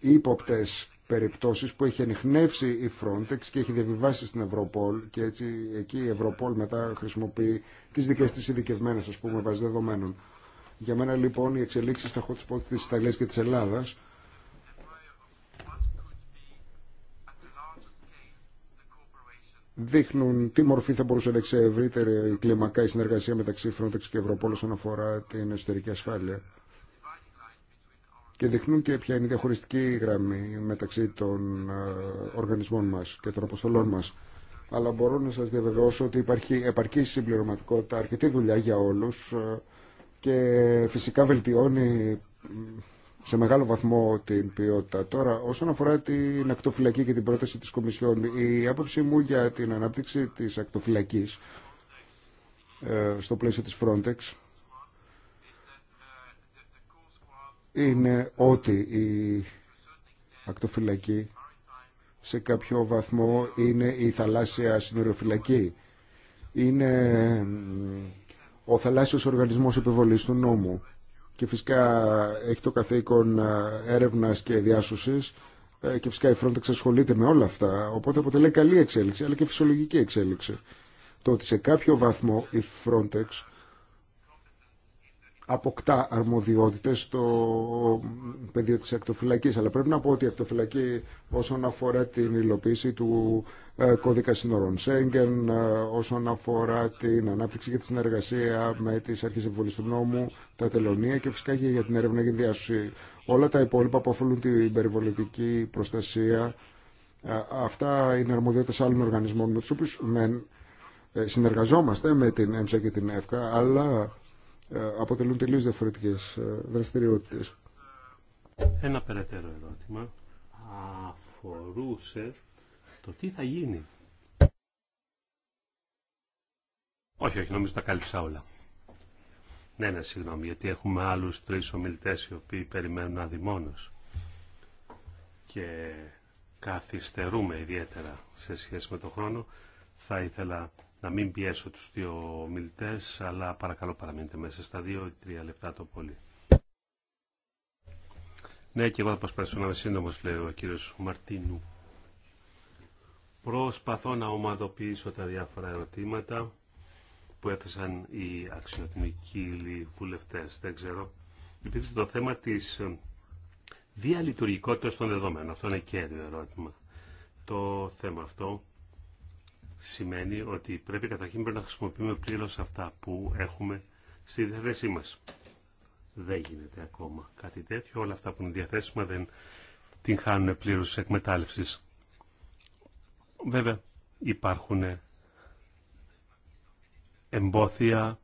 B: ύποπτε περιπτώσει που έχει ανοιχνεύσει η Frontex και έχει διαβιβάσει στην Ευρωπόλ και έτσι εκεί η Ευρωπόλ μετά χρησιμοποιεί τις δικέ της ειδικευμένε, α πούμε βάσει δεδομένων. Για μένα λοιπόν οι εξελίξεις στα hot spot τη Ιταλία και τη Ελλάδα. δείχνουν τι μορφή θα μπορούσε να έχει ευρύτερη κλιμακά η συνεργασία μεταξύ Frontex και Ευρωπόλ όσον αφορά την εσωτερική ασφάλεια. Και δείχνουν και ποια είναι η διαχωριστική γραμμή μεταξύ των ε, οργανισμών μας και των αποστολών μας. Αλλά μπορώ να σας διαβεβαιώσω ότι υπάρχει επαρκή συμπληρωματικότητα, αρκετή δουλειά για όλους ε, και φυσικά βελτιώνει σε μεγάλο βαθμό την ποιότητα. Τώρα, όσον αφορά την ακτοφυλακή και την πρόταση της Κομισιόν, η άποψή μου για την ανάπτυξη της ακτοφυλακής ε, στο πλαίσιο της Frontex είναι ότι η ακτοφυλακή σε κάποιο βαθμό είναι η θαλάσσια συνοριοφυλακή. Είναι ο θαλάσσιος οργανισμός επιβολής του νόμου και φυσικά έχει το καθήκον ε, έρευνας και διάσωσης ε, και φυσικά η Frontex ασχολείται με όλα αυτά, οπότε αποτελεί καλή εξέλιξη αλλά και φυσιολογική εξέλιξη. Το ότι σε κάποιο βαθμό η Frontex αποκτά αρμοδιότητες στο πεδίο της ακτοφυλακής. Αλλά πρέπει να πω ότι η ακτοφυλακή όσον αφορά την υλοποίηση του ε, κώδικα σύνορων Σέγγεν, ε, όσον αφορά την ανάπτυξη και τη συνεργασία με τις αρχές εμβολής του νόμου, τα τελωνία και φυσικά και για την έρευνα και διάσωση. Όλα τα υπόλοιπα που αφορούν την περιβολητική προστασία, ε, αυτά είναι αρμοδιότητες άλλων οργανισμών με τους οποίους συνεργαζόμαστε με την ΕΜΣΑ και την ΕΦΚΑ, αλλά ε, αποτελούν τελείω διαφορετικέ ε, δραστηριότητε.
A: Ένα περαιτέρω ερώτημα αφορούσε το τι θα γίνει. Όχι, όχι, νομίζω τα κάλυψα όλα. Ναι, ναι, συγγνώμη, γιατί έχουμε άλλους τρεις ομιλητές οι οποίοι περιμένουν αδειμόνως. Και καθυστερούμε ιδιαίτερα σε σχέση με τον χρόνο. Θα ήθελα να μην πιέσω τους δύο ομιλητές, αλλά παρακαλώ παραμείνετε μέσα στα δύο ή τρία λεπτά το πολύ. Ναι, και εγώ θα προσπαθήσω να είμαι σύντομο, λέει ο κύριο Μαρτίνου. Προσπαθώ να ομαδοποιήσω τα διάφορα ερωτήματα που έθεσαν οι αξιοτιμικοί βουλευτέ. Δεν ξέρω. Υπήρξε το θέμα τη ε, διαλειτουργικότητα των δεδομένων. Αυτό είναι κέριο ερώτημα. Το θέμα αυτό σημαίνει ότι πρέπει καταρχήν να χρησιμοποιούμε πλήρω αυτά που έχουμε στη διαθέσή μας. Δεν γίνεται ακόμα κάτι τέτοιο. Όλα αυτά που είναι διαθέσιμα δεν την χάνουν πλήρως εκμετάλλευση. Βέβαια υπάρχουν ε, εμπόθια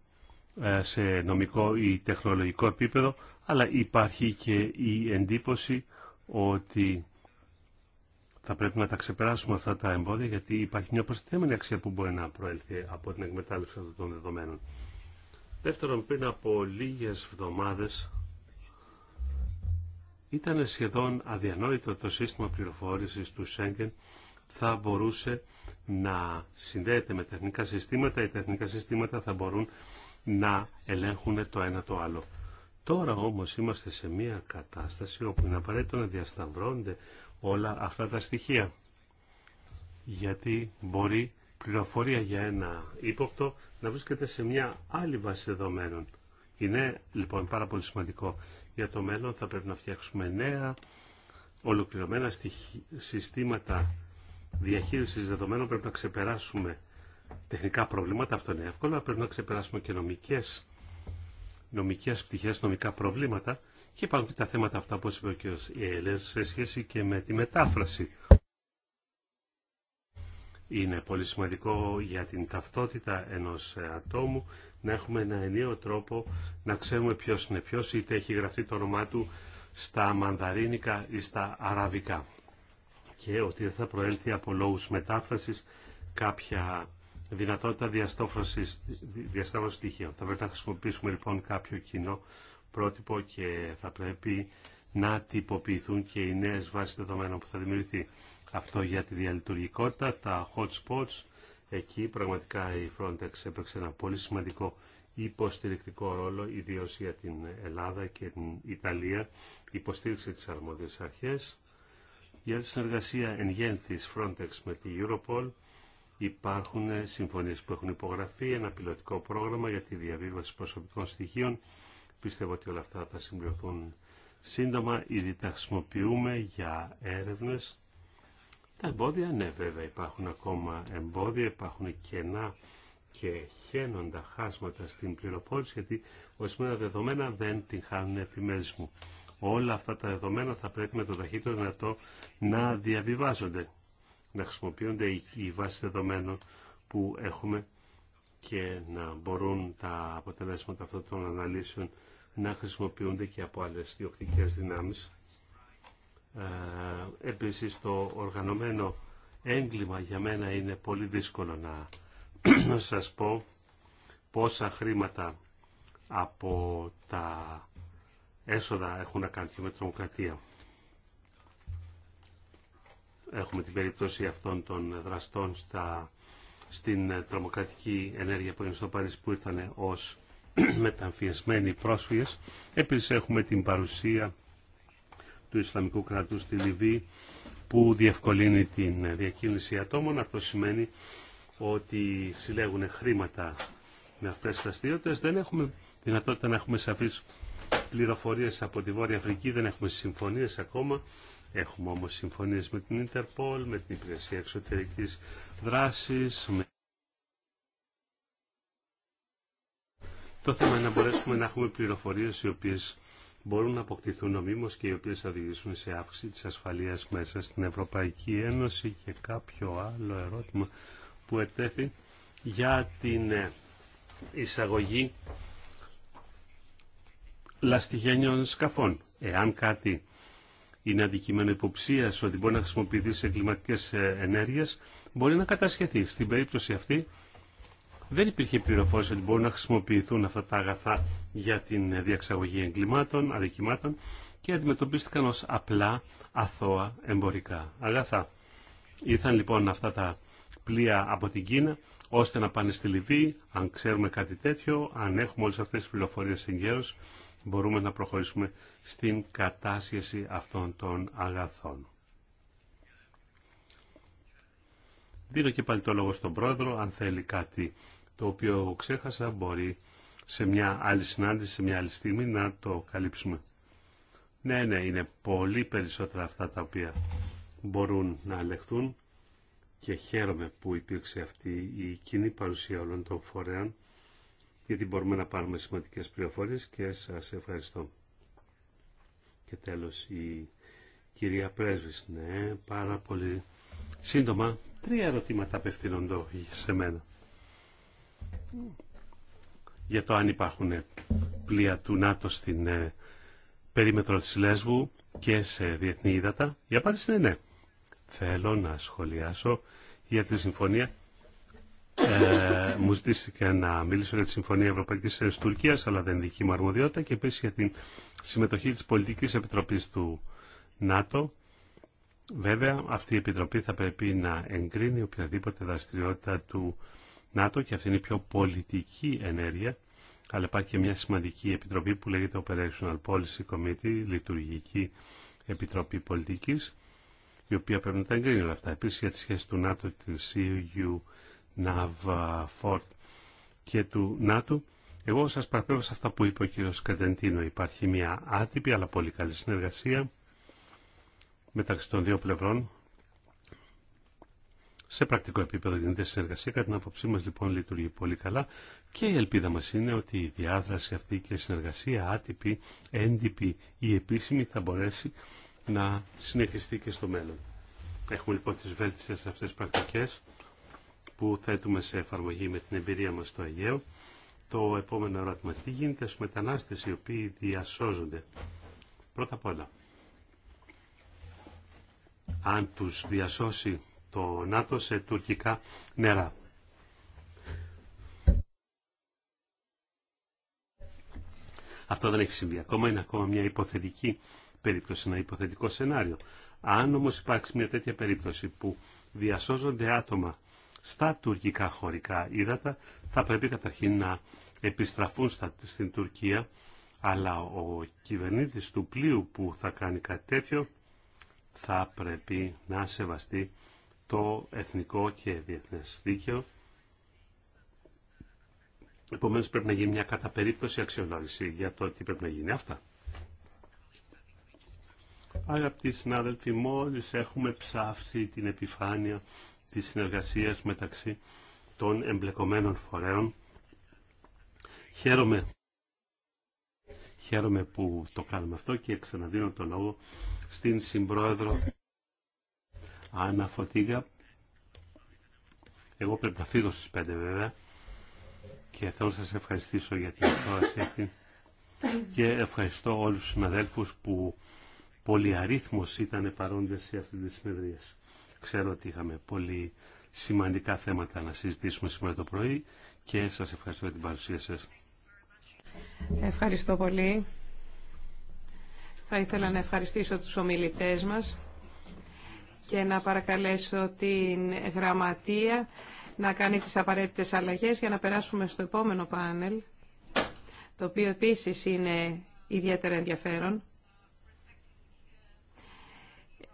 A: ε, σε νομικό ή τεχνολογικό επίπεδο, αλλά υπάρχει και η εντύπωση ότι θα πρέπει να τα ξεπεράσουμε αυτά τα εμπόδια γιατί υπάρχει μια προστιθέμενη αξία που μπορεί να προέλθει από την εκμετάλλευση αυτών των δεδομένων. Δεύτερον, πριν από λίγες εβδομάδες ήταν σχεδόν αδιανόητο το σύστημα πληροφόρησης του Σέγγεν θα μπορούσε να συνδέεται με τεχνικά συστήματα, οι τεχνικά συστήματα θα μπορούν να ελέγχουν το ένα το άλλο. Τώρα όμως είμαστε σε μια κατάσταση όπου είναι απαραίτητο να διασταυρώνται όλα αυτά τα στοιχεία. Γιατί μπορεί πληροφορία για ένα ύποπτο να βρίσκεται σε μια άλλη βάση δεδομένων. Είναι λοιπόν πάρα πολύ σημαντικό για το μέλλον. Θα πρέπει να φτιάξουμε νέα ολοκληρωμένα συστήματα διαχείρισης δεδομένων. Πρέπει να ξεπεράσουμε τεχνικά προβλήματα, αυτό είναι εύκολο. Πρέπει να ξεπεράσουμε και νομικές, νομικές πτυχές, νομικά προβλήματα και υπάρχουν και τα θέματα αυτά, όπως είπε ο κ. Ιέλερ, σε σχέση και με τη μετάφραση. Είναι πολύ σημαντικό για την ταυτότητα ενός ατόμου να έχουμε ένα ενίο τρόπο να ξέρουμε ποιος είναι ποιος, είτε έχει γραφτεί το όνομά του στα μανδαρίνικα ή στα αραβικά. Και ότι δεν θα προέλθει από λόγους μετάφρασης κάποια δυνατότητα διαστόφρασης, στοιχείων. Θα πρέπει να χρησιμοποιήσουμε λοιπόν κάποιο κοινό πρότυπο και θα πρέπει να τυποποιηθούν και οι νέες βάσεις δεδομένων που θα δημιουργηθεί. Αυτό για τη διαλειτουργικότητα, τα hot spots, εκεί πραγματικά η Frontex έπαιξε ένα πολύ σημαντικό υποστηρικτικό ρόλο, ιδίω για την Ελλάδα και την Ιταλία, υποστήριξε τις αρμόδιες αρχές. Για τη συνεργασία εν Frontex με την Europol, υπάρχουν συμφωνίες που έχουν υπογραφεί, ένα πιλωτικό πρόγραμμα για τη διαβίβαση προσωπικών στοιχείων Πιστεύω ότι όλα αυτά θα συμπληρωθούν σύντομα. Ήδη τα χρησιμοποιούμε για έρευνες. Τα εμπόδια, ναι βέβαια υπάρχουν ακόμα εμπόδια, υπάρχουν κενά και χαίνοντα χάσματα στην πληροφόρηση γιατί ορισμένα δεδομένα δεν την χάνουν μου. Όλα αυτά τα δεδομένα θα πρέπει με το ταχύτερο δυνατό να διαβιβάζονται, να χρησιμοποιούνται οι βάσεις δεδομένων που έχουμε και να μπορούν τα αποτελέσματα αυτών των αναλύσεων να χρησιμοποιούνται και από άλλες διοκτικές δυνάμεις. Ε, επίσης το οργανωμένο έγκλημα για μένα είναι πολύ δύσκολο να, να [clears throat] σας πω πόσα χρήματα από τα έσοδα έχουν να κάνουν και με τρομοκρατία. Έχουμε την περίπτωση αυτών των δραστών στα στην ε, τρομοκρατική ενέργεια που έγινε στο Παρίσι που ήρθαν ως [clears throat] μεταμφιεσμένοι πρόσφυγες. Επίσης έχουμε την παρουσία του Ισλαμικού κρατού στη Λιβύη που διευκολύνει την ε, διακίνηση ατόμων. Αυτό σημαίνει ότι συλλέγουν χρήματα με αυτές τις δραστηριότητες. Δεν έχουμε δυνατότητα να έχουμε σαφείς πληροφορίε από τη Βόρεια Αφρική, δεν έχουμε συμφωνίες ακόμα Έχουμε όμως συμφωνίες με την Ιντερπολ, με την Υπηρεσία Εξωτερικής Δράσης. Με... Το θέμα είναι να μπορέσουμε να έχουμε πληροφορίες οι οποίες μπορούν να αποκτηθούν νομίμως και οι οποίες θα οδηγήσουν σε αύξηση της ασφαλείας μέσα στην Ευρωπαϊκή Ένωση και κάποιο άλλο ερώτημα που ετέθη για την ε, εισαγωγή λαστιγένιων σκαφών. Εάν κάτι είναι αντικείμενο υποψία ότι μπορεί να χρησιμοποιηθεί σε εγκληματικέ ε, ενέργειε, μπορεί να κατασχεθεί. Στην περίπτωση αυτή δεν υπήρχε πληροφόρηση ότι μπορούν να χρησιμοποιηθούν αυτά τα αγαθά για την διαξαγωγή εγκλημάτων, αδικημάτων και αντιμετωπίστηκαν ως απλά αθώα εμπορικά αγαθά. Ήρθαν λοιπόν αυτά τα πλοία από την Κίνα ώστε να πάνε στη Λιβύη, αν ξέρουμε κάτι τέτοιο, αν έχουμε όλες αυτές τις πληροφορίες εγκαίρως, μπορούμε να προχωρήσουμε στην κατάσχεση αυτών των αγαθών. Δίνω και πάλι το λόγο στον πρόεδρο, αν θέλει κάτι το οποίο ξέχασα μπορεί σε μια άλλη συνάντηση, σε μια άλλη στιγμή να το καλύψουμε. Ναι, ναι, είναι πολύ περισσότερα αυτά τα οποία μπορούν να λεχτούν και χαίρομαι που υπήρξε αυτή η κοινή παρουσία όλων των φορέων γιατί μπορούμε να πάρουμε σημαντικές πληροφορίες και σας ευχαριστώ. Και τέλος η κυρία Πρέσβης. Ναι, πάρα πολύ σύντομα. Τρία ερωτήματα απευθύνονται σε μένα. Για το αν υπάρχουν πλοία του ΝΑΤΟ στην ε, περίμετρο της Λέσβου και σε διεθνή ύδατα. Η απάντηση είναι ναι. Θέλω να σχολιάσω για τη συμφωνία ε, μου ζητήθηκε να μιλήσω για τη Συμφωνία Ευρωπαϊκή Ένωση Τουρκίας, αλλά δεν δική μου αρμοδιότητα, και επίση για την συμμετοχή τη πολιτική επιτροπή του ΝΑΤΟ. Βέβαια, αυτή η Επιτροπή θα πρέπει να εγκρίνει οποιαδήποτε δραστηριότητα του ΝΑΤΟ και αυτή είναι η πιο πολιτική ενέργεια, αλλά υπάρχει και μια σημαντική επιτροπή που λέγεται Operational Policy Committee, Λειτουργική Επιτροπή πολιτική, η οποία πρέπει να τα εγκρίνει όλα αυτά. Επίση για τη σχέση του ΝΑΤΟ και τη EU Ναβφόρτ και του ΝΑΤΟ. Εγώ σας παραπέμπω σε αυτά που είπε ο κ. Κατεντίνο. Υπάρχει μια άτυπη αλλά πολύ καλή συνεργασία μεταξύ των δύο πλευρών. Σε πρακτικό επίπεδο γίνεται συνεργασία. Κατά την άποψή μας λοιπόν λειτουργεί πολύ καλά και η ελπίδα μας είναι ότι η διάδραση αυτή και η συνεργασία άτυπη, έντυπη ή επίσημη θα μπορέσει να συνεχιστεί και στο μέλλον. Έχουμε λοιπόν τις βέλτιστες αυτές τις πρακτικές που θέτουμε σε εφαρμογή με την εμπειρία μας στο Αιγαίο. Το επόμενο ερώτημα, τι γίνεται στους μετανάστες οι οποίοι διασώζονται. Πρώτα απ' όλα, αν τους διασώσει το ΝΑΤΟ σε τουρκικά νερά. Αυτό δεν έχει συμβεί ακόμα, είναι ακόμα μια υποθετική περίπτωση, ένα υποθετικό σενάριο. Αν όμως υπάρξει μια τέτοια περίπτωση που διασώζονται άτομα στα τουρκικά χωρικά ύδατα θα πρέπει καταρχήν να επιστραφούν στα, στην Τουρκία αλλά ο κυβερνήτης του πλοίου που θα κάνει κάτι τέτοιο θα πρέπει να σεβαστεί το εθνικό και διεθνές δίκαιο. Επομένως πρέπει να γίνει μια κατά περίπτωση αξιολόγηση για το τι πρέπει να γίνει αυτά. Αγαπητοί συνάδελφοι, μόλις έχουμε ψάφσει την επιφάνεια της συνεργασίας μεταξύ των εμπλεκομένων φορέων. Χαίρομαι, χαίρομαι που το κάνουμε αυτό και ξαναδίνω το λόγο στην Συμπρόεδρο Άννα Φωτίγα. Εγώ πρέπει να φύγω στις 5 βέβαια και θέλω να σας ευχαριστήσω για την ακρόαση αυτή και ευχαριστώ όλους τους συναδέλφους που πολυαρίθμος ήταν παρόντες σε αυτή τη συνεδρίαση. Ξέρω ότι είχαμε πολύ σημαντικά θέματα να συζητήσουμε σήμερα το πρωί και σας ευχαριστώ για την παρουσία σας.
C: Ευχαριστώ πολύ. Θα ήθελα να ευχαριστήσω τους ομιλητές μας και να παρακαλέσω την γραμματεία να κάνει τις απαραίτητες αλλαγές για να περάσουμε στο επόμενο πάνελ, το οποίο επίσης είναι ιδιαίτερα ενδιαφέρον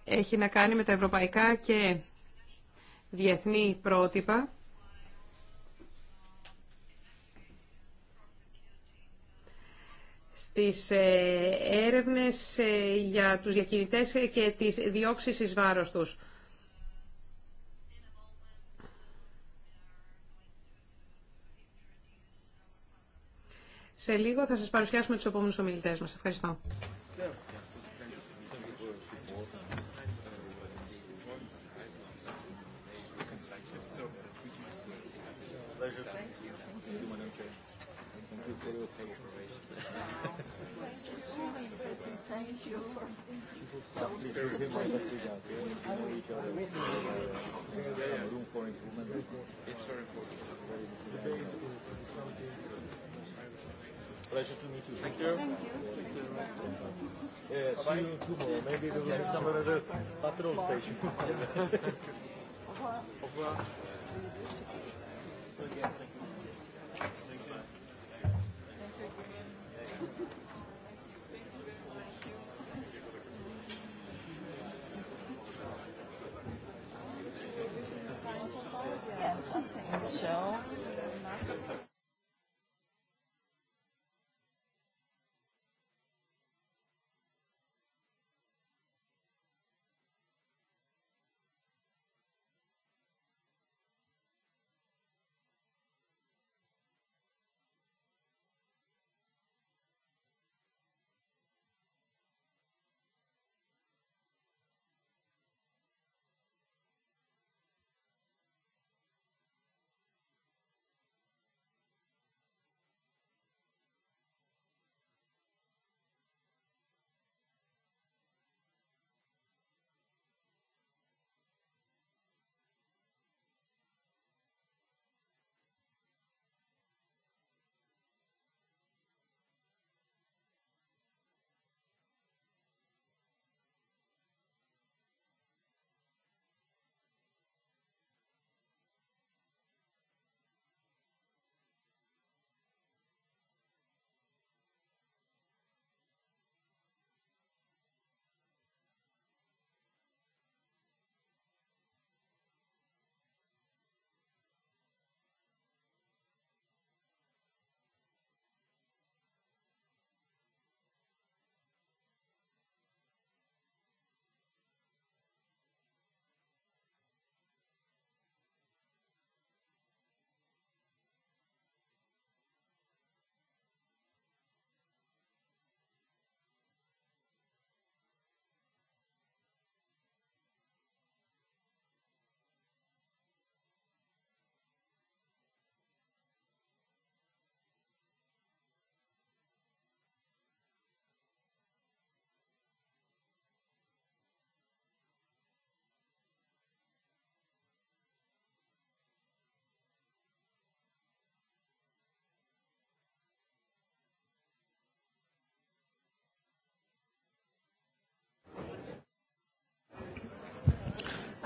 C: έχει να κάνει με τα ευρωπαϊκά και διεθνή πρότυπα στις ε, έρευνες ε, για τους διακινητές και τις διώξεις εις βάρος τους. Σε λίγο θα σας παρουσιάσουμε τους επόμενους ομιλητές μας. Ευχαριστώ. Thank
A: you for so It's very important. Pleasure to meet you. Thank you. Yeah, see you tomorrow. Maybe we will some at the patrol station. Au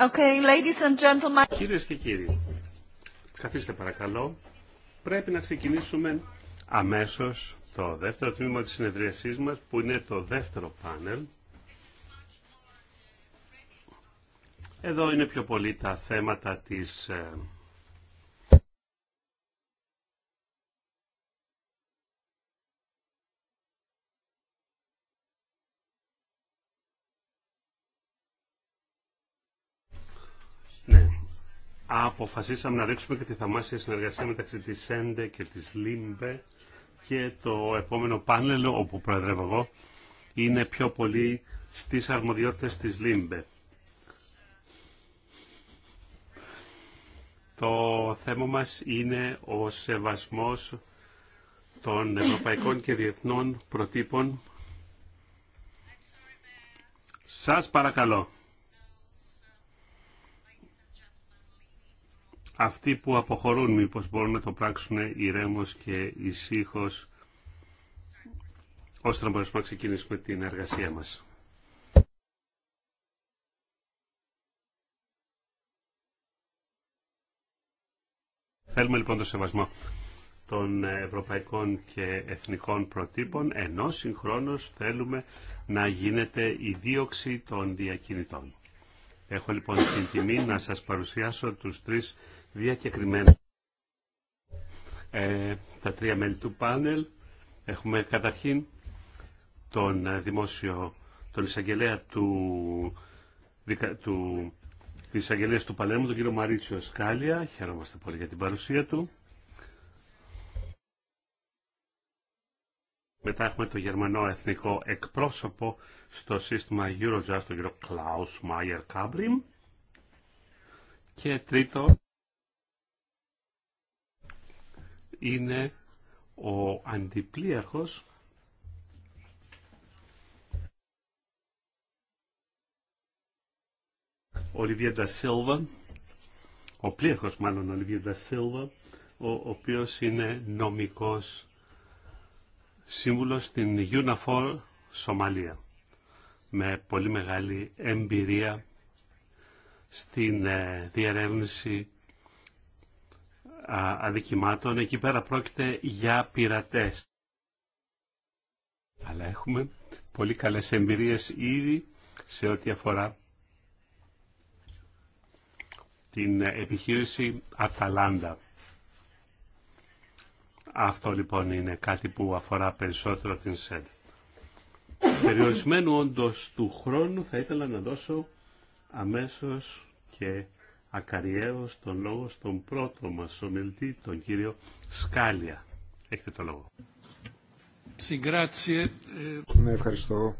A: Okay, Κυρίες και κύριοι, καθίστε παρακαλώ. Πρέπει να ξεκινήσουμε αμέσως το δεύτερο τμήμα της συνεδρίασής μας, που είναι το δεύτερο πάνελ. Εδώ είναι πιο πολύ τα θέματα της ε, αποφασίσαμε να δείξουμε και τη θαυμάσια συνεργασία μεταξύ τη Σέντε και τη ΛΥΜΠΕ και το επόμενο πάνελ όπου προεδρεύω εγώ είναι πιο πολύ στις αρμοδιότητες της ΛΥΜΠΕ. Το θέμα μας είναι ο σεβασμός των ευρωπαϊκών και διεθνών προτύπων. Σας παρακαλώ. αυτοί που αποχωρούν μήπως μπορούν να το πράξουν ηρέμως και ησύχως ώστε να μπορέσουμε να ξεκινήσουμε την εργασία μας. Θέλουμε λοιπόν το σεβασμό των ευρωπαϊκών και εθνικών προτύπων, ενώ συγχρόνως θέλουμε να γίνεται η δίωξη των διακινητών. Έχω λοιπόν την τιμή να σας παρουσιάσω τους τρεις διακεκριμένα. Ε, τα τρία μέλη του πάνελ έχουμε καταρχήν τον ε, δημόσιο, τον εισαγγελέα του, του της του Παλέμου, τον κύριο Μαρίτσιο Σκάλια. Χαίρομαστε πολύ για την παρουσία του. Μετά έχουμε το γερμανό εθνικό εκπρόσωπο στο σύστημα Eurojust, τον κύριο Klaus Μάιερ Κάμπριμ. Και τρίτο, είναι ο αντιπλήρχος Ολιβιέ Ντασίλβα, ο πλήρχος μάλλον Ολιβιέ Ντασίλβα, ο οποίος είναι νομικός σύμβουλος στην UNAFOR Σομαλία με πολύ μεγάλη εμπειρία στην ε, διερεύνηση αδικημάτων. Εκεί πέρα πρόκειται για πειρατές. Αλλά έχουμε πολύ καλές εμπειρίες ήδη σε ό,τι αφορά την επιχείρηση Αταλάντα. Αυτό λοιπόν είναι κάτι που αφορά περισσότερο την ΣΕΔ. Περιορισμένου όντως του χρόνου θα ήθελα να δώσω αμέσως και ακαριέως τον λόγο στον πρώτο μας ομιλητή, τον κύριο Σκάλια. Έχετε το λόγο.
B: Ε, ναι, ευχαριστώ.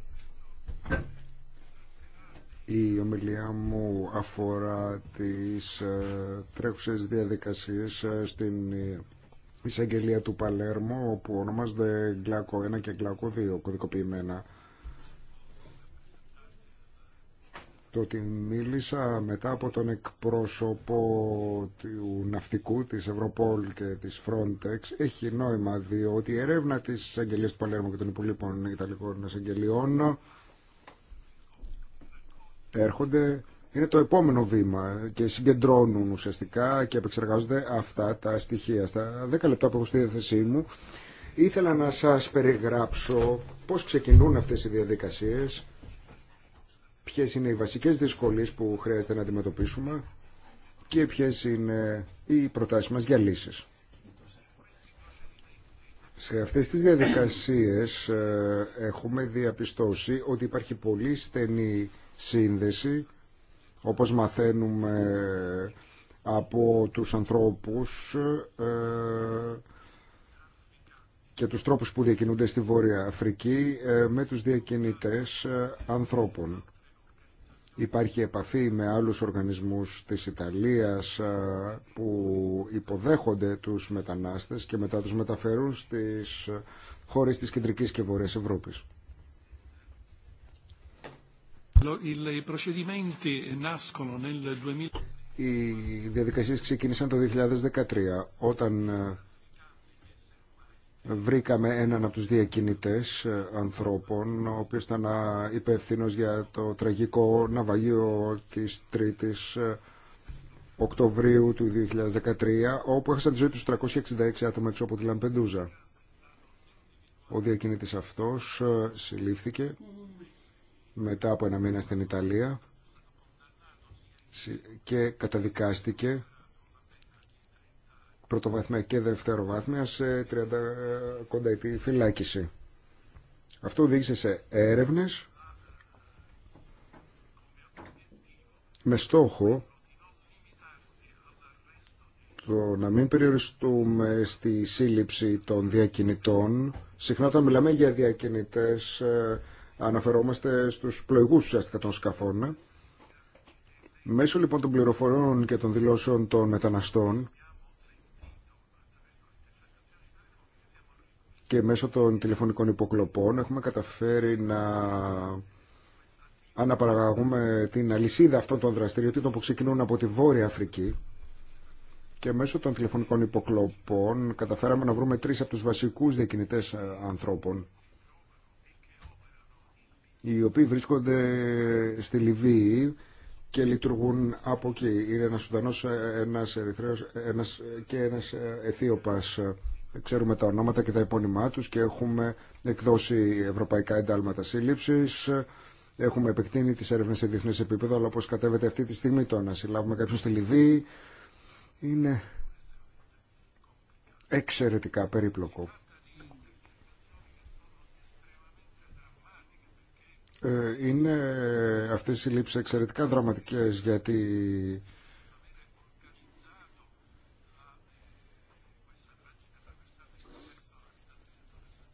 B: Η ομιλία μου αφορά τις ε, τρέχουσες διαδικασίες ε, στην εισαγγελία του Παλέρμο, όπου ονομάζονται Γκλάκο 1 και Γκλάκο 2 κωδικοποιημένα. το ότι μίλησα μετά από τον εκπρόσωπο του ναυτικού της Ευρωπόλ και της Frontex έχει νόημα διότι η έρευνα της εισαγγελίας του Παλέρμου και των υπολείπων Ιταλικών εισαγγελιών έρχονται, είναι το επόμενο βήμα και συγκεντρώνουν ουσιαστικά και επεξεργάζονται αυτά τα στοιχεία. Στα 10 λεπτά που έχω στη διάθεσή μου ήθελα να σας περιγράψω πώς ξεκινούν αυτές οι διαδικασίες ποιες είναι οι βασικές δυσκολίες που χρειάζεται να αντιμετωπίσουμε και ποιες είναι οι προτάσεις μας για λύσεις. Σε αυτές τις διαδικασίες ε, έχουμε διαπιστώσει ότι υπάρχει πολύ στενή σύνδεση, όπως μαθαίνουμε από τους ανθρώπους ε, και τους τρόπους που διακινούνται στη Βόρεια Αφρική ε, με τους διακινητές ανθρώπων. Υπάρχει επαφή με άλλους οργανισμούς της Ιταλίας που υποδέχονται τους μετανάστες και μετά τους μεταφέρουν στις χώρες της Κεντρικής και Βορειάς Ευρώπης. Οι διαδικασίες ξεκίνησαν το 2013 όταν βρήκαμε έναν από τους διακινητές ε, ανθρώπων, ο οποίος ήταν υπεύθυνο για το τραγικό ναυαγείο της 3ης ε, Οκτωβρίου του 2013, όπου έχασαν τη ζωή τους 366 άτομα έξω από τη Λαμπεντούζα. Ο διακινητής αυτός ε, συλλήφθηκε μετά από ένα μήνα στην Ιταλία και καταδικάστηκε πρωτοβάθμια και δευτεροβάθμια σε 30 ε, κονταετή φυλάκιση. Αυτό οδήγησε σε έρευνες με στόχο το να μην περιοριστούμε στη σύλληψη των διακινητών. Συχνά όταν μιλάμε για διακινητές ε, αναφερόμαστε στους πλοηγούς των σκαφών. Μέσω λοιπόν των πληροφοριών και των δηλώσεων των μεταναστών και μέσω των τηλεφωνικών υποκλοπών έχουμε καταφέρει να αναπαραγαγούμε την αλυσίδα αυτών των δραστηριοτήτων που ξεκινούν από τη Βόρεια Αφρική και μέσω των τηλεφωνικών υποκλοπών καταφέραμε να βρούμε τρεις από τους βασικούς διακινητές ε, ανθρώπων οι οποίοι βρίσκονται στη Λιβύη και λειτουργούν από εκεί. Είναι ένας Σουδανός, ε, ένας Ερυθρέος ε, ένας και ένας Αιθίωπας ξέρουμε τα ονόματα και τα επώνυμά τους και έχουμε εκδώσει ευρωπαϊκά εντάλματα σύλληψης. Έχουμε επεκτείνει τις έρευνες σε διεθνές επίπεδο, αλλά όπως κατέβεται αυτή τη στιγμή το να συλλάβουμε κάποιον στη Λιβύη είναι εξαιρετικά περίπλοκο. Ε, είναι ε, αυτές οι λήψεις εξαιρετικά δραματικές γιατί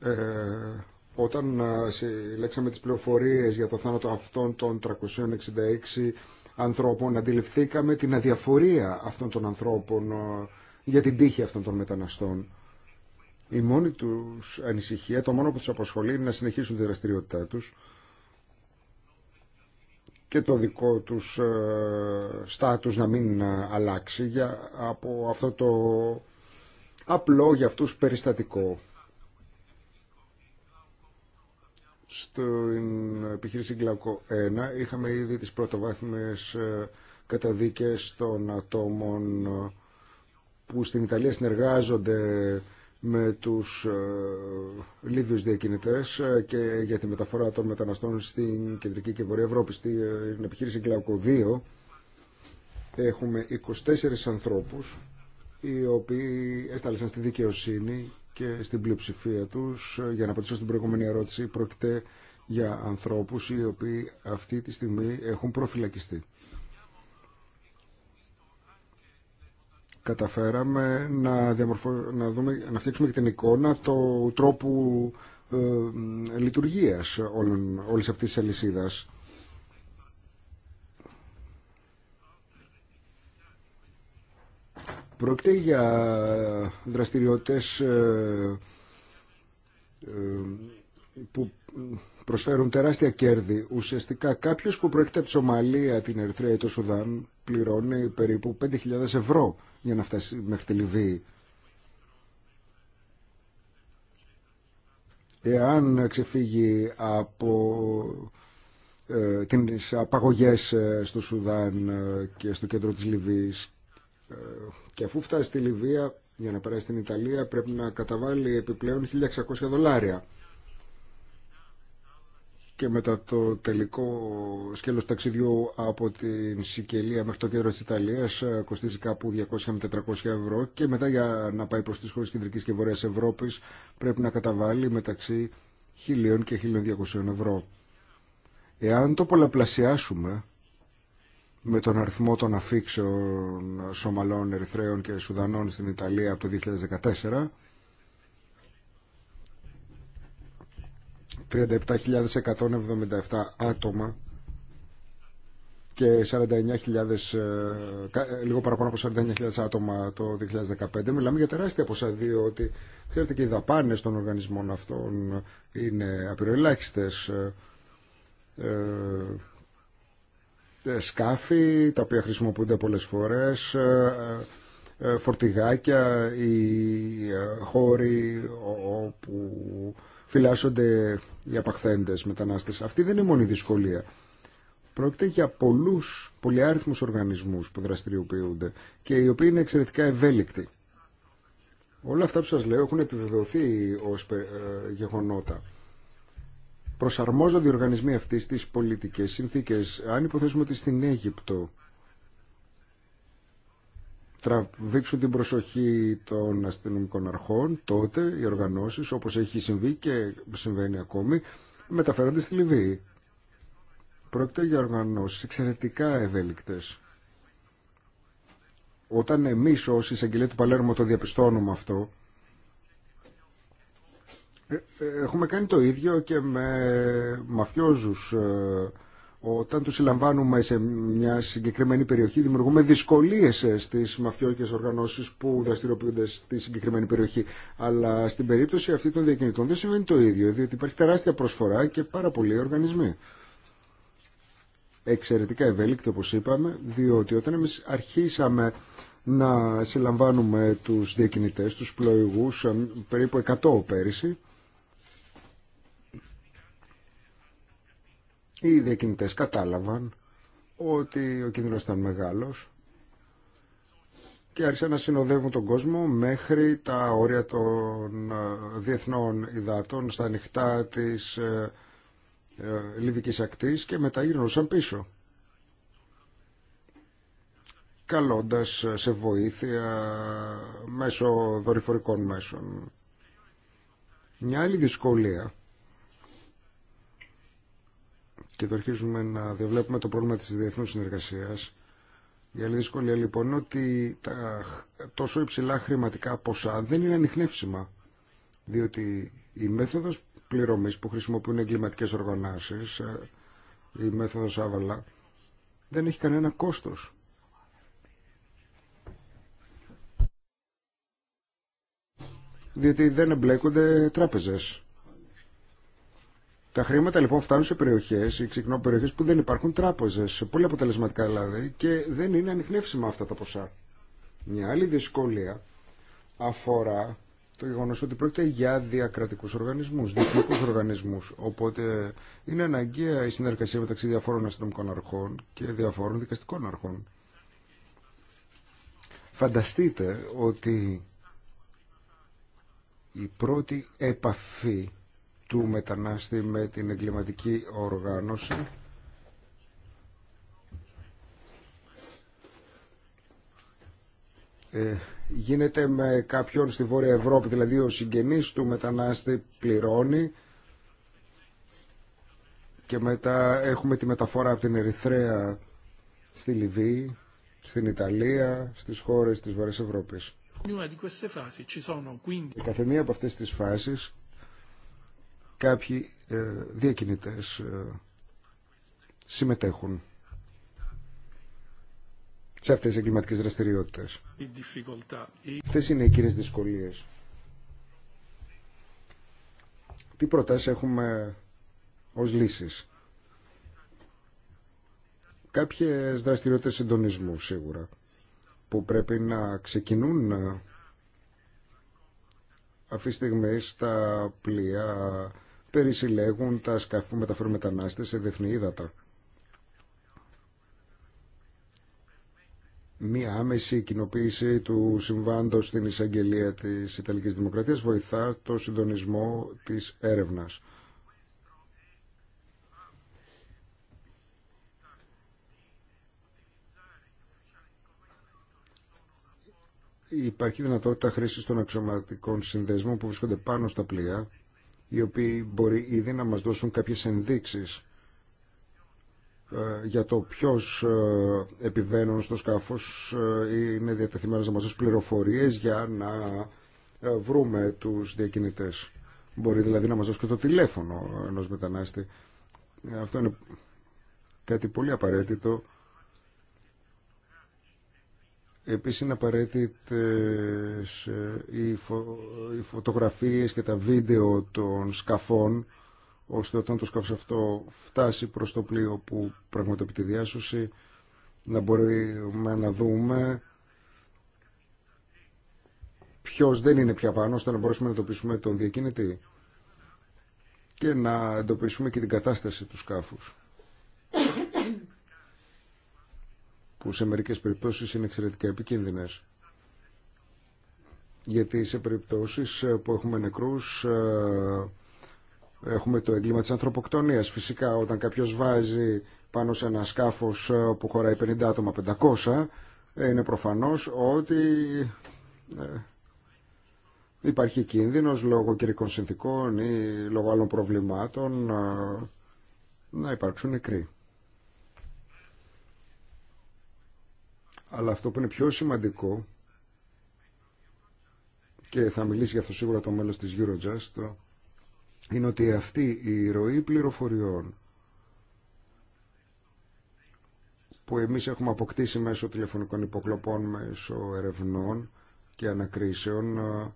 B: Ε, όταν ε, συλλέξαμε τις πληροφορίες για το θάνατο αυτών των 366 ανθρώπων, αντιληφθήκαμε την αδιαφορία αυτών των ανθρώπων ε, για την τύχη αυτών των μεταναστών. Η μόνη τους ανησυχία, το μόνο που τους απασχολεί είναι να συνεχίσουν τη δραστηριότητά τους και το δικό τους ε, στάτους να μην αλλάξει για, από αυτό το απλό για αυτούς περιστατικό Στην επιχείρηση Γκλαουκό 1 είχαμε ήδη τις πρωτοβάθμιες ε, καταδίκες των ατόμων ε, που στην Ιταλία συνεργάζονται με τους ε, Λίβιους διακινητές και για τη μεταφορά των μεταναστών στην Κεντρική και Βορεια Ευρώπη στην επιχείρηση Γκλαουκό 2 έχουμε 24 ανθρώπους οι οποίοι έσταλεσαν στη δικαιοσύνη και στην πλειοψηφία τους, για να απαντήσω στην προηγούμενη ερώτηση, πρόκειται για ανθρώπους οι οποίοι αυτή τη στιγμή έχουν προφυλακιστεί. Καταφέραμε να, να, δούμε... να φτιάξουμε και την εικόνα του τρόπου ε, λειτουργίας όλων, όλης αυτής της αλυσίδας. Πρόκειται για δραστηριότητες ε, ε, που προσφέρουν τεράστια κέρδη. Ουσιαστικά κάποιος που προέρχεται από τη Σομαλία, την Ερυθρέα ή το Σουδάν πληρώνει περίπου 5.000 ευρώ για να φτάσει μέχρι τη Λιβύη. Εάν ξεφύγει από ε, τις απαγωγές ε, στο Σουδάν και στο κέντρο της Λιβύης ε, και αφού φτάσει στη Λιβύα για να περάσει στην Ιταλία πρέπει να καταβάλει επιπλέον 1600 δολάρια και μετά το τελικό σκέλος ταξιδιού από την Σικελία μέχρι το κέντρο της Ιταλίας ε, κοστίζει κάπου 200 με 400 ευρώ και μετά για να πάει προς τις χώρες κεντρικής και βορειάς Ευρώπης πρέπει να καταβάλει μεταξύ 1000 και 1200 ευρώ. Εάν το πολλαπλασιάσουμε με τον αριθμό των αφήξεων Σομαλών, Ερυθρέων και Σουδανών στην Ιταλία από το 2014 37.177 άτομα και 49.000, ε, ε, λίγο παραπάνω από 49.000 άτομα το 2015. Μιλάμε για τεράστια ποσά, διότι ξέρετε και οι δαπάνε των οργανισμών αυτών είναι απειροελάχιστε. Ε, σκάφη τα οποία χρησιμοποιούνται πολλές φορές, ε, ε, ε, φορτηγάκια ή χώροι όπου φυλάσσονται οι απαχθέντες μετανάστες. Αυτή δεν είναι η μόνη δυσκολία. μονη δυσκολια προκειται για πολλούς, πολυάριθμους οργανισμούς που δραστηριοποιούνται και οι οποίοι είναι εξαιρετικά ευέλικτοι. Όλα αυτά που σας λέω έχουν επιβεβαιωθεί ως γεγονότα προσαρμόζονται οι οργανισμοί αυτοί στις πολιτικές συνθήκες. Αν υποθέσουμε ότι στην Αίγυπτο τραβήξουν την προσοχή των αστυνομικών αρχών, τότε οι οργανώσεις, όπως έχει συμβεί και συμβαίνει ακόμη, μεταφέρονται στη Λιβύη. Πρόκειται για οργανώσεις εξαιρετικά ευέλικτες. Όταν εμείς ως εισαγγελία του Παλέρμο το διαπιστώνουμε αυτό, ε, ε, έχουμε κάνει το ίδιο και με μαφιόζους. Ε, όταν τους συλλαμβάνουμε σε μια συγκεκριμένη περιοχή δημιουργούμε δυσκολίες στις μαφιόκες οργανώσεις που δραστηριοποιούνται στη συγκεκριμένη περιοχή. Αλλά στην περίπτωση αυτή των διακινητών δεν συμβαίνει το ίδιο, διότι υπάρχει τεράστια προσφορά και πάρα πολλοί οργανισμοί. Εξαιρετικά ευέλικτο όπως είπαμε, διότι όταν εμείς αρχίσαμε να συλλαμβάνουμε τους διακινητές, τους πλοηγούς, περίπου 100 πέρυσι, οι διακινητές κατάλαβαν ότι ο κίνδυνος ήταν μεγάλος και άρχισαν να συνοδεύουν τον κόσμο μέχρι τα όρια των ε, διεθνών υδάτων στα ανοιχτά της ε, ε, Λιβικής ακτής και μετά γυρνούσαν πίσω καλώντας σε βοήθεια μέσω δορυφορικών μέσων. Μια άλλη δυσκολία και το αρχίζουμε να διαβλέπουμε το πρόβλημα της διεθνούς συνεργασίας. Η άλλη δυσκολία λοιπόν είναι ότι τα τόσο υψηλά χρηματικά ποσά δεν είναι ανοιχνεύσιμα, διότι η μέθοδος πληρωμής που χρησιμοποιούν εγκληματικές οργανώσεις, ε, η μέθοδος Άβαλα, δεν έχει κανένα κόστος. Διότι δεν εμπλέκονται τράπεζες. Τα χρήματα λοιπόν φτάνουν σε περιοχέ, ή ξεκινώ περιοχέ που δεν υπάρχουν τράπεζε. Πολύ αποτελεσματικά δηλαδή και δεν είναι ανιχνεύσιμα αυτά τα ποσά. Μια άλλη δυσκολία αφορά το γεγονό ότι πρόκειται για διακρατικού οργανισμού, διεθνικού οργανισμού. Οπότε είναι αναγκαία η συνεργασία μεταξύ διαφόρων αστυνομικών αρχών και διαφόρων δικαστικών αρχών. Φανταστείτε ότι η πρώτη επαφή του μετανάστη με την εγκληματική οργάνωση ε, γίνεται με κάποιον στη Βόρεια Ευρώπη, δηλαδή ο συγγενής του μετανάστη πληρώνει και μετά έχουμε τη μεταφορά από την Ερυθρέα στη Λιβύη, στην Ιταλία, στις χώρες της Βορειάς Ευρώπης. Η καθεμία από αυτές τις φάσεις κάποιοι ε, διακινητές ε, συμμετέχουν σε αυτές τις εγκληματικές δραστηριότητες. Αυτές είναι οι κύριες δυσκολίες. Τι προτάσεις έχουμε ως λύσεις. Κάποιες δραστηριότητες συντονισμού σίγουρα που πρέπει να ξεκινούν ε, αυτή τη στιγμή στα πλοία περισυλλέγουν τα σκάφη που μεταφέρουν μετανάστες σε διεθνή ύδατα. Μία άμεση κοινοποίηση του συμβάντο στην εισαγγελία της Ιταλικής Δημοκρατίας βοηθά το συντονισμό της έρευνα. Υπάρχει δυνατότητα χρήσης των αξιωματικών συνδέσμων που βρίσκονται πάνω στα πλοία οι οποίοι μπορεί ήδη να μας δώσουν κάποιες ενδείξεις ε, για το ποιο ε, επιβαίνουν στο σκάφος ε, είναι διατεθειμένος να μας δώσει πληροφορίες για να βρούμε τους διακινητές. Μπορεί δηλαδή να μας δώσει και το τηλέφωνο ενός μετανάστη. Αυτό είναι κάτι πολύ απαραίτητο Επίσης είναι απαραίτητες ε, οι, φω... φωτογραφίες και τα βίντεο των σκαφών ώστε όταν το σκάφος αυτό φτάσει προς το πλοίο που πραγματοποιεί τη διάσωση να μπορούμε να δούμε ποιος δεν είναι πια πάνω ώστε να μπορέσουμε να εντοπίσουμε τον διακίνητη και να εντοπίσουμε και την κατάσταση του σκάφους. που σε μερικές περιπτώσεις είναι εξαιρετικά επικίνδυνες. Γιατί σε περιπτώσεις ε, που έχουμε νεκρούς ε, έχουμε το έγκλημα της ανθρωποκτονίας. Φυσικά όταν κάποιος βάζει πάνω σε ένα σκάφος ε, που χωράει 50 άτομα 500 είναι προφανώς ότι υπάρχει κίνδυνος λόγω κυρικών συνθήκων ή λόγω άλλων προβλημάτων να υπάρξουν νεκροί. Αλλά αυτό που είναι πιο σημαντικό και θα μιλήσει για αυτό σίγουρα το μέλος της Eurojust είναι ότι αυτή η ροή πληροφοριών που εμείς έχουμε αποκτήσει μέσω τηλεφωνικών υποκλοπών, μέσω ερευνών και ανακρίσεων ε,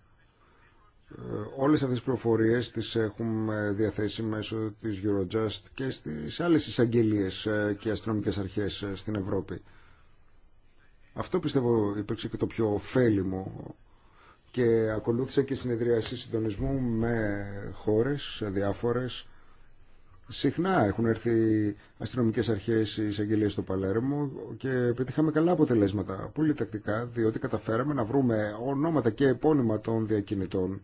B: όλες αυτές τις πληροφορίες τις έχουμε διαθέσει μέσω της Eurojust και στις άλλες εισαγγελίες ε, και αστυνομικές αρχές ε, στην Ευρώπη. Αυτό πιστεύω υπήρξε και το πιο ωφέλιμο και ακολούθησε και συνεδρίαση συντονισμού με χώρες διάφορες. Συχνά έχουν έρθει αστυνομικές αρχές εισαγγελίες στο Παλέρμο και πετύχαμε καλά αποτελέσματα, πολύ τακτικά, διότι καταφέραμε να βρούμε ονόματα και επώνυμα των διακινητών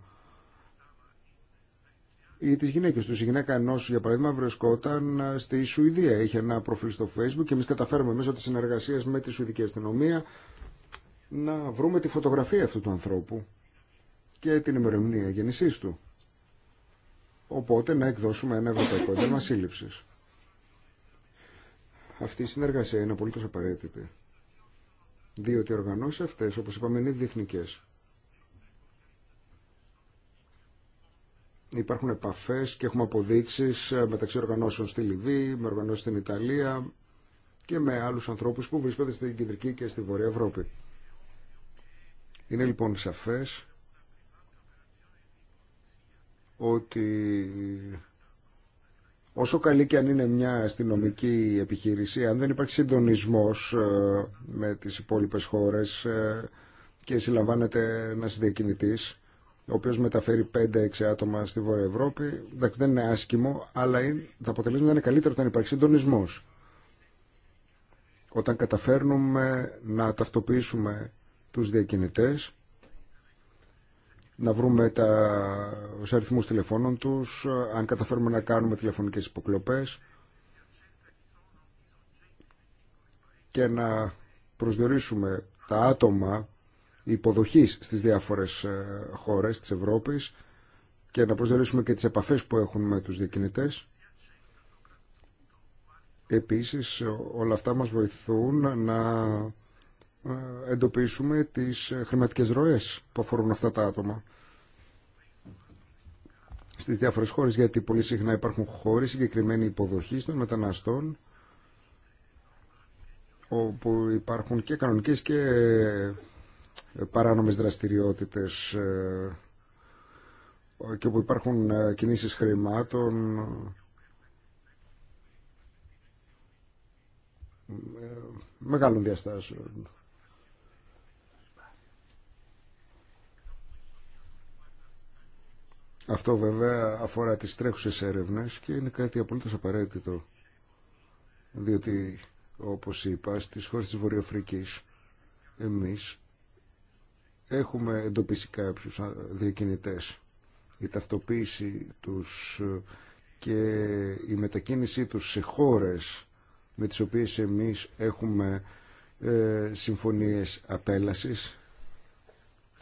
B: ή τι γυναίκε του. Η γυναίκα ενό, για παράδειγμα, βρισκόταν ε, στη Σουηδία. Είχε ένα προφίλ στο Facebook και εμεί καταφέρουμε μέσω τη συνεργασία με τη Σουηδική Αστυνομία να βρούμε τη φωτογραφία αυτού του ανθρώπου και την ημερομηνία γέννησή του. Οπότε να εκδώσουμε ένα ευρωπαϊκό μας σύλληψη. Αυτή η συνεργασία είναι απολύτω απαραίτητη. Διότι οι οργανώσει αυτέ, όπω είπαμε, είναι διεθνικέ. Υπάρχουν επαφές και έχουμε αποδείξεις ε, μεταξύ οργανώσεων στη Λιβύη, με οργανώσεις στην Ιταλία και με άλλους ανθρώπους που βρίσκονται στην Κεντρική και στη Βορεια Ευρώπη. Είναι λοιπόν σαφές ότι όσο καλή και αν είναι μια αστυνομική επιχείρηση, αν δεν υπάρχει συντονισμός ε, με τις υπόλοιπες χώρες ε, και συλλαμβάνεται ένας διακινητής, ο οποίο μεταφέρει 5-6 άτομα στη Βόρεια Ευρώπη. Εντάξει, δεν είναι άσχημο, αλλά είναι, τα αποτελέσματα είναι καλύτερο όταν υπάρχει συντονισμό. Όταν καταφέρνουμε να ταυτοποιήσουμε τους διακινητές, να βρούμε του αριθμού τηλεφώνων τους, αν καταφέρουμε να κάνουμε τηλεφωνικές υποκλοπέ και να προσδιορίσουμε τα άτομα υποδοχής στις διάφορες ε, χώρες της Ευρώπης και να προσδιορίσουμε και τις επαφές που έχουν με τους διακινητές. Επίσης όλα αυτά μας βοηθούν να ε, εντοπίσουμε τις ε, χρηματικές ροές που αφορούν αυτά τα άτομα στις διάφορες χώρες γιατί πολύ συχνά υπάρχουν χώρες συγκεκριμένη υποδοχή των μεταναστών όπου υπάρχουν και κανονικές και ε, παράνομες δραστηριότητες ε, και όπου υπάρχουν ε, κινήσεις χρημάτων μεγάλων διαστάσεων. Αυτό βέβαια αφορά τις τρέχουσες έρευνες και είναι κάτι απολύτως απαραίτητο διότι όπως είπα στις χώρες της Βορειοαφρικής εμείς έχουμε εντοπίσει κάποιους διακινητές. Η ταυτοποίηση τους ε, και η μετακίνησή τους σε χώρες με τις οποίες εμείς έχουμε ε, συμφωνίες απέλασης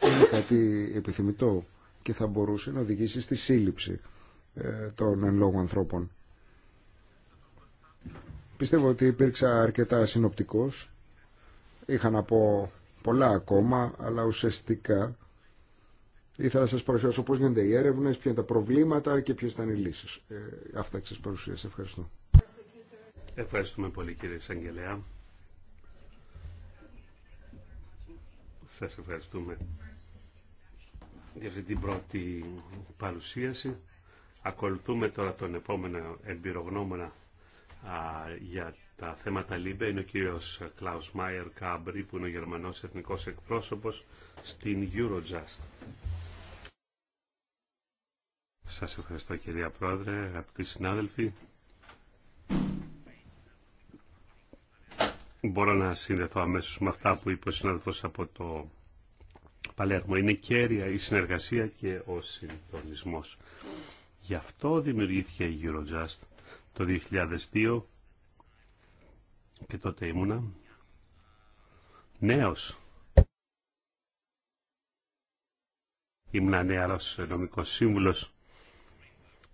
B: είναι κάτι επιθυμητό και θα μπορούσε να οδηγήσει στη σύλληψη ε, των εν λόγω ανθρώπων. Πιστεύω ότι υπήρξα αρκετά συνοπτικός. Είχα να πω πολλά ακόμα, αλλά ουσιαστικά ήθελα να σας παρουσιάσω πώς γίνονται οι έρευνες, ποια είναι τα προβλήματα και ποιες ήταν οι λύσεις. Ε, αυτά και σας παρουσίασα. Ευχαριστώ.
A: Ευχαριστούμε πολύ κύριε Σαγγελέα. Σας ευχαριστούμε για αυτή την πρώτη παρουσίαση. Ακολουθούμε τώρα τον επόμενο εμπειρογνώμονα για τα θέματα λίμπε είναι ο κύριος Κλάους Μάιερ Κάμπρι που είναι ο Γερμανός Εθνικός Εκπρόσωπος στην Eurojust. Σας ευχαριστώ κυρία Πρόεδρε, αγαπητοί συνάδελφοι. Μπορώ να συνδεθώ αμέσως με αυτά που είπε ο συνάδελφος από το Παλέρμο. Είναι κέρια η συνεργασία και ο συντονισμός. Γι' αυτό δημιουργήθηκε η Eurojust το 2002 και τότε ήμουνα νέος. Ήμουνα νέαρος νομικός σύμβουλος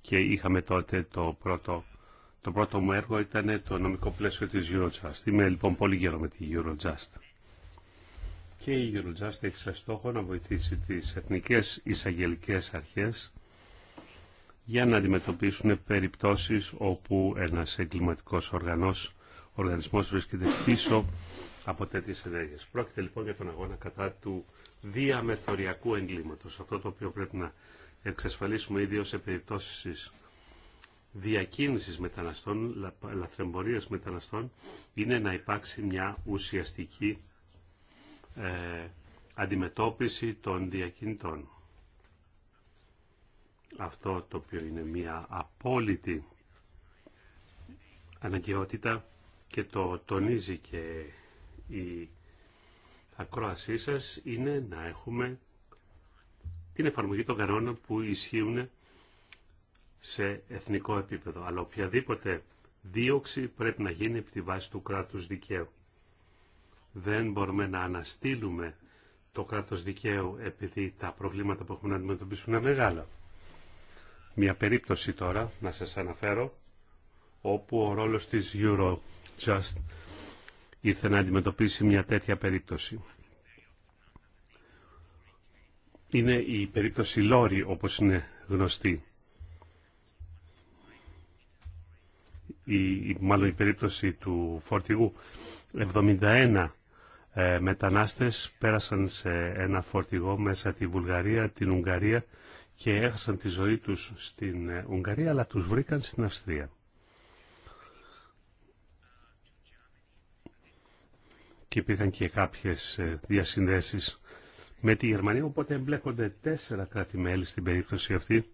A: και είχαμε τότε το πρώτο, το πρώτο μου έργο ήταν το νομικό πλαίσιο της Eurojust. Είμαι λοιπόν πολύ γέρο με τη Eurojust. Και η Eurojust έχει σαν στόχο να βοηθήσει τις εθνικές εισαγγελικές αρχές για να αντιμετωπίσουν περιπτώσεις όπου ένας εγκληματικός οργανός οργανισμός βρίσκεται πίσω από τέτοιες ενέργειες. Πρόκειται λοιπόν για τον αγώνα κατά του διαμεθοριακού εγκλήματος, αυτό το οποίο πρέπει να εξασφαλίσουμε ιδίως σε περιπτώσεις διακίνησης μεταναστών, λα, λαθρεμπορίας μεταναστών, είναι να υπάρξει μια ουσιαστική ε, αντιμετώπιση των διακινητών. Αυτό το οποίο είναι μια απόλυτη αναγκαιότητα και το τονίζει και η ακρόασή σας είναι να έχουμε την εφαρμογή των κανόνων που ισχύουν σε εθνικό επίπεδο. Αλλά οποιαδήποτε δίωξη πρέπει να γίνει επί τη βάση του κράτους δικαίου. Δεν μπορούμε να αναστείλουμε το κράτος δικαίου επειδή τα προβλήματα που έχουμε να αντιμετωπίσουμε είναι μεγάλα. Μια περίπτωση τώρα να σας αναφέρω όπου ο ρόλος της Euro Just ήρθε να αντιμετωπίσει μια τέτοια περίπτωση. Είναι η περίπτωση Λόρι, όπως είναι γνωστή. Η, μάλλον η περίπτωση του φορτηγού. 71 ε, μετανάστες πέρασαν σε ένα φορτηγό μέσα τη Βουλγαρία, την Ουγγαρία και έχασαν τη ζωή τους στην ε, Ουγγαρία, αλλά τους βρήκαν στην Αυστρία. και υπήρχαν και κάποιες ε, διασυνδέσεις με τη Γερμανία, οπότε εμπλέκονται τέσσερα κράτη-μέλη στην περίπτωση αυτή.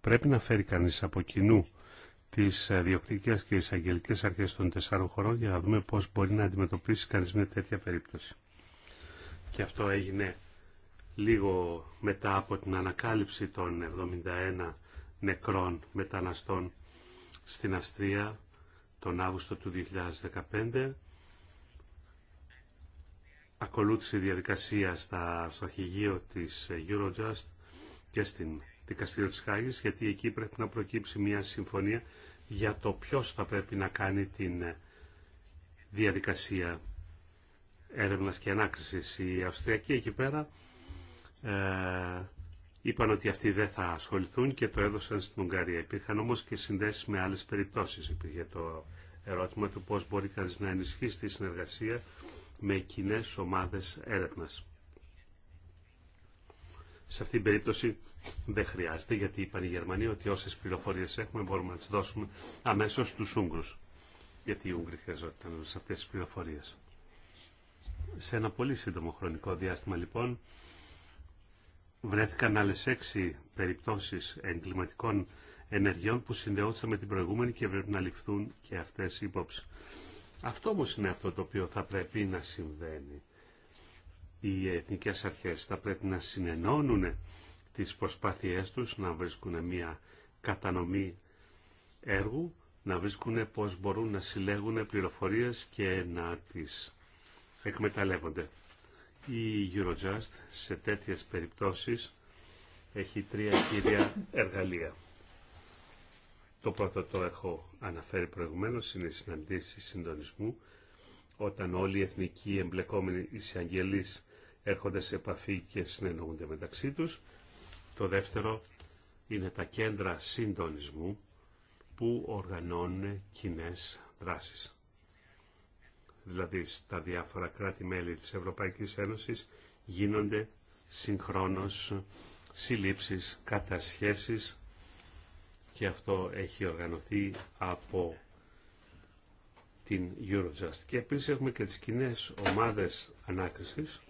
A: Πρέπει να φέρει κανείς από κοινού τις ε, διοκτικές και εισαγγελικέ αρχές των τεσσάρων χωρών για να δούμε πώς μπορεί να αντιμετωπίσει κανείς μια τέτοια περίπτωση. Και αυτό έγινε λίγο μετά από την ανακάλυψη των 71 νεκρών μεταναστών στην Αυστρία τον Αύγουστο του 2015 ακολούθησε διαδικασία στα, στο αρχηγείο της Eurojust και στην δικαστήριο της Χάγης, γιατί εκεί πρέπει να προκύψει μια συμφωνία για το ποιος θα πρέπει να κάνει την ε, διαδικασία έρευνας και ανάκρισης. Οι Αυστριακοί εκεί πέρα ε, είπαν ότι αυτοί δεν θα ασχοληθούν και το έδωσαν στην Ουγγαρία. Υπήρχαν όμως και συνδέσεις με άλλες περιπτώσεις. Υπήρχε το ερώτημα του πώς μπορεί κανείς να ενισχύσει τη συνεργασία με κοινέ ομάδες έρευνας. Σε αυτήν την περίπτωση δεν χρειάζεται, γιατί είπαν οι Γερμανοί ότι όσες πληροφορίες έχουμε μπορούμε να τις δώσουμε αμέσως στους Ούγγρους. Γιατί οι Ούγγροι χρειαζόταν σε αυτές τις πληροφορίες. Σε ένα πολύ σύντομο χρονικό διάστημα λοιπόν βρέθηκαν άλλες έξι περιπτώσεις εγκληματικών ενεργειών που συνδεόντουσαν με την προηγούμενη και πρέπει να ληφθούν και αυτές οι υπόψει. Αυτό όμω είναι αυτό το οποίο θα πρέπει να συμβαίνει. Οι εθνικές αρχές θα πρέπει να συνενώνουν τις προσπάθειές τους, να βρίσκουν μια κατανομή έργου, να βρίσκουν πώς μπορούν να συλλέγουν πληροφορίες και να τις εκμεταλλεύονται. Η Eurojust σε τέτοιες περιπτώσεις έχει τρία κύρια εργαλεία. Το πρώτο το έχω αναφέρει προηγουμένως, είναι οι συναντήσεις συντονισμού, όταν όλοι οι εθνικοί εμπλεκόμενοι εισαγγελείς έρχονται σε επαφή και συνεννοούνται μεταξύ τους. Το δεύτερο είναι τα κέντρα συντονισμού που οργανώνουν κοινέ δράσεις. Δηλαδή στα διάφορα κράτη-μέλη της Ευρωπαϊκής Ένωσης γίνονται συγχρόνως συλλήψεις, κατασχέσεις και αυτό έχει οργανωθεί από την Eurojust. Και επίση έχουμε και τις κοινέ ομάδες ανάκρισης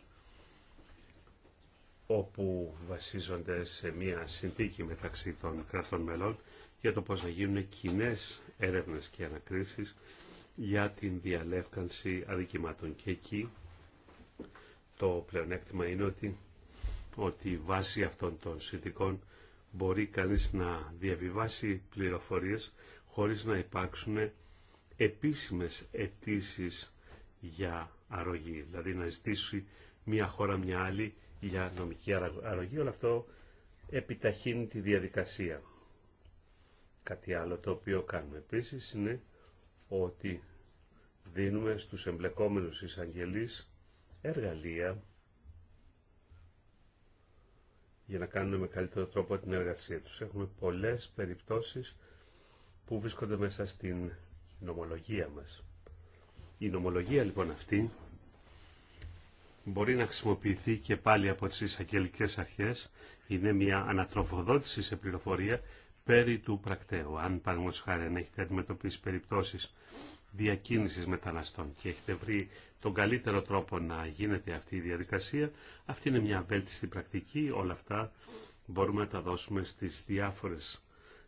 A: όπου βασίζονται σε μια συνθήκη μεταξύ των κρατών μελών για το πώς θα γίνουν κοινέ έρευνες και ανακρίσεις για την διαλεύκανση αδικημάτων. Και εκεί το πλεονέκτημα είναι ότι, ότι βάσει αυτών των συνθήκων μπορεί κανείς να διαβιβάσει πληροφορίες χωρίς να υπάρξουν επίσημες αιτήσει για αρρωγή, δηλαδή να ζητήσει μια χώρα μια άλλη για νομική αρρωγή. Όλο αυτό επιταχύνει τη διαδικασία. Κάτι άλλο το οποίο κάνουμε επίσης είναι ότι δίνουμε στους εμπλεκόμενους εισαγγελείς εργαλεία για να κάνουν με καλύτερο τρόπο την εργασία τους. Έχουμε πολλές περιπτώσεις που βρίσκονται μέσα στην νομολογία μας. Η νομολογία λοιπόν αυτή μπορεί να χρησιμοποιηθεί και πάλι από τις εισαγγελικέ αρχές. Είναι μια ανατροφοδότηση σε πληροφορία περί του πρακτέου. Αν παραγωγός χάρη αν έχετε αντιμετωπίσει περιπτώσεις διακίνησης μεταναστών και έχετε βρει τον καλύτερο τρόπο να γίνεται αυτή η διαδικασία. Αυτή είναι μια βέλτιστη πρακτική. Όλα αυτά μπορούμε να τα δώσουμε στις διάφορες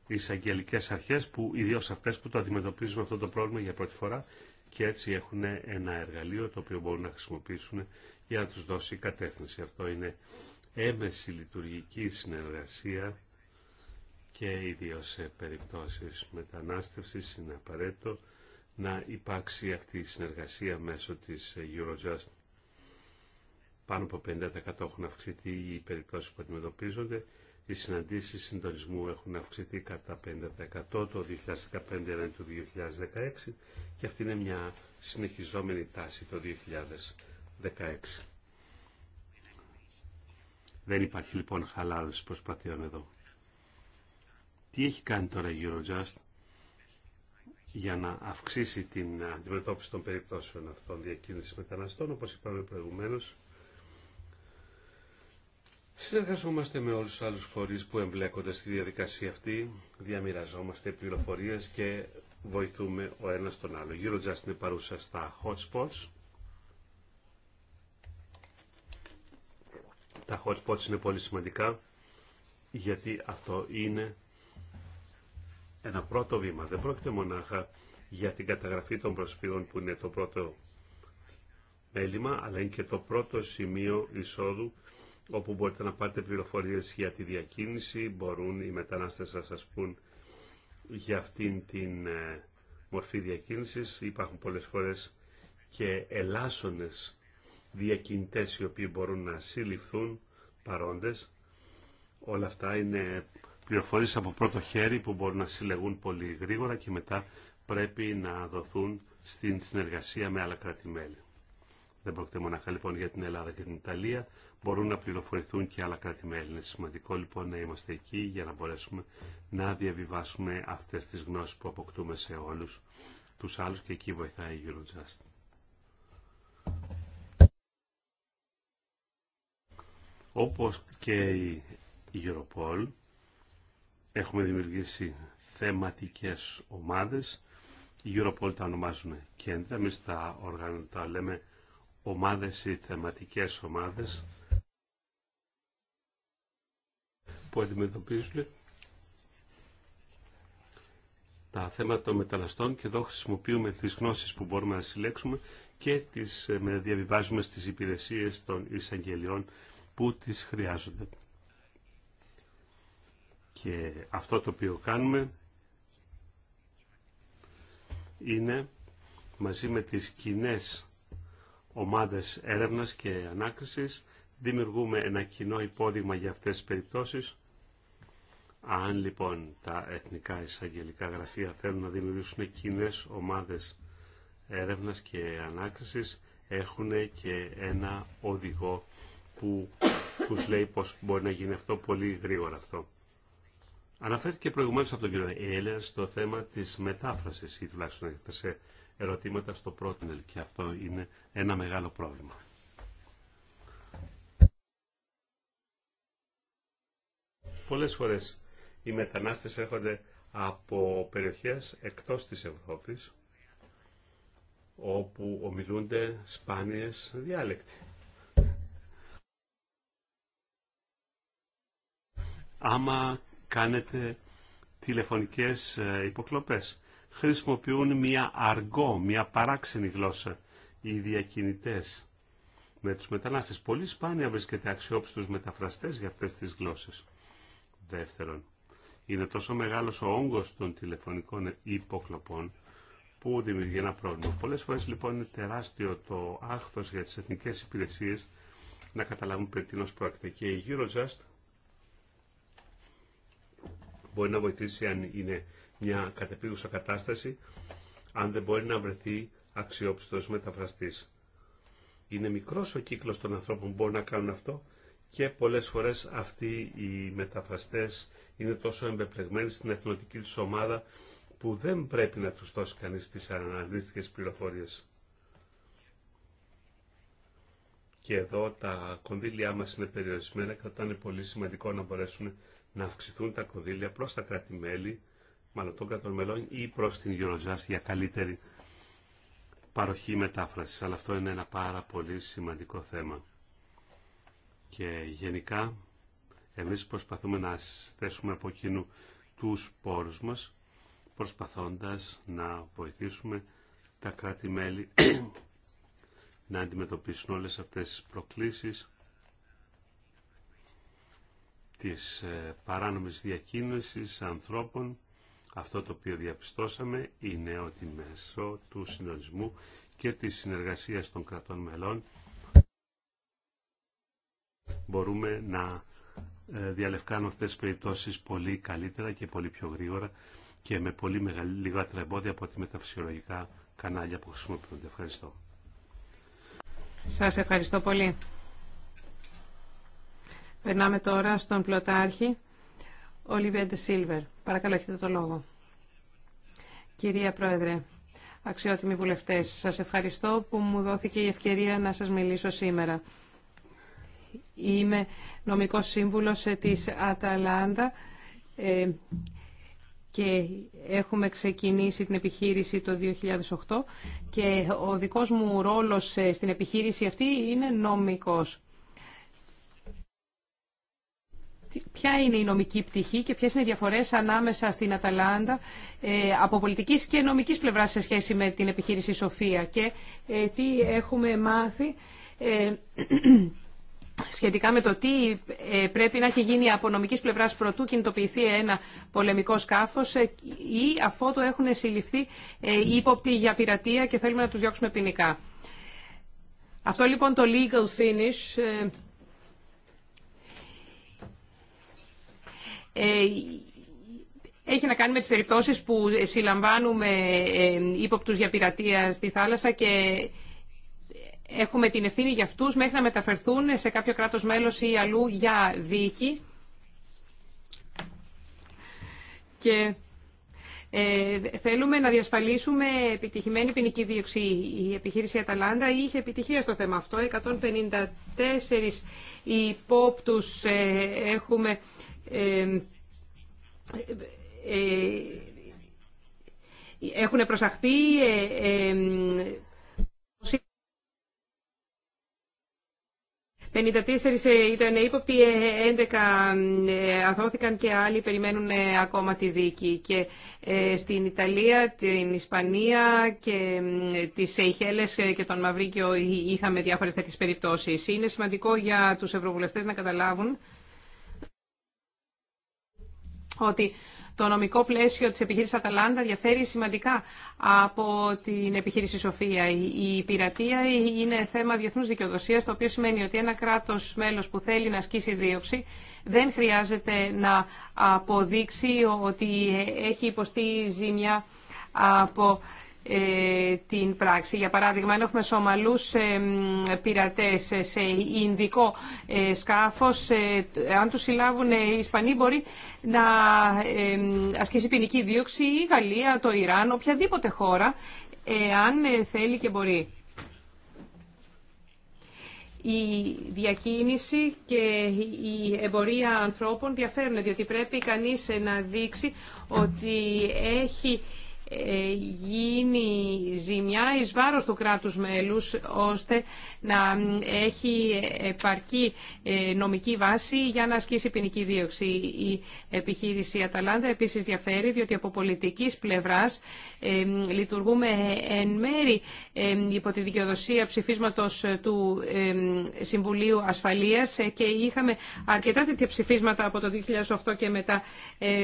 A: εισαγγελικέ αρχές, που, ιδίως αυτές που το αντιμετωπίζουν αυτό το πρόβλημα για πρώτη φορά και έτσι έχουν ένα εργαλείο το οποίο μπορούν να χρησιμοποιήσουν για να τους δώσει κατεύθυνση. Αυτό είναι έμεση λειτουργική συνεργασία και ιδίως σε περιπτώσεις μετανάστευσης είναι απαραίτητο να υπάρξει αυτή η συνεργασία μέσω της Eurojust. Πάνω από 50% έχουν αυξηθεί οι περιπτώσεις που αντιμετωπίζονται. Οι συναντήσεις συντονισμού έχουν αυξηθεί κατά 50% το 2015 του 2016 και αυτή είναι μια συνεχιζόμενη τάση το 2016. Δεν υπάρχει λοιπόν χαλάρωση προσπαθειών εδώ. Τι έχει κάνει τώρα η Eurojust για να αυξήσει την αντιμετώπιση των περιπτώσεων αυτών διακίνησης μεταναστών, όπως είπαμε προηγουμένως. Συνεργαζόμαστε με όλους τους άλλους φορείς που εμπλέκονται στη διαδικασία αυτή, διαμοιραζόμαστε πληροφορίες και βοηθούμε ο ένας τον άλλο. Γύρω just είναι παρούσα στα hot spots. Τα hot spots είναι πολύ σημαντικά γιατί αυτό είναι ένα πρώτο βήμα. Δεν πρόκειται μονάχα για την καταγραφή των προσφύγων που είναι το πρώτο μέλημα, αλλά είναι και το πρώτο σημείο εισόδου όπου μπορείτε να πάτε πληροφορίες για τη διακίνηση, μπορούν οι μετανάστες να σας πούν για αυτήν την ε, μορφή διακίνησης. Υπάρχουν πολλές φορές και ελάσσονες διακινητές οι οποίοι μπορούν να συλληφθούν παρόντες. Όλα αυτά είναι πληροφορίες από πρώτο χέρι που μπορούν να συλλεγούν πολύ γρήγορα και μετά πρέπει να δοθούν στην συνεργασία με άλλα κράτη-μέλη. Δεν πρόκειται μονάχα λοιπόν για την Ελλάδα και την Ιταλία, μπορούν να πληροφορηθούν και άλλα κράτη-μέλη. Είναι σημαντικό λοιπόν να είμαστε εκεί για να μπορέσουμε να διαβιβάσουμε αυτές τις γνώσεις που αποκτούμε σε όλους τους άλλους και εκεί βοηθάει η Eurojust. Όπως και η Europol, Έχουμε δημιουργήσει θεματικές ομάδες. Η Europol τα ονομάζουμε κέντρα. εμείς τα, οργάνωτα λέμε ομάδες ή θεματικές ομάδες που αντιμετωπίζουν τα θέματα των μεταναστών και εδώ χρησιμοποιούμε τις γνώσεις που μπορούμε να συλλέξουμε και τις ε, διαβιβάζουμε στις υπηρεσίες των εισαγγελιών που τις χρειάζονται. Και αυτό το οποίο κάνουμε είναι μαζί με τις κοινέ ομάδες έρευνας και ανάκρισης δημιουργούμε ένα κοινό υπόδειγμα για αυτές τις περιπτώσεις. Αν λοιπόν τα εθνικά εισαγγελικά γραφεία θέλουν να δημιουργήσουν κοινέ ομάδες έρευνας και ανάκρισης έχουν και ένα οδηγό που τους λέει πως μπορεί να γίνει αυτό πολύ γρήγορα αυτό. Αναφέρθηκε προηγουμένω από τον κύριο Έλερ στο θέμα της μετάφρασης ή τουλάχιστον σε ερωτήματα στο πρότυνελ και αυτό είναι ένα μεγάλο πρόβλημα. Πολλές φορές οι μετανάστες έρχονται από περιοχές εκτός της Ευρώπης όπου ομιλούνται σπάνιες διάλεκτοι. Άμα κάνετε τηλεφωνικές ε, υποκλοπές. Χρησιμοποιούν μια αργό, μια παράξενη γλώσσα οι διακινητές με τους μετανάστες. Πολύ σπάνια βρίσκεται αξιόπιστος μεταφραστές για αυτές τις γλώσσες. Δεύτερον, είναι τόσο μεγάλος ο όγκος των τηλεφωνικών υποκλοπών που δημιουργεί ένα πρόβλημα. Πολλές φορές λοιπόν είναι τεράστιο το άχθος για τις εθνικές υπηρεσίες να καταλάβουν περί τίνος πρόκειται. Και η Eurojust μπορεί να βοηθήσει αν είναι μια κατεπίγουσα κατάσταση, αν δεν μπορεί να βρεθεί αξιόπιστος μεταφραστής. Είναι μικρός ο κύκλος των ανθρώπων που μπορούν να κάνουν αυτό και πολλές φορές αυτοί οι μεταφραστές είναι τόσο εμπεπλεγμένοι στην εθνοτική τους ομάδα που δεν πρέπει να τους δώσει κανείς τις αναλύστικες πληροφορίες. Και εδώ τα κονδύλια μας είναι περιορισμένα και θα ήταν πολύ σημαντικό να μπορέσουν να αυξηθούν τα κονδύλια προ τα κράτη-μέλη, μάλλον των κρατών μελών ή προ την Eurojust για καλύτερη παροχή μετάφραση. Αλλά αυτό είναι ένα πάρα πολύ σημαντικό θέμα. Και γενικά εμείς προσπαθούμε να στέσουμε από κοινού τους πόρους μας, προσπαθώντας να βοηθήσουμε τα κράτη-μέλη [clears throat] να αντιμετωπίσουν όλες αυτές τις προκλήσεις της ε, παράνομης διακίνησης ανθρώπων. Αυτό το οποίο διαπιστώσαμε είναι ότι μέσω του συντονισμού και της συνεργασίας των κρατών μελών μπορούμε να ε, διαλευκάνουμε αυτές τις περιπτώσεις πολύ καλύτερα και πολύ πιο γρήγορα και με πολύ λιγότερα εμπόδια από τη με τα φυσιολογικά κανάλια που χρησιμοποιούνται. Ευχαριστώ.
C: Σας ευχαριστώ πολύ. Περνάμε τώρα στον πλωτάρχη Ολιβέντε Σίλβερ. Παρακαλώ, έχετε το λόγο. Κυρία Πρόεδρε, αξιότιμοι βουλευτές, σας ευχαριστώ που μου δόθηκε η ευκαιρία να σας μιλήσω σήμερα. Είμαι νομικός σύμβουλος της Αταλάντα ε, και έχουμε ξεκινήσει την επιχείρηση το 2008 και ο δικός μου ρόλος ε, στην επιχείρηση αυτή είναι νομικός ποια είναι η νομική πτυχή και ποιες είναι οι διαφορές ανάμεσα στην Αταλάντα ε, από πολιτικής και νομικής πλευράς σε σχέση με την επιχείρηση Σοφία και ε, τι έχουμε μάθει ε, [clears throat] σχετικά με το τι πρέπει να έχει γίνει από νομικής πλευράς προτού κινητοποιηθεί ένα πολεμικό σκάφος ή αφότου έχουν συλληφθεί ύποπτοι για πειρατεία και θέλουμε να τους διώξουμε ποινικά. Αυτό λοιπόν το legal finish Ε, έχει να κάνει με τις περιπτώσεις που συλλαμβάνουμε ε, ύποπτους για πειρατεία στη θάλασσα και έχουμε την ευθύνη για αυτούς μέχρι να μεταφερθούν σε κάποιο κράτος μέλος ή αλλού για δίκη. Και ε, θέλουμε να διασφαλίσουμε επιτυχημένη ποινική δίωξη. Η επιχείρηση Αταλάντα είχε επιτυχία στο θέμα αυτό. 154 υπόπτους ε, έχουμε ε, έχουν προσαχθεί ε, 54 ε, ήταν ύποπτοι, 11 ε, αθώθηκαν και άλλοι περιμένουν ακόμα τη δίκη. Και στην Ιταλία, την Ισπανία και τις Σεϊχέλες και τον Μαυρίκιο είχαμε διάφορες τέτοιες περιπτώσεις. Είναι σημαντικό για τους ευρωβουλευτές να καταλάβουν ότι το νομικό πλαίσιο της επιχείρησης Αταλάντα διαφέρει σημαντικά από την επιχείρηση Σοφία. Η πειρατεία είναι θέμα διεθνούς δικαιοδοσίας, το οποίο σημαίνει ότι ένα κράτος μέλος που θέλει να ασκήσει δίωξη δεν χρειάζεται να αποδείξει ότι έχει υποστεί ζημιά από ε, την πράξη. Για παράδειγμα, αν έχουμε Σομαλούς ε, πειρατές ε, σε Ινδικό σκάφος, αν του συλλάβουν οι Ισπανοί μπορεί να ασκήσει ποινική δίωξη η Γαλλία, το Ιράν, οποιαδήποτε χώρα, αν θέλει και μπορεί. Η διακίνηση και η εμπορία ανθρώπων διαφέρουν, διότι πρέπει κανείς να δείξει ότι έχει ε, γίνει ζημιά εις βάρος του κράτους μέλους ώστε να έχει επαρκή ε, νομική βάση για να ασκήσει ποινική δίωξη. Η επιχείρηση Αταλάντα επίσης διαφέρει διότι από πολιτικής πλευράς ε, λειτουργούμε εν μέρη υπό τη δικαιοδοσία ψηφίσματος του Συμβουλίου Ασφαλείας και είχαμε αρκετά τέτοια ψηφίσματα από το 2008 και μετά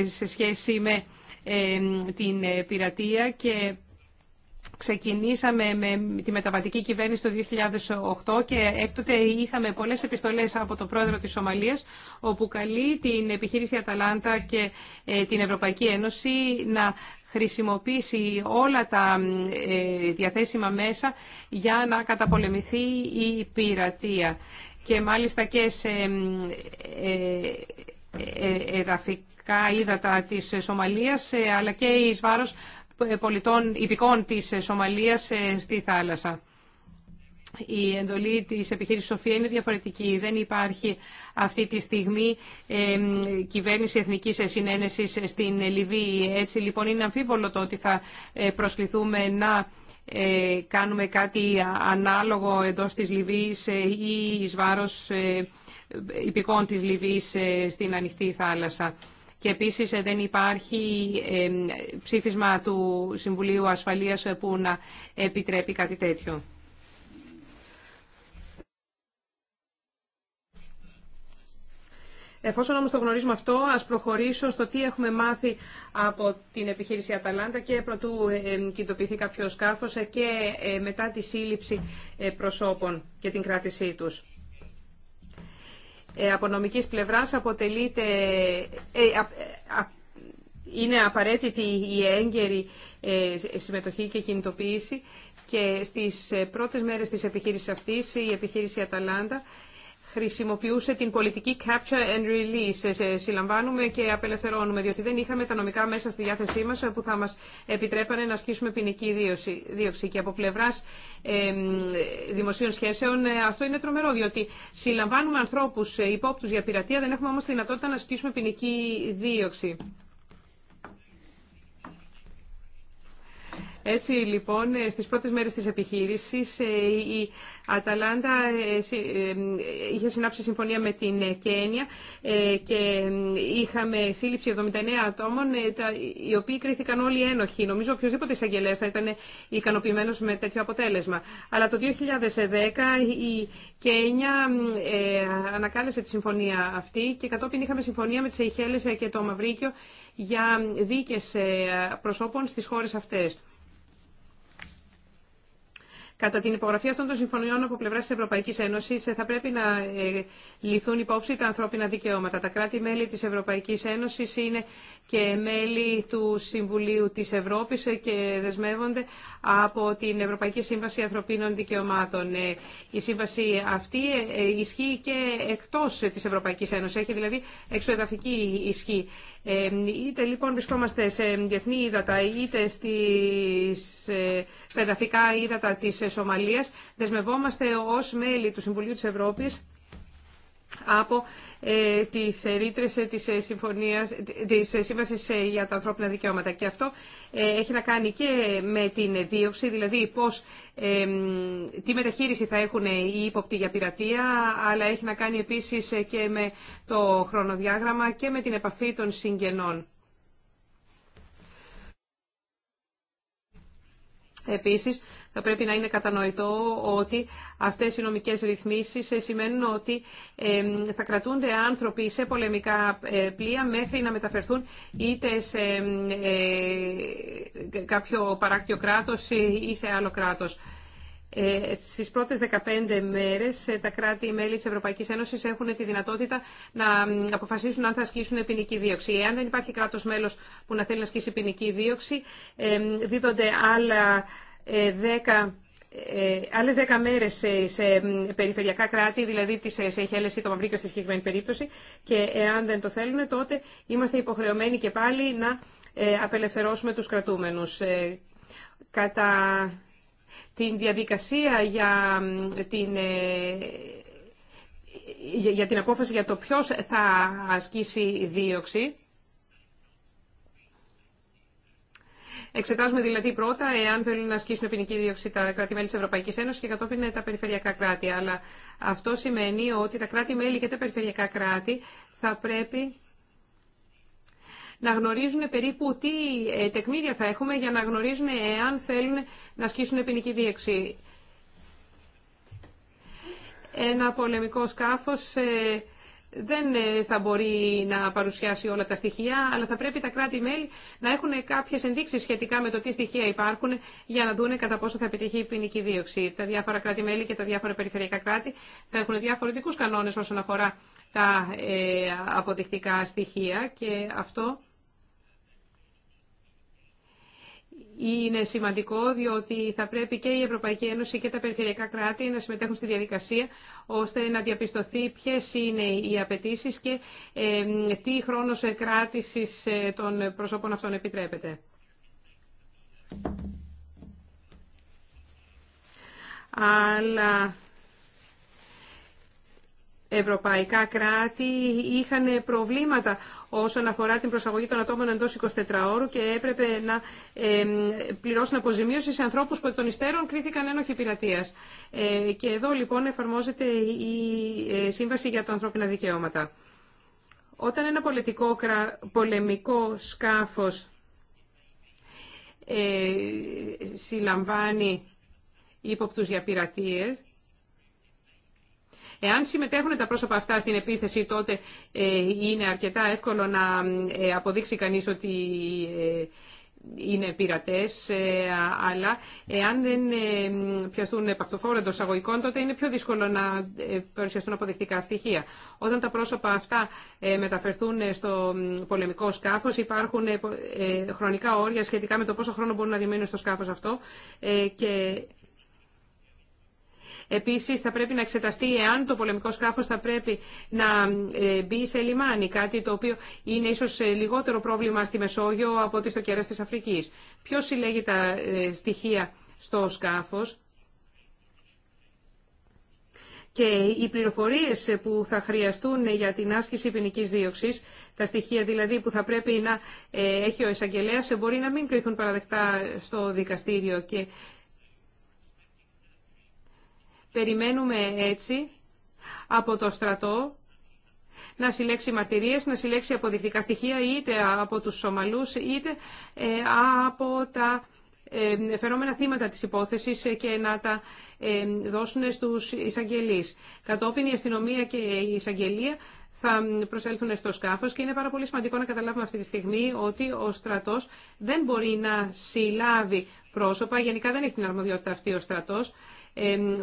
C: σε σχέση με την ε, πειρατεία και Ξεκινήσαμε με τη μεταβατική κυβέρνηση το 2008 και έκτοτε είχαμε πολλές επιστολές από τον πρόεδρο της Σομαλίας όπου καλεί την επιχείρηση Αταλάντα και ε, την Ευρωπαϊκή Ένωση να χρησιμοποιήσει όλα τα ε, διαθέσιμα μέσα για να καταπολεμηθεί η πειρατεία. Και μάλιστα και σε φυσικά ύδατα της Σομαλίας ε, αλλά και εις βάρος ε, πολιτών υπηκών της ε, Σομαλίας στη θάλασσα. Η εντολή της επιχείρησης Σοφία είναι διαφορετική. Δεν υπάρχει αυτή τη στιγμή κυβέρνηση εθνικής συνένεσης στην Λιβύη. Έτσι λοιπόν είναι αμφίβολο το ότι θα προσκληθούμε να κάνουμε κάτι ανάλογο εντός της Λιβύης ή εις βάρος υπηκών της Λιβύης στην ανοιχτή θάλασσα και επίσης ε, δεν υπάρχει ψήφισμα του Συμβουλίου Ασφαλείας ε, που να επιτρέπει κάτι τέτοιο. Εφόσον όμως το γνωρίζουμε αυτό, ας προχωρήσω στο τι έχουμε μάθει από την επιχείρηση Αταλάντα και πρωτού ε, κοιτοποιηθεί κάποιο σκάφος και μετά τη σύλληψη προσώπων και την κράτησή τους. Ε, από νομικής πλευράς αποτελείται, ε, είναι απαραίτητη η έγκαιρη ε, συμμετοχή και κινητοποίηση και στις πρώτες μέρες της επιχείρησης αυτής η επιχείρηση Αταλάντα χρησιμοποιούσε την πολιτική capture and release. Συλλαμβάνουμε και απελευθερώνουμε, διότι δεν είχαμε τα νομικά μέσα στη διάθεσή μα ε, που θα μα επιτρέπανε να ασκήσουμε ποινική δίωξη. Και από πλευράς δημοσίων σχέσεων ε, αυτό είναι τρομερό, διότι συλλαμβάνουμε ανθρώπου ε, υπόπτου για πειρατεία, δεν έχουμε όμω τη δυνατότητα να ασκήσουμε ποινική δίωξη. Έτσι λοιπόν ε, στις πρώτες μέρες της επιχείρησης ε, η Αταλάντα ε, είχε συνάψει συμφωνία με την Κένια και είχαμε σύλληψη 79 ατόμων οι οποίοι κρίθηκαν όλοι ένοχοι. Νομίζω οποιοδήποτε εισαγγελέα θα ήταν ικανοποιημένο με τέτοιο αποτέλεσμα. Αλλά το 2010 η Κένια ανακάλεσε τη συμφωνία αυτή και κατόπιν είχαμε συμφωνία με τις Αιχέλες και το Μαυρίκιο για δίκες προσώπων στις χώρες αυτές. Κατά την υπογραφή αυτών των συμφωνιών από πλευρά τη Ευρωπαϊκή Ένωση ε, θα πρέπει να ε, λυθούν υπόψη τα ανθρώπινα δικαιώματα. Τα κράτη-μέλη τη Ευρωπαϊκή Ένωση είναι και μέλη του Συμβουλίου τη Ευρώπη ε, και δεσμεύονται από την Ευρωπαϊκή Σύμβαση Ανθρωπίνων Δικαιωμάτων. Η σύμβαση αυτή ισχύει και εκτό τη Ευρωπαϊκή Ένωση, έχει δηλαδή εξωεδαφική ισχύ. Είτε λοιπόν βρισκόμαστε σε διεθνή ύδατα είτε στις ε, εδαφικά ύδατα της Σομαλίας, δεσμευόμαστε ως μέλη του Συμβουλίου της Ευρώπης από ε, τις ε, της, ε, συμφωνίας, της ε, για τα Ανθρώπινα Δικαιώματα. Και αυτό έχει να κάνει και με την δίωξη, δηλαδή πώς, τι μεταχείριση θα έχουν οι ύποπτοι για πειρατεία, αλλά έχει να κάνει επίσης και με το χρονοδιάγραμμα και με την επαφή των συγγενών. Επίσης, θα πρέπει να είναι κατανοητό ότι αυτές οι νομικές ρυθμίσεις ε, σημαίνουν ότι θα κρατούνται άνθρωποι σε πολεμικά ε, πλοία μέχρι να μεταφερθούν είτε σε ε, κάποιο παράκτιο κράτος ή σε άλλο κράτος. Ε, Στι πρώτε 15 μέρε, ε, τα κράτη-μέλη της Ευρωπαϊκής Ένωσης έχουν τη δυνατότητα να αποφασίσουν αν θα ασκήσουν ποινική δίωξη. Εάν δεν υπάρχει κράτο μέλο που να θέλει να ασκήσει ποινική δίωξη, ε, δίδονται άλλα 10 άλλες 10 μέρες σε περιφερειακά κράτη, δηλαδή τις σε ή το Μαυρίκιο στη συγκεκριμένη περίπτωση και εάν δεν το θέλουν τότε είμαστε υποχρεωμένοι και πάλι να απελευθερώσουμε τους κρατούμενους. Κατά την διαδικασία για την, ε, για την απόφαση για το ποιος θα ασκήσει δίωξη. Εξετάζουμε δηλαδή πρώτα εάν θέλουν να ασκήσουν ποινική δίωξη τα κράτη-μέλη τη Ευρωπαϊκή Ένωση και κατόπιν τα περιφερειακά κράτη. Αλλά αυτό σημαίνει ότι τα κράτη-μέλη και τα περιφερειακά κράτη θα πρέπει να γνωρίζουν περίπου τι ε, τεκμήρια θα έχουμε για να γνωρίζουν εάν θέλουν να ασκήσουν ποινική δίεξη. Ένα πολεμικό σκάφος ε, δεν ε, θα μπορεί να παρουσιάσει όλα τα στοιχεία, αλλά θα πρέπει τα κράτη-μέλη να έχουν κάποιες ενδείξεις σχετικά με το τι στοιχεία υπάρχουν για να δούνε κατά πόσο θα επιτυχεί η ποινική δίωξη. Τα διάφορα κράτη-μέλη και τα διάφορα περιφερειακά κράτη θα έχουν διαφορετικούς κανόνες όσον αφορά τα αποδεικτικά στοιχεία και αυτό είναι σημαντικό διότι θα πρέπει και η Ευρωπαϊκή Ένωση και τα περιφερειακά κράτη να συμμετέχουν στη διαδικασία ώστε να διαπιστωθεί ποιες είναι οι απαιτήσει και τι χρόνος κράτησης ε, των προσώπων αυτών επιτρέπεται. Αλλά ευρωπαϊκά κράτη είχαν προβλήματα όσον αφορά την προσαγωγή των ατόμων εντός 24 ώρου και έπρεπε να πληρώσουν αποζημίωση σε ανθρώπους που εκ των υστέρων κρίθηκαν ένοχοι πειρατεία. Ε, και εδώ λοιπόν εφαρμόζεται η ε, Σύμβαση για τα Ανθρώπινα Δικαιώματα. Όταν ένα πολιτικό πολεμικό σκάφος ε, συλλαμβάνει ύποπτους για πειρατείες, Εάν συμμετέχουν τα πρόσωπα αυτά στην επίθεση, τότε ε, είναι αρκετά εύκολο να ε, αποδείξει κανείς ότι ε, είναι πειρατέ, αλλά εάν δεν πιαστούν επαυτοφόρο εντό αγωγικών, τότε είναι πιο δύσκολο να παρουσιαστούν αποδεικτικά στοιχεία. Όταν τα πρόσωπα αυτά μεταφερθούν στο πολεμικό σκάφο, υπάρχουν χρονικά όρια σχετικά με το πόσο χρόνο μπορούν να διμένουν στο σκάφο αυτό και Επίσης θα πρέπει να εξεταστεί εάν το πολεμικό σκάφος θα πρέπει να ε, μπει σε λιμάνι, κάτι το οποίο είναι ίσως ε, λιγότερο πρόβλημα στη Μεσόγειο από ότι στο κέρα τη Αφρικής. Ποιο συλλέγει τα ε, στοιχεία στο σκάφος και οι πληροφορίες που θα χρειαστούν για την άσκηση ποινική δίωξη, τα στοιχεία δηλαδή που θα πρέπει να έχει ο εισαγγελέα, μπορεί να μην κρυθούν παραδεκτά στο δικαστήριο και Περιμένουμε έτσι από το στρατό να συλλέξει μαρτυρίες, να συλλέξει αποδεικτικά στοιχεία είτε από τους Σομαλούς είτε ε, από τα ε, φαινόμενα θύματα της υπόθεσης ε, και να τα δώσουν στους εισαγγελείς. Κατόπιν η αστυνομία και η εισαγγελία θα προσέλθουν στο σκάφος και είναι πάρα πολύ σημαντικό να καταλάβουμε αυτή τη στιγμή ότι ο στρατός δεν μπορεί να συλλάβει πρόσωπα. Γενικά δεν έχει την αρμοδιότητα αυτή ο στρατός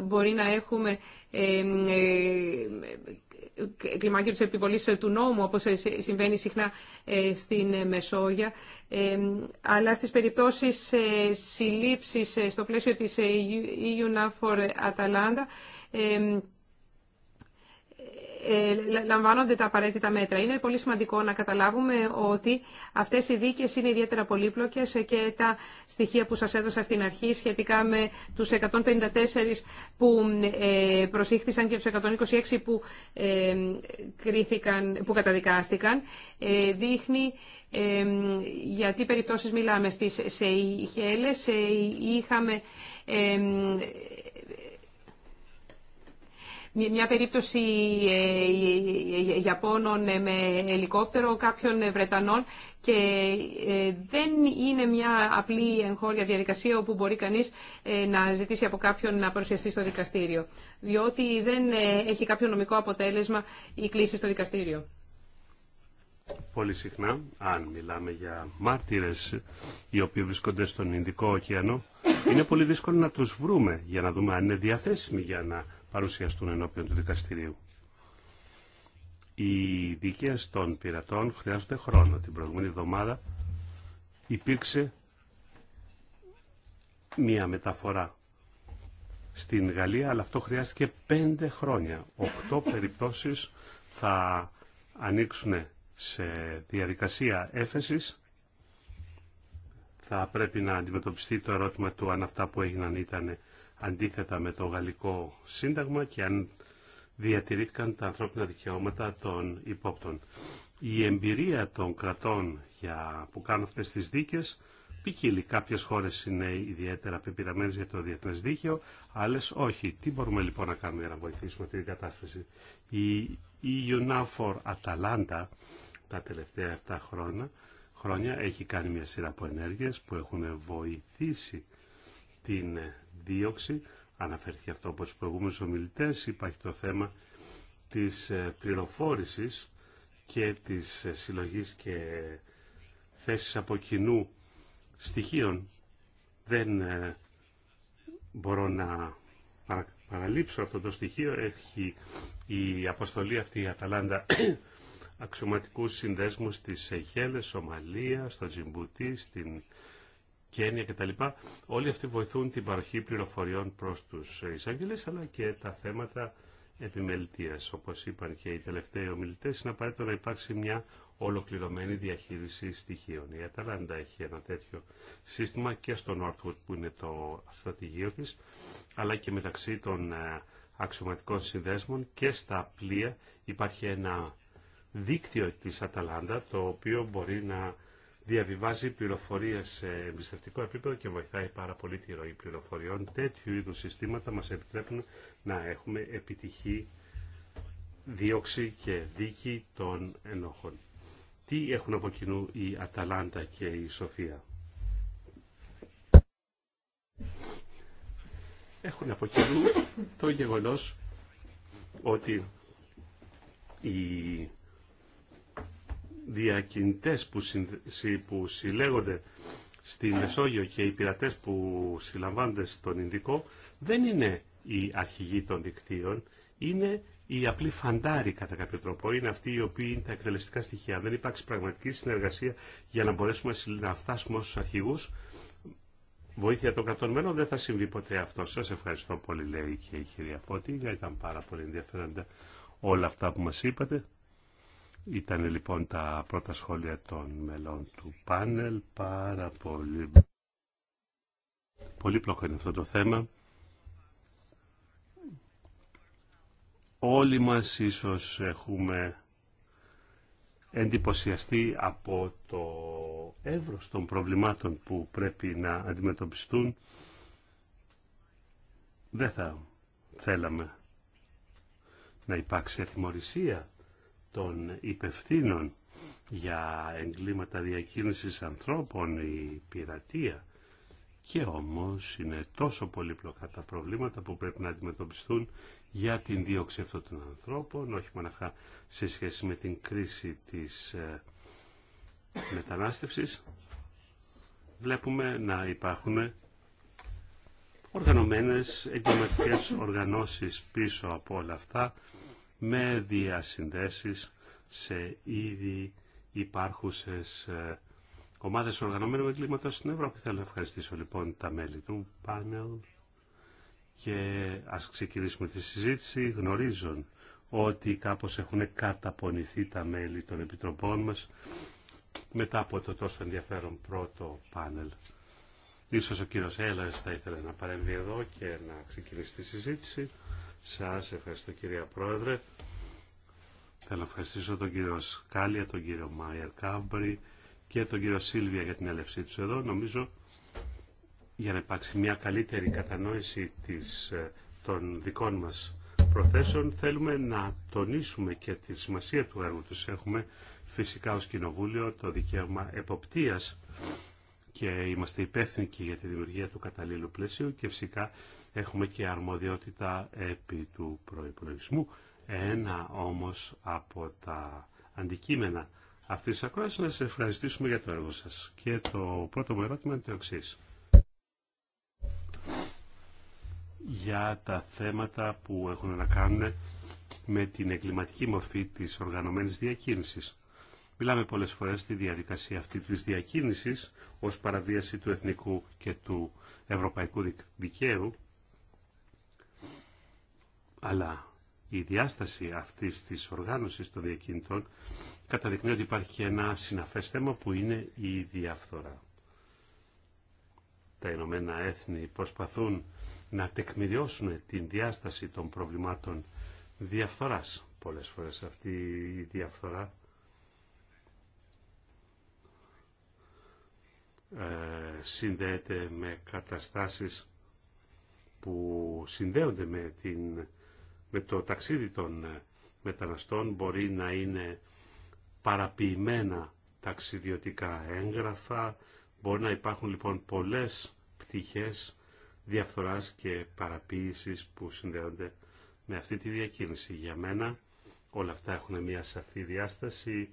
C: μπορεί να έχουμε ε, κλιμάκιο της επιβολής ε, του νόμου, όπως ε, συμβαίνει συχνά στην Μεσόγεια, αλλά στις περιπτώσεις συλλήψης στο πλαίσιο της EU e for Atalanta, ε, λαμβάνονται τα απαραίτητα μέτρα. Είναι πολύ σημαντικό να καταλάβουμε ότι αυτές οι δίκες είναι ιδιαίτερα πολύπλοκες και τα στοιχεία που σας έδωσα στην αρχή σχετικά με τους 154 που ε, προσήχθησαν και τους 126 που, ε, κρίθηκαν, που καταδικάστηκαν δείχνει για τι περιπτώσεις μιλάμε. Στις Σεϊχέλες είχαμε μια περίπτωση ε, ε, Ιαπώνων ε, με ελικόπτερο, κάποιων Βρετανών και δεν είναι μια απλή εγχώρια διαδικασία όπου μπορεί κανείς να ζητήσει από κάποιον να παρουσιαστεί στο δικαστήριο, διότι δεν έχει κάποιο νομικό αποτέλεσμα η κλήση στο δικαστήριο.
A: Πολύ συχνά, αν μιλάμε για μάρτυρες οι οποίοι βρίσκονται στον Ινδικό ωκεανό, είναι πολύ δύσκολο να τους βρούμε για να δούμε αν είναι διαθέσιμοι για να παρουσιαστούν ενώπιον του δικαστηρίου. Οι δικές των πειρατών χρειάζονται χρόνο. Την προηγούμενη εβδομάδα υπήρξε μία μεταφορά στην Γαλλία, αλλά αυτό χρειάστηκε πέντε χρόνια. Οκτώ περιπτώσεις θα ανοίξουν σε διαδικασία έφεσης. Θα πρέπει να αντιμετωπιστεί το ερώτημα του αν αυτά που έγιναν ήταν αντίθετα με το γαλλικό σύνταγμα και αν διατηρήθηκαν τα ανθρώπινα δικαιώματα των υπόπτων. Η εμπειρία των κρατών για, που κάνουν αυτές τις δίκες ποικίλει. Κάποιες χώρες είναι ιδιαίτερα πεπειραμένες για το διεθνές δίκαιο, άλλες όχι. Τι μπορούμε λοιπόν να κάνουμε για να βοηθήσουμε αυτή την κατάσταση. Η UNAFOR Atalanta τα τελευταία 7 χρόνια, χρόνια έχει κάνει μια σειρά από ενέργειες που έχουν βοηθήσει την δίωξη. Αναφέρθηκε αυτό από τους προηγούμενους ομιλητές. Υπάρχει το θέμα της ε, πληροφόρησης και της ε, συλλογής και θέσης από κοινού στοιχείων. Δεν ε, μπορώ να παραλείψω αυτό το στοιχείο. Έχει η αποστολή αυτή η Αταλάντα [coughs] αξιωματικού συνδέσμους στις Σεχέλες, Σομαλία, στο Τζιμπούτι, στην κένια κτλ. Όλοι αυτοί βοηθούν την παροχή πληροφοριών προς τους εισαγγελές αλλά και τα θέματα επιμελητίας. Όπως είπαν και οι τελευταίοι ομιλητές, είναι απαραίτητο να υπάρξει μια ολοκληρωμένη διαχείριση στοιχείων. Η Αταλάντα έχει ένα τέτοιο σύστημα και στο Northwood που είναι το στρατηγείο της, αλλά και μεταξύ των ε, αξιωματικών συνδέσμων και στα πλοία υπάρχει ένα δίκτυο της Αταλάντα το οποίο μπορεί να διαβιβάζει πληροφορίε σε εμπιστευτικό επίπεδο και βοηθάει πάρα πολύ τη ροή πληροφοριών. Τέτοιου είδου συστήματα μα επιτρέπουν να έχουμε επιτυχή δίωξη και δίκη των ενόχων. Τι έχουν από κοινού η Αταλάντα και η Σοφία. Έχουν από κοινού το γεγονός ότι η διακινητές που συλλέγονται στη Μεσόγειο και οι πειρατές που συλλαμβάνονται στον Ινδικό δεν είναι οι αρχηγοί των δικτύων, είναι οι απλοί φαντάροι κατά κάποιο τρόπο. Είναι αυτοί οι οποίοι είναι τα εκτελεστικά στοιχεία. Δεν υπάρχει πραγματική συνεργασία για να μπορέσουμε να φτάσουμε στους αρχηγούς. Βοήθεια των κρατών δεν θα συμβεί ποτέ αυτό. Σας ευχαριστώ πολύ λέει και η κυρία Φώτη. Ήταν πάρα πολύ ενδιαφέροντα όλα αυτά που μας είπατε. Ήταν λοιπόν τα πρώτα σχόλια των μελών του πάνελ. Πάρα πολύ. πλοκό είναι αυτό το θέμα. Όλοι μας ίσως έχουμε εντυπωσιαστεί από το εύρος των προβλημάτων που πρέπει να αντιμετωπιστούν. Δεν θα θέλαμε να υπάρξει εθιμορρησία των υπευθύνων για εγκλήματα διακίνησης ανθρώπων, η πειρατεία. Και όμως είναι τόσο πολύπλοκα τα προβλήματα που πρέπει να αντιμετωπιστούν για την δίωξη αυτών των ανθρώπων, όχι μοναχά σε σχέση με την κρίση της ε, μετανάστευσης. Βλέπουμε να υπάρχουν οργανωμένες εγκληματικές οργανώσεις πίσω από όλα αυτά με διασυνδέσεις σε ήδη υπάρχουσες ε, ομάδες οργανωμένου εγκλήματος στην Ευρώπη. Θέλω να ευχαριστήσω λοιπόν τα μέλη του πάνελ και ας ξεκινήσουμε τη συζήτηση γνωρίζουν ότι κάπως έχουν καταπονηθεί τα μέλη των επιτροπών μας μετά από το τόσο ενδιαφέρον πρώτο πάνελ. Ίσως ο κύριος Έλλας θα ήθελε να παρέμβει εδώ και να ξεκινήσει τη συζήτηση. Σας ευχαριστώ κυρία Πρόεδρε. Θέλω να ευχαριστήσω τον κύριο Σκάλια, τον κύριο Μάιερ Κάμπρι και τον κύριο Σίλβια για την έλευσή του εδώ. Νομίζω για να υπάρξει μια καλύτερη κατανόηση της, ε, των δικών μας προθέσεων θέλουμε να τονίσουμε και τη σημασία του έργου τους. Έχουμε φυσικά ως Κοινοβούλιο το δικαίωμα εποπτείας και είμαστε υπεύθυνοι και για τη δημιουργία του καταλλήλου πλαισίου και φυσικά έχουμε και αρμοδιότητα επί του προϋπολογισμού. Ένα όμως από τα αντικείμενα αυτής της ακρόασης να σας ευχαριστήσουμε για το έργο σας. Και το πρώτο μου ερώτημα είναι το εξή. Για τα θέματα που έχουν να κάνουν με την εγκληματική μορφή της οργανωμένης διακίνησης. Μιλάμε πολλές φορές στη διαδικασία αυτή της διακίνησης ως παραβίαση του εθνικού και του ευρωπαϊκού δικαίου, αλλά η διάσταση αυτής της οργάνωσης των διακινητών καταδεικνύει ότι υπάρχει και ένα συναφές θέμα που είναι η διαφθορά. Τα Ηνωμένα Έθνη προσπαθούν να τεκμηριώσουν την διάσταση των προβλημάτων διαφθοράς. Πολλές φορές αυτή η διαφθορά Ε, συνδέεται με καταστάσεις που συνδέονται με, την, με το ταξίδι των ε, μεταναστών μπορεί να είναι παραποιημένα ταξιδιωτικά έγγραφα μπορεί να υπάρχουν λοιπόν πολλές πτυχές διαφθοράς και παραποίησης που συνδέονται με αυτή τη διακίνηση. Για μένα όλα αυτά έχουν μια σαφή διάσταση,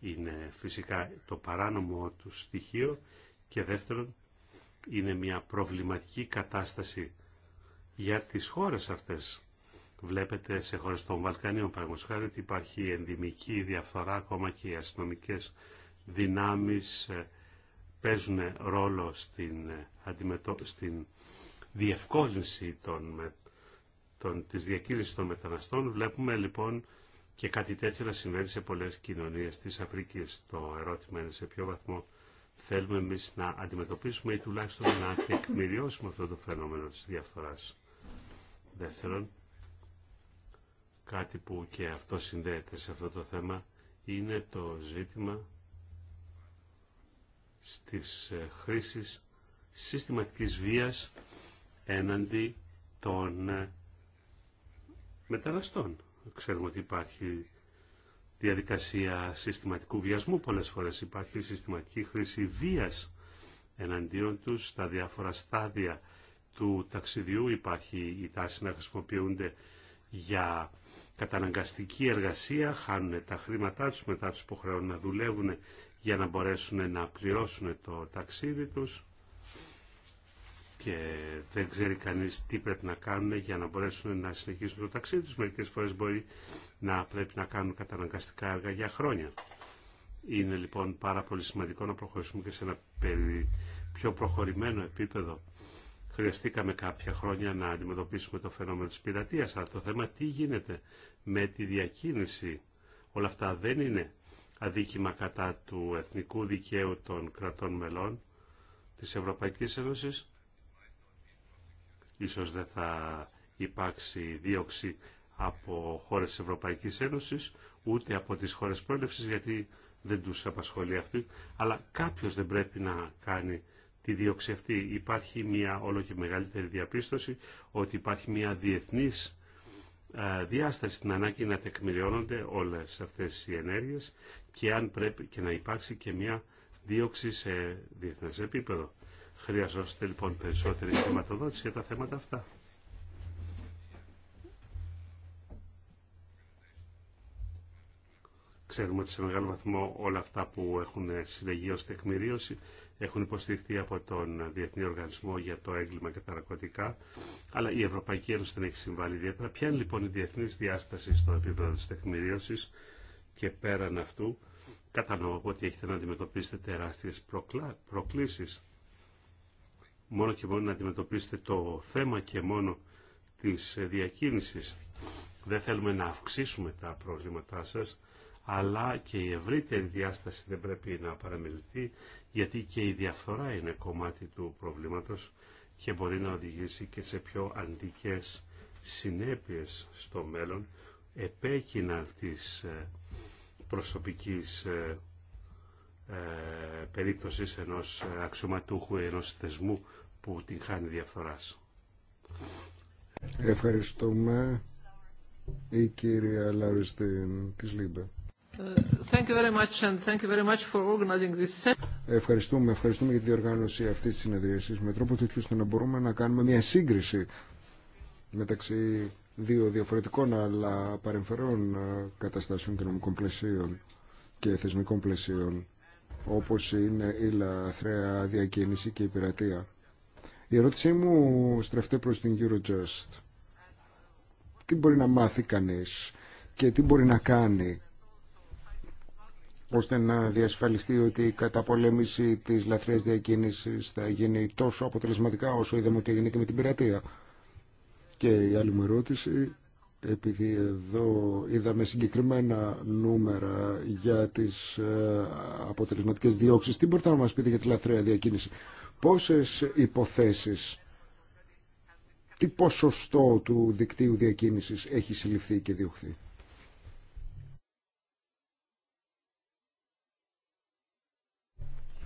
A: είναι φυσικά το παράνομο του στοιχείο και δεύτερον είναι μια προβληματική κατάσταση για τις χώρες αυτές. Βλέπετε σε χώρες των Βαλκανίων χάρη ότι υπάρχει ενδημική διαφθορά ακόμα και οι αστυνομικέ δυνάμεις ε, παίζουν ρόλο στην, ε, αντιμετω... στην διευκόλυνση των, των, της διακίνησης των μεταναστών. Βλέπουμε λοιπόν και κάτι τέτοιο να συμβαίνει σε πολλές κοινωνίες της Αφρικής. Το ερώτημα είναι σε ποιο βαθμό θέλουμε εμεί να αντιμετωπίσουμε ή τουλάχιστον να τεκμηριώσουμε αυτό το φαινόμενο της διαφθοράς. Δεύτερον, κάτι που και αυτό συνδέεται σε αυτό το θέμα είναι το ζήτημα στις ε, χρήσεις συστηματικής βίας έναντι των ε, μεταναστών. Ξέρουμε ότι υπάρχει διαδικασία συστηματικού βιασμού. Πολλές φορές υπάρχει συστηματική χρήση βίας εναντίον τους στα διάφορα στάδια του ταξιδιού. Υπάρχει η τάση να χρησιμοποιούνται για καταναγκαστική εργασία, χάνουν τα χρήματά τους, μετά τους υποχρεώνουν να δουλεύουν για να μπορέσουν να πληρώσουν το ταξίδι τους και δεν ξέρει κανείς τι πρέπει να κάνουν για να μπορέσουν να συνεχίσουν το ταξίδι τους. Μερικές φορές μπορεί να πρέπει να κάνουν καταναγκαστικά έργα για χρόνια. Είναι λοιπόν πάρα πολύ σημαντικό να προχωρήσουμε και σε ένα πιο προχωρημένο επίπεδο. Χρειαστήκαμε κάποια χρόνια να αντιμετωπίσουμε το φαινόμενο της πειρατείας, αλλά το θέμα τι γίνεται με τη διακίνηση. Όλα αυτά δεν είναι αδίκημα κατά του εθνικού δικαίου των κρατών μελών της Ευρωπαϊκής Ένωσης, Ίσως δεν θα υπάρξει δίωξη από χώρες της Ευρωπαϊκής Ένωσης, ούτε από τις χώρες πρόλευσης, γιατί δεν τους απασχολεί αυτή. Αλλά κάποιος δεν πρέπει να κάνει τη δίωξη αυτή. Υπάρχει μια όλο και μεγαλύτερη διαπίστωση ότι υπάρχει μια διεθνής ε, διάσταση στην ανάγκη να τεκμηριώνονται όλες αυτές οι ενέργειες και αν πρέπει και να υπάρξει και μια δίωξη σε διεθνές επίπεδο. Χρειαζόστε λοιπόν περισσότερη χρηματοδότηση για τα θέματα αυτά. Ξέρουμε ότι σε μεγάλο βαθμό όλα αυτά που έχουν συλλεγεί ως τεκμηρίωση έχουν υποστηριχθεί από τον Διεθνή Οργανισμό για το Έγκλημα και τα Ναρκωτικά, αλλά η Ευρωπαϊκή Ένωση δεν έχει συμβάλει ιδιαίτερα. Ποια είναι λοιπόν η διεθνής διάσταση στο επίπεδο της τεκμηρίωσης και πέραν αυτού, κατανοώ ότι έχετε να αντιμετωπίσετε τεράστιες προκλήσεις μόνο και μόνο να αντιμετωπίσετε το θέμα και μόνο της ε, διακίνησης. Δεν θέλουμε να αυξήσουμε τα προβλήματά σας, αλλά και η ευρύτερη διάσταση δεν πρέπει να παραμεληθεί, γιατί και η διαφθορά είναι κομμάτι του προβλήματος και μπορεί να οδηγήσει και σε πιο αντικές συνέπειες στο μέλλον, επέκεινα της ε, προσωπικής ε, περίπτωσης ενός αξιωματούχου ενός θεσμού που την χάνει διαφθοράς.
B: Ευχαριστούμε η κυρία Λαριστίν της Λίμπε.
C: Ε, thank you very much and thank you very much for organizing this.
B: Ευχαριστούμε, ευχαριστούμε για τη διοργάνωση αυτής της συνεδρίασης με τρόπο τέτοιο ώστε να μπορούμε να κάνουμε μια σύγκριση μεταξύ δύο διαφορετικών αλλά παρεμφερών ε, καταστάσεων και νομικών πλαισίων και θεσμικών πλαισίων όπως είναι η λαθρέα διακίνηση και η πειρατεία. Η ερώτησή μου στρεφτεί προς την Eurojust. Τι μπορεί να μάθει κανείς και τι μπορεί να κάνει ώστε να διασφαλιστεί ότι η καταπολέμηση της λαθρείας διακίνησης θα γίνει τόσο αποτελεσματικά όσο είδαμε ότι έγινε και με την πειρατεία. Και η άλλη μου ερώτηση, επειδή εδώ είδαμε συγκεκριμένα νούμερα για τις ε, αποτελεσματικές διώξεις, τι μπορείτε να μας πείτε για τη λαθρέα διακίνηση πόσες υποθέσεις, τι ποσοστό του δικτύου διακίνησης έχει συλληφθεί και διωχθεί.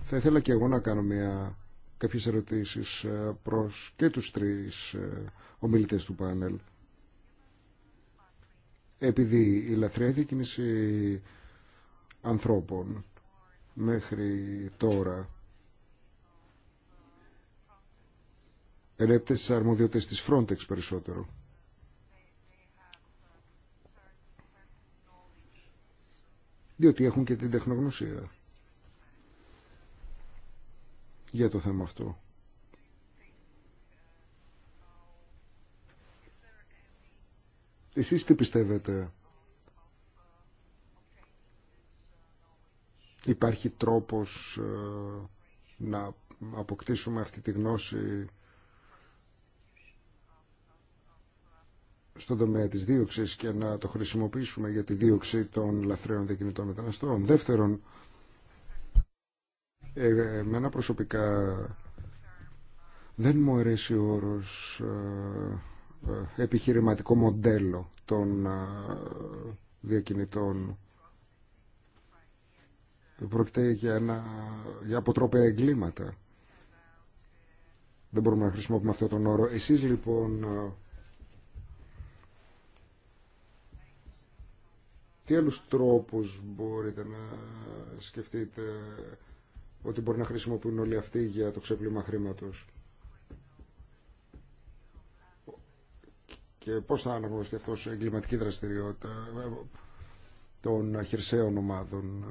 B: Θα ήθελα και εγώ να κάνω μια, κάποιες ερωτήσεις ε, προς και τους τρεις ε, ομιλητές του πάνελ. Επειδή η λαθρέα διακίνηση ανθρώπων μέχρι τώρα ενέπτε στις αρμοδιότητες της Frontex περισσότερο. Διότι έχουν και την τεχνογνωσία για το θέμα αυτό. Εσείς τι πιστεύετε, υπάρχει τρόπος ε, να αποκτήσουμε αυτή τη γνώση στον τομέα της δίωξης και να το χρησιμοποιήσουμε για τη δίωξη των λαθρέων διακινητών μεταναστών. Δεύτερον, ε, εμένα προσωπικά δεν μου αρέσει ο όρος ε, επιχειρηματικό μοντέλο των ε, διακινητών. Πρόκειται για, ένα, για αποτρόπαια εγκλήματα. Δεν μπορούμε να χρησιμοποιούμε αυτό τον όρο. Εσείς λοιπόν Τι άλλους τρόπους μπορείτε να σκεφτείτε ότι μπορεί να χρησιμοποιούν όλοι αυτοί για το ξεπλήμα χρήματος. Και πώς θα αναγνωριστεί αυτό σε εγκληματική δραστηριότητα των χερσαίων ομάδων.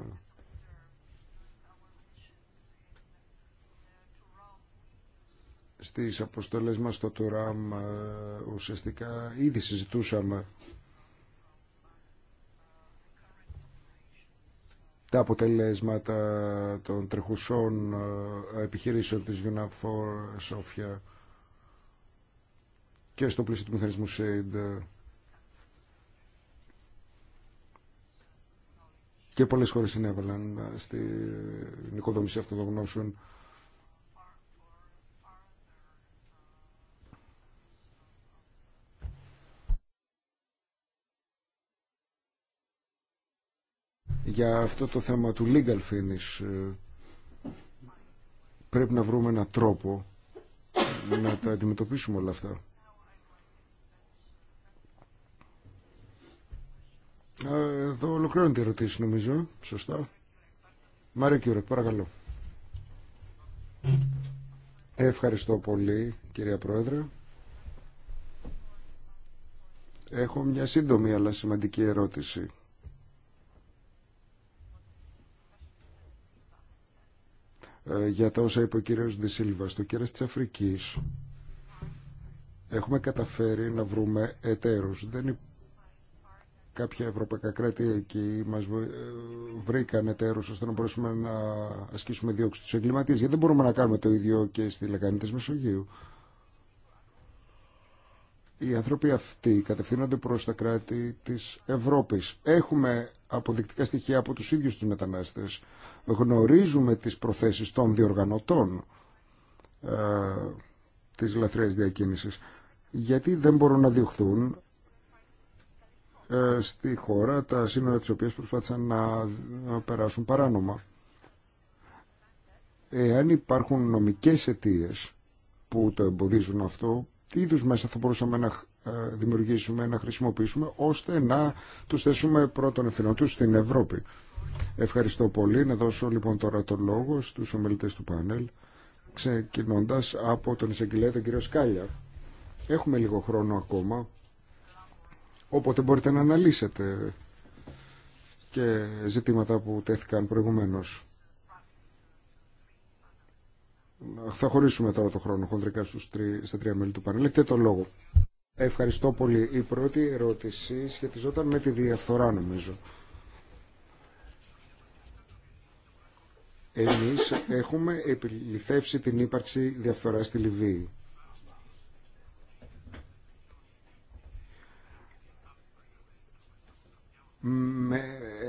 B: Στις αποστολές μας στο Τουράμ ε, ουσιαστικά ήδη συζητούσαμε τα αποτελέσματα των τρεχουσών ε, επιχειρήσεων της UNAFOR Σόφια και στο πλαίσιο του μηχανισμού SAID και πολλές χώρες συνέβαλαν ε, στην οικοδόμηση αυτών των για αυτό το θέμα του legal finish ε, πρέπει να βρούμε έναν τρόπο να τα αντιμετωπίσουμε όλα αυτά. Εδώ ολοκληρώνεται η ερωτήση νομίζω, σωστά. Μάριο Κιούρεκ, παρακαλώ. Ευχαριστώ πολύ κυρία Πρόεδρε. Έχω μια σύντομη αλλά σημαντική ερώτηση. Ε, για τα όσα είπε ο κύριος Δησίλβα στο κέρας της Αφρικής έχουμε καταφέρει να βρούμε εταίρους δεν κάποια ευρωπαϊκά κράτη εκεί μας ε, βρήκαν εταίρους ώστε να μπορέσουμε να ασκήσουμε διώξη τους εγκληματίες γιατί δεν μπορούμε να κάνουμε το ίδιο και στη λεκάνη της Μεσογείου οι άνθρωποι αυτοί κατευθύνονται προς τα κράτη της Ευρώπης. Έχουμε αποδεικτικά στοιχεία από τους ίδιους τους μετανάστες γνωρίζουμε τις προθέσεις των διοργανωτών ε, της λαθρείας διακίνησης γιατί δεν μπορούν να διωχθούν ε, στη χώρα τα σύνορα της οποίας προσπάθησαν να περάσουν παράνομα. Εάν υπάρχουν νομικές αιτίες που το εμποδίζουν αυτό, τι είδου μέσα θα μπορούσαμε να ε, δημιουργήσουμε, να χρησιμοποιήσουμε, ώστε να τους θέσουμε πρώτον ευθυνοτούς στην Ευρώπη. Ευχαριστώ πολύ. Να δώσω λοιπόν τώρα το λόγο στους ομιλητές του πάνελ, ξεκινώντα από τον εισαγγελέα τον κύριο Σκάλια. Έχουμε λίγο χρόνο ακόμα, οπότε μπορείτε να αναλύσετε και ζητήματα που τέθηκαν προηγουμένως. Θα χωρίσουμε τώρα το χρόνο χοντρικά στους στα τρία μέλη του πάνελ. Έχετε το λόγο. Ευχαριστώ πολύ. Η πρώτη ερώτηση σχετιζόταν με τη διαφθορά νομίζω. εμείς έχουμε επιληθεύσει την ύπαρξη διαφθοράς στη Λιβύη. με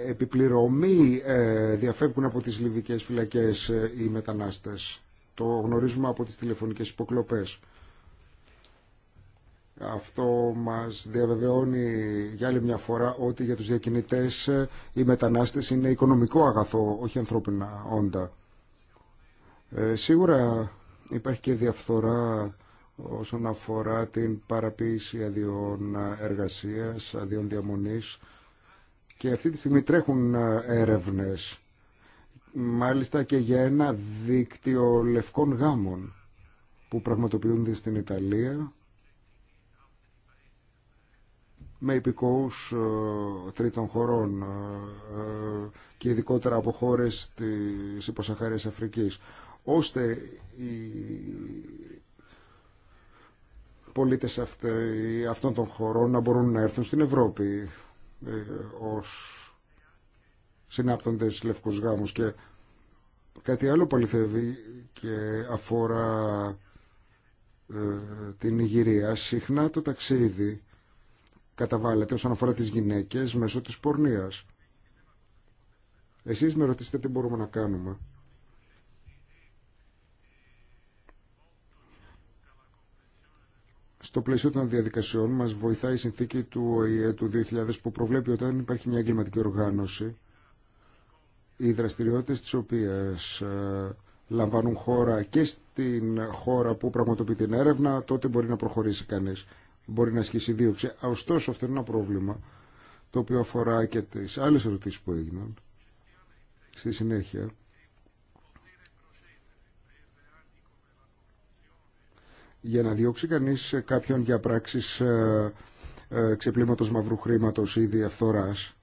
B: επιπληρωμή ε, διαφεύγουν από τις λιβικές φυλακές ε, οι μετανάστες. Το γνωρίζουμε από τις τηλεφωνικές υποκλοπές. Αυτό μας διαβεβαιώνει για άλλη μια φορά ότι για τους διακινητές οι μετανάστες είναι οικονομικό αγαθό, όχι ανθρώπινα όντα. Ε, σίγουρα υπάρχει και διαφθορά όσον αφορά την παραποίηση αδειών εργασίας, αδειών διαμονής και αυτή τη στιγμή τρέχουν έρευνες μάλιστα και για ένα δίκτυο λευκών γάμων που πραγματοποιούνται στην Ιταλία με υπηκόους ε, τρίτων χωρών ε, ε, και ειδικότερα από χώρες της υποσαχαρίας Αφρικής ώστε οι πολίτες αυτών των χωρών να μπορούν να έρθουν στην Ευρώπη ως συνάπτοντες λευκούς γάμους και κάτι άλλο πολυθεύει και αφορά την Ιγυρία συχνά το ταξίδι καταβάλλεται όσον αφορά τις γυναίκες μέσω της πορνείας. Εσείς με ρωτήσετε τι μπορούμε να κάνουμε. Στο πλαίσιο των διαδικασιών μας βοηθάει η συνθήκη του ΟΗΕ του 2000 που προβλέπει όταν υπάρχει μια εγκληματική οργάνωση οι δραστηριότητες τις οποίες ε, λαμβάνουν χώρα και στην χώρα που πραγματοποιεί την έρευνα τότε μπορεί να προχωρήσει κανείς μπορεί να ασχίσει δίωξη. Ωστόσο αυτό είναι ένα πρόβλημα το οποίο αφορά και τις άλλε ερωτήσει που έγιναν στη συνέχεια. Για να διώξει κανεί κάποιον για πράξεις ξεπλήματο ε, ξεπλήματος μαύρου χρήματος ή διαφθοράς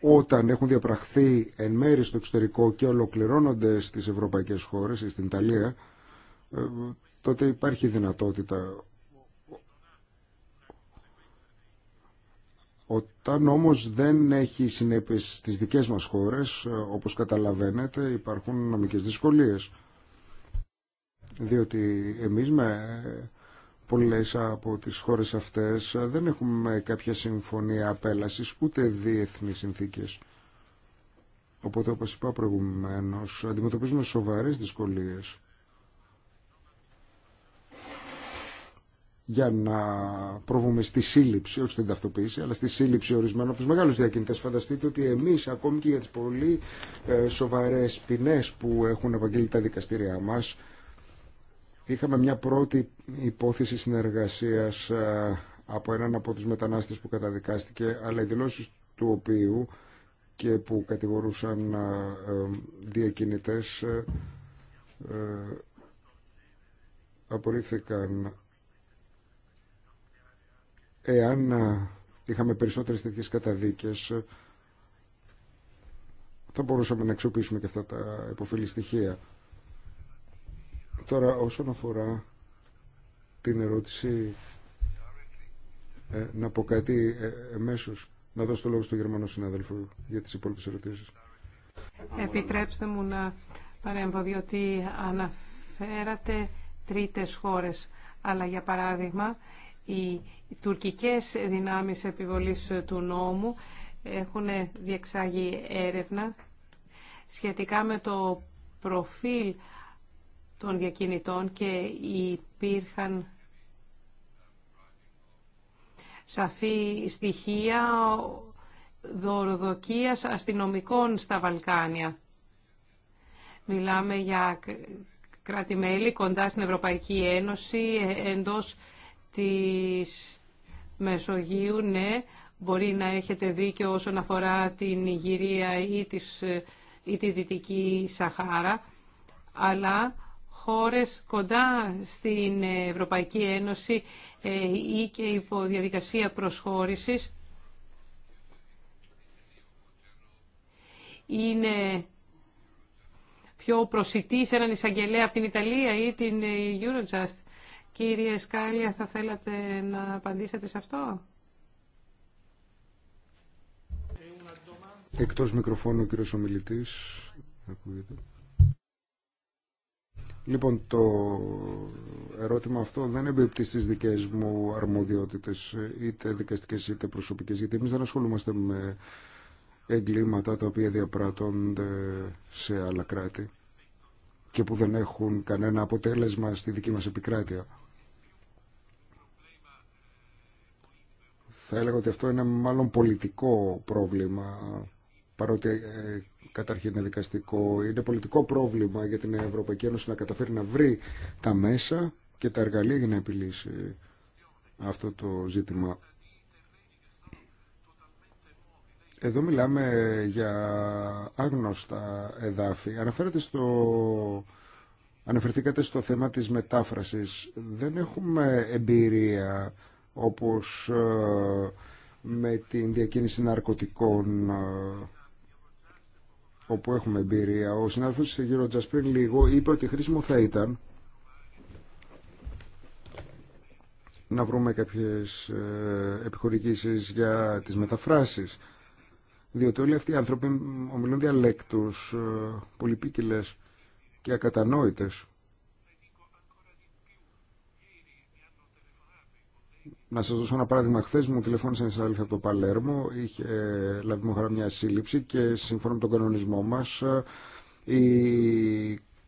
B: όταν έχουν διαπραχθεί εν μέρη στο εξωτερικό και ολοκληρώνονται στις ευρωπαϊκές χώρες ή στην Ιταλία, ε, τότε υπάρχει δυνατότητα Όταν όμως δεν έχει συνέπειες στις δικές μας χώρες, όπως καταλαβαίνετε, υπάρχουν νομικές δυσκολίες. Διότι εμείς με πολλές από τις χώρες αυτές δεν έχουμε κάποια συμφωνία απέλασης ούτε διεθνείς συνθήκες. Οπότε, όπως είπα προηγουμένως, αντιμετωπίζουμε σοβαρές δυσκολίες για να προβούμε στη σύλληψη, όχι στην ταυτοποίηση, αλλά στη σύλληψη ορισμένων από του μεγάλου διακινητέ. Φανταστείτε ότι εμεί, ακόμη και για τι πολύ ε, σοβαρέ ποινέ που έχουν επαγγείλει τα δικαστήριά μα, είχαμε μια πρώτη υπόθεση συνεργασία ε, από έναν από του μετανάστε που καταδικάστηκε, αλλά οι δηλώσει του οποίου και που κατηγορούσαν ε, διακινητές απορρίφθηκαν Εάν ε, είχαμε περισσότερες τέτοιες καταδίκες, ε, θα μπορούσαμε να εξοπλίσουμε και αυτά τα υποφελή στοιχεία. Τώρα, όσον αφορά την ερώτηση, ε, να πω κάτι να δώσω το λόγο στον Γερμανό συνάδελφο για τις υπόλοιπες ερωτήσεις.
C: Επιτρέψτε μου να παρέμβω, διότι αναφέρατε τρίτες χώρες. Αλλά, για παράδειγμα, οι τουρκικές δυνάμεις επιβολής του νόμου έχουν διεξάγει έρευνα σχετικά με το προφίλ των διακινητών και υπήρχαν σαφή στοιχεία δωροδοκίας αστυνομικών στα Βαλκάνια. Μιλάμε για κράτη-μέλη κοντά στην Ευρωπαϊκή Ένωση, ε, εντός της Μεσογείου, ναι, μπορεί να έχετε δίκιο όσον αφορά την Ιγυρία ή, της, ή τη Δυτική Σαχάρα, αλλά χώρες κοντά στην Ευρωπαϊκή Ένωση ε, ή και υπό διαδικασία προσχώρησης είναι πιο προσιτή σε έναν εισαγγελέα από την Ιταλία ή την Eurojust. Κύριε Σκάλια, θα θέλατε να απαντήσετε σε αυτό.
B: Εκτός μικροφώνου ο κύριος ομιλητής. Ακούγεται. Λοιπόν, το ερώτημα αυτό δεν εμπίπτει στις δικές μου αρμοδιότητες, είτε δικαστικές είτε προσωπικές, γιατί εμείς δεν ασχολούμαστε με εγκλήματα τα οποία διαπράττονται σε άλλα κράτη και που δεν έχουν κανένα αποτέλεσμα στη δική μας επικράτεια. Θα έλεγα ότι αυτό είναι μάλλον πολιτικό πρόβλημα, παρότι ε, καταρχήν είναι δικαστικό. Είναι πολιτικό πρόβλημα για την Ευρωπαϊκή Ένωση να καταφέρει να βρει τα μέσα και τα εργαλεία για να επιλύσει αυτό το ζήτημα. Εδώ μιλάμε για άγνωστα εδάφη. στο... Αναφερθήκατε στο θέμα της μετάφρασης. Δεν έχουμε εμπειρία όπως ε, με την διακίνηση ναρκωτικών ε, όπου έχουμε εμπειρία. Ο συνάδελφος της Eurojust πριν λίγο είπε ότι χρήσιμο θα ήταν να βρούμε κάποιες ε, επιχορηγήσεις για τις μεταφράσεις. Διότι όλοι αυτοί οι άνθρωποι ομιλούν διαλέκτους πολυπίκυλες και ακατανόητες. Να σα δώσω ένα παράδειγμα. Χθε μου τηλεφώνησε ένα άλλος από το Παλέρμο, είχε λάβει μου χαρά μια σύλληψη και σύμφωνα με τον κανονισμό μας ε, οι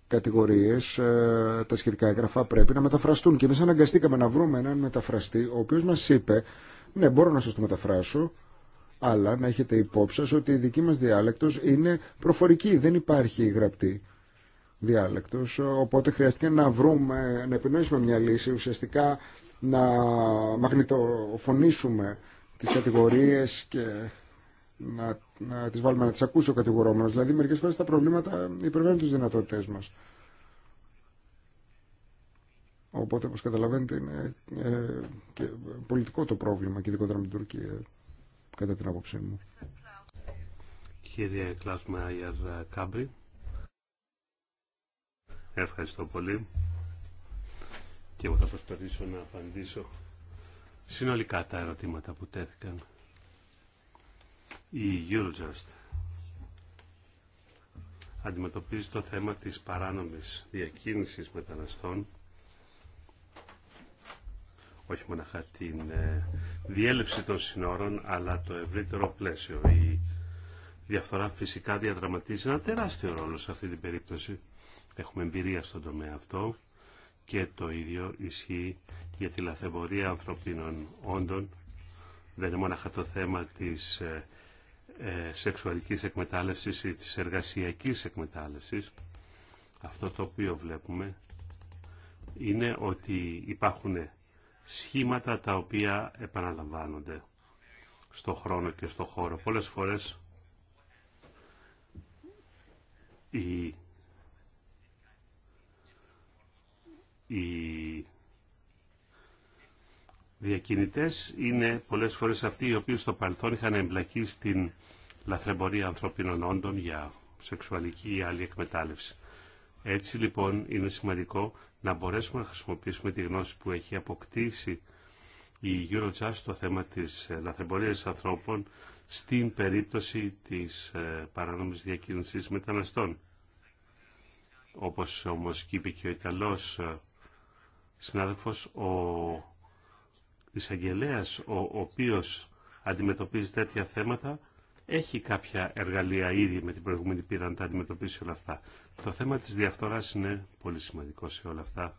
B: κατηγορίες, ε, τα σχετικά έγγραφα πρέπει να μεταφραστούν και εμεί αναγκαστήκαμε να βρούμε έναν μεταφραστή ο οποίο μα είπε ναι μπορώ να σα το μεταφράσω αλλά να έχετε υπόψη σας ότι η δική μας διάλεκτος είναι προφορική, δεν υπάρχει γραπτή διάλεκτος οπότε χρειάστηκε να βρούμε, να επινοήσουμε μια λύση ουσιαστικά να μαγνητοφωνήσουμε τις κατηγορίες και να, να τις βάλουμε να τις ακούσει ο κατηγορόμενος. Δηλαδή μερικές φορές τα προβλήματα υπερβαίνουν τις δυνατότητές μας. Οπότε, όπως καταλαβαίνετε, είναι ε, και πολιτικό το πρόβλημα και ειδικότερα με την Τουρκία, κατά την άποψή μου.
A: Κύριε Κλάσμα Κάμπρι, ευχαριστώ πολύ και εγώ θα προσπαθήσω να απαντήσω συνολικά τα ερωτήματα που τέθηκαν. Η Eurojust αντιμετωπίζει το θέμα της παράνομης διακίνησης μεταναστών όχι μόνο την ε, διέλευση των συνόρων, αλλά το ευρύτερο πλαίσιο. Η διαφθορά φυσικά διαδραματίζει ένα τεράστιο ρόλο σε αυτή την περίπτωση. Έχουμε εμπειρία στον τομέα αυτό και το ίδιο ισχύει για τη λαθεμπορία ανθρωπίνων όντων. Δεν είναι μόνο το θέμα της ε, ε, σεξουαλικής εκμετάλλευσης ή της εργασιακής εκμετάλλευσης. Αυτό το οποίο βλέπουμε είναι ότι υπάρχουν σχήματα τα οποία επαναλαμβάνονται στο χρόνο και στο χώρο. Πολλές φορές η διακινητές είναι πολλές φορές αυτοί οι οποίοι στο παρελθόν είχαν εμπλακεί στην λαθρεμπορία ανθρώπινων όντων για σεξουαλική ή άλλη εκμετάλλευση. Έτσι λοιπόν είναι σημαντικό να μπορέσουμε να χρησιμοποιήσουμε τη γνώση που έχει αποκτήσει η Eurojust στο θέμα της ε, λαθρεμπορίας ανθρώπων στην περίπτωση της ε, παράνομης διακίνησης μεταναστών. Όπως όμως είπε και ο Ιταλός ε, συνάδελφος, ο εισαγγελέα ο, ο οποίος αντιμετωπίζει τέτοια θέματα έχει κάποια εργαλεία ήδη με την προηγούμενη πείρα να τα αντιμετωπίσει όλα αυτά. Το θέμα τη διαφθορά είναι πολύ σημαντικό σε όλα αυτά.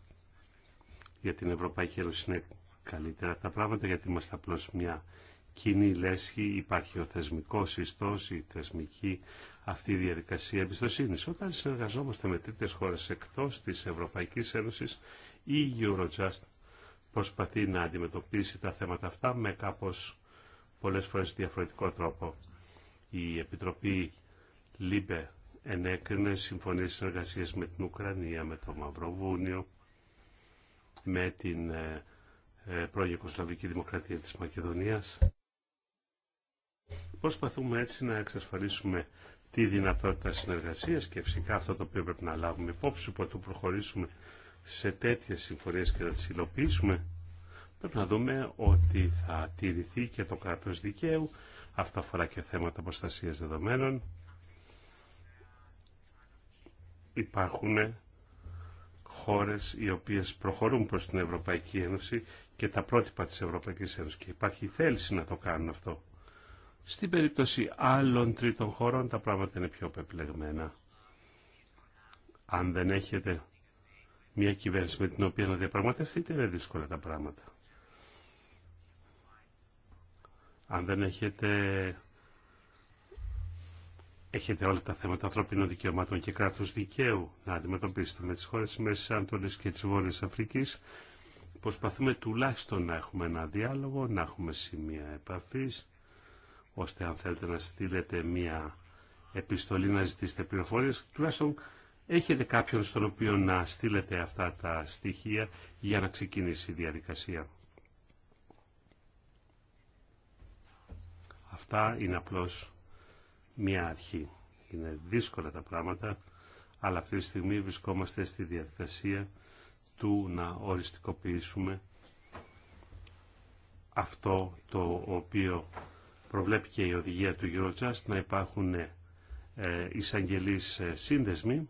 A: Για την Ευρωπαϊκή Ένωση είναι καλύτερα τα πράγματα γιατί είμαστε απλώ μια κοινή λέσχη, υπάρχει ο θεσμικό ιστό, η θεσμική αυτή διαδικασία εμπιστοσύνη. Όταν συνεργαζόμαστε με τρίτε χώρες εκτός τη Ευρωπαϊκή Ένωση η Eurojust προσπαθεί να αντιμετωπίσει τα θέματα αυτά με κάπως πολλές φορές διαφορετικό τρόπο. Η Επιτροπή ΛΥΠΕ ενέκρινε συμφωνίες συνεργασία με την Ουκρανία, με το Μαυροβούνιο, με την ε, ε, πρώην Δημοκρατία της Μακεδονίας. Προσπαθούμε έτσι να εξασφαλίσουμε τη δυνατότητα συνεργασίας και φυσικά αυτό το οποίο πρέπει να λάβουμε υπόψη που προχωρήσουμε σε τέτοιες συμφορίες και να τις υλοποιήσουμε, πρέπει να δούμε ότι θα τηρηθεί και το κράτος δικαίου. Αυτό αφορά και θέματα προστασία δεδομένων. Υπάρχουν χώρες οι οποίες προχωρούν προς την Ευρωπαϊκή Ένωση και τα πρότυπα της Ευρωπαϊκής Ένωσης και υπάρχει θέληση να το κάνουν αυτό. Στην περίπτωση άλλων τρίτων χωρών τα πράγματα είναι πιο πεπλεγμένα. Αν δεν έχετε μια κυβέρνηση με την οποία να διαπραγματευτείτε είναι δύσκολα τα πράγματα. Αν δεν έχετε, έχετε όλα τα θέματα ανθρωπίνων δικαιωμάτων και κράτους δικαίου να αντιμετωπίσετε με τις χώρες της Μέσης Αντώνης και της Βόρειας Αφρικής, προσπαθούμε τουλάχιστον να έχουμε ένα διάλογο, να έχουμε σημεία επαφής, ώστε αν θέλετε να στείλετε μια επιστολή να ζητήσετε πληροφορίες, τουλάχιστον Έχετε κάποιον στον οποίο να στείλετε αυτά τα στοιχεία για να ξεκινήσει η διαδικασία. Αυτά είναι απλώς μια αρχή. Είναι δύσκολα τα πράγματα, αλλά αυτή τη στιγμή βρισκόμαστε στη διαδικασία του να οριστικοποιήσουμε αυτό το οποίο προβλέπει και η οδηγία του Eurojust, να υπάρχουν ε, εισαγγελείς ε, σύνδεσμοι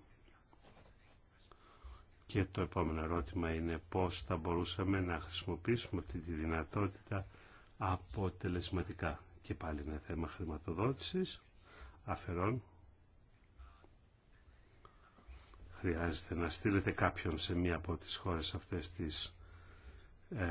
A: και το επόμενο ερώτημα είναι πώς θα μπορούσαμε να χρησιμοποιήσουμε αυτή τη δυνατότητα αποτελεσματικά. Και πάλι είναι θέμα χρηματοδότησης, αφαιρών. Χρειάζεται να στείλετε κάποιον σε μία από τις χώρες αυτές της ε,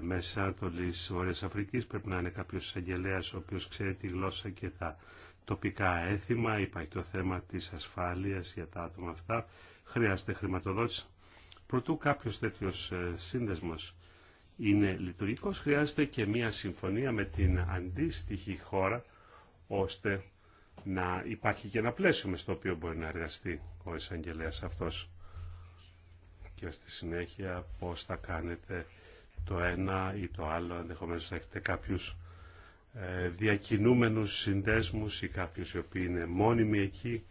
A: Μέσα Ανατολής Βόρειας Αφρικής. Πρέπει να είναι κάποιος εισαγγελέα ο οποίος ξέρει τη γλώσσα και τα τοπικά έθιμα. Υπάρχει το θέμα της ασφάλειας για τα άτομα αυτά. Χρειάζεται χρηματοδότηση. Προτού κάποιος τέτοιος ε, σύνδεσμος είναι λειτουργικός, χρειάζεται και μία συμφωνία με την αντίστοιχη χώρα, ώστε να υπάρχει και ένα πλαίσιο με στο οποίο μπορεί να εργαστεί ο εισαγγελέα αυτός. Και στη συνέχεια πώς θα κάνετε το ένα ή το άλλο, Ενδεχομένω θα έχετε κάποιους ε, διακινούμενους συνδέσμους ή κάποιους οι οποίοι είναι μόνιμοι εκεί.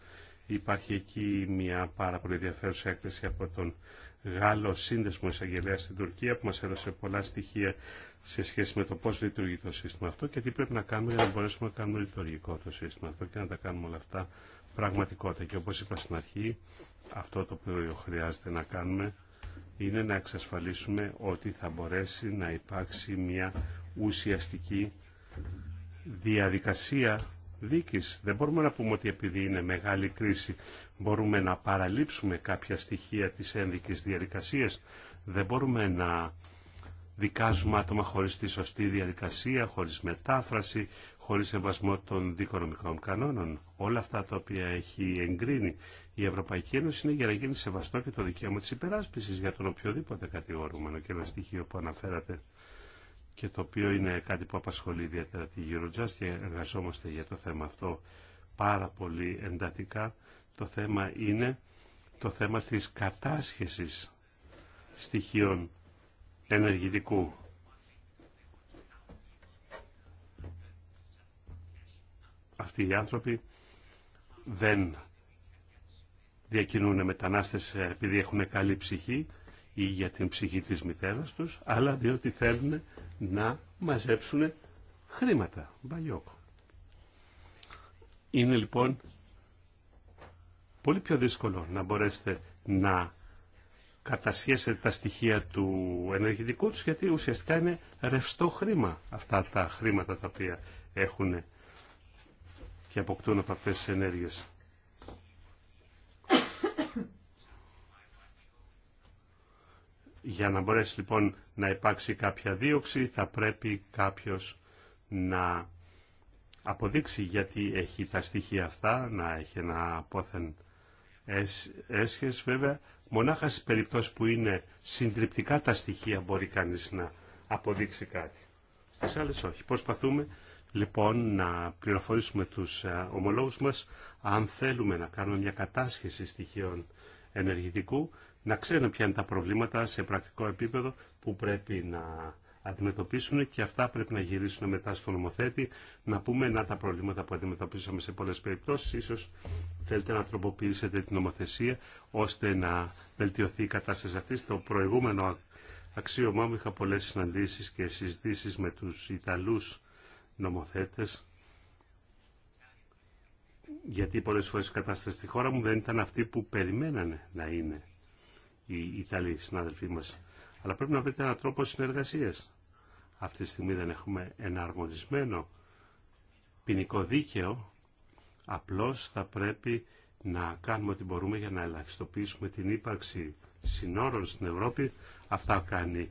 A: Υπάρχει εκεί μια πάρα πολύ ενδιαφέρουσα έκθεση από τον Γάλλο σύνδεσμο εισαγγελέα στην Τουρκία που μας έδωσε πολλά στοιχεία σε σχέση με το πώ λειτουργεί το σύστημα αυτό και τι πρέπει να κάνουμε για να μπορέσουμε να κάνουμε λειτουργικό το σύστημα αυτό και να τα κάνουμε όλα αυτά πραγματικότητα. Και όπως είπα στην αρχή, αυτό το οποίο χρειάζεται να κάνουμε είναι να εξασφαλίσουμε ότι θα μπορέσει να υπάρξει μια ουσιαστική διαδικασία δεν μπορούμε να πούμε ότι επειδή είναι μεγάλη κρίση μπορούμε να παραλείψουμε κάποια στοιχεία της ένδικης διαδικασίας. Δεν μπορούμε να δικάζουμε άτομα χωρίς τη σωστή διαδικασία, χωρίς μετάφραση, χωρίς σεβασμό των δικονομικών κανόνων. Όλα αυτά τα οποία έχει εγκρίνει η Ευρωπαϊκή Ένωση είναι για να γίνει σεβαστό και το δικαίωμα της υπεράσπισης για τον οποιοδήποτε κατηγορούμενο και ένα στοιχείο που αναφέρατε και το οποίο είναι κάτι που απασχολεί ιδιαίτερα τη Eurojust και εργαζόμαστε για το θέμα αυτό πάρα πολύ εντατικά. Το θέμα είναι το θέμα της κατάσχεσης στοιχείων ενεργητικού. Αυτοί οι άνθρωποι δεν διακινούν μετανάστες επειδή έχουν καλή ψυχή ή για την ψυχή της μητέρας τους, αλλά διότι θέλουν να μαζέψουν χρήματα. μπαλιόκο. Είναι λοιπόν πολύ πιο δύσκολο να μπορέσετε να κατασχέσετε τα στοιχεία του ενεργητικού τους γιατί ουσιαστικά είναι ρευστό χρήμα αυτά τα χρήματα τα οποία έχουν και αποκτούν από αυτές τις ενέργειες. Για να μπορέσει λοιπόν να υπάρξει κάποια δίωξη, θα πρέπει κάποιος να αποδείξει γιατί έχει τα στοιχεία αυτά, να έχει ένα απόθεν έσχες βέβαια. Μονάχα στις περιπτώσεις που είναι συντριπτικά τα στοιχεία μπορεί κανείς να αποδείξει κάτι. Στις άλλες όχι. Προσπαθούμε λοιπόν να πληροφορήσουμε τους ε, ομολόγους μας αν θέλουμε να κάνουμε μια κατάσχεση στοιχείων ενεργητικού να ξέρουν ποια είναι τα προβλήματα σε πρακτικό επίπεδο που πρέπει να αντιμετωπίσουν και αυτά πρέπει να γυρίσουν μετά στον νομοθέτη, να πούμε να τα προβλήματα που αντιμετωπίσαμε σε πολλές περιπτώσεις, ίσως θέλετε να τροποποιήσετε την νομοθεσία ώστε να βελτιωθεί η κατάσταση αυτή. Στο προηγούμενο αξίωμά μου είχα πολλές συναντήσεις και συζητήσεις με τους Ιταλούς νομοθέτες γιατί πολλές φορές η κατάσταση στη χώρα μου δεν ήταν αυτή που περιμένανε να είναι οι Ιταλοί συνάδελφοί μας. Αλλά πρέπει να βρείτε έναν τρόπο συνεργασίας. Αυτή τη στιγμή δεν έχουμε εναρμονισμένο ποινικό δίκαιο, απλώς θα πρέπει να κάνουμε ό,τι μπορούμε για να ελαχιστοποιήσουμε την ύπαρξη συνόρων στην Ευρώπη. Αυτά κάνει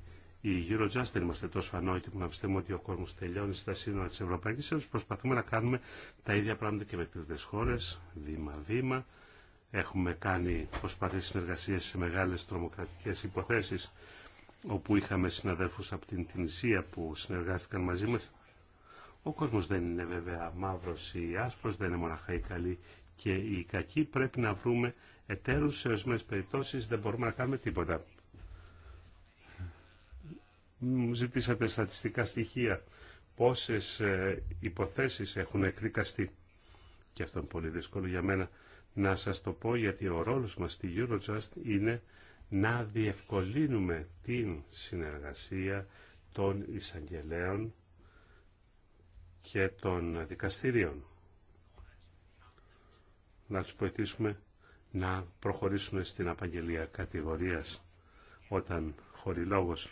A: η Eurojust δεν είμαστε τόσο ανόητοι που να πιστεύουμε ότι ο κόσμο τελειώνει στα σύνορα τη Ευρωπαϊκή Ένωση. Προσπαθούμε να κάνουμε τα ίδια πράγματα και με τρίτε χώρε, βήμα-βήμα. Έχουμε κάνει προσπάθειε συνεργασία σε μεγάλε τρομοκρατικέ υποθέσει, όπου είχαμε συναδέλφου από την Τινησία που συνεργάστηκαν μαζί μα. Ο κόσμο δεν είναι βέβαια μαύρο ή άσπρο, δεν είναι μοναχά οι καλοί και οι κακοί. Πρέπει να βρούμε εταίρου σε ορισμένε περιπτώσει, δεν μπορούμε να κάνουμε τίποτα ζητήσατε στατιστικά στοιχεία πόσες ε, υποθέσεις έχουν εκδικαστεί. Και αυτό είναι πολύ δύσκολο για μένα να σας το πω γιατί ο ρόλος μας στη Eurojust είναι να διευκολύνουμε την συνεργασία των εισαγγελέων και των δικαστηρίων. Να τους βοηθήσουμε να προχωρήσουν στην απαγγελία κατηγορίας όταν χωρί λόγος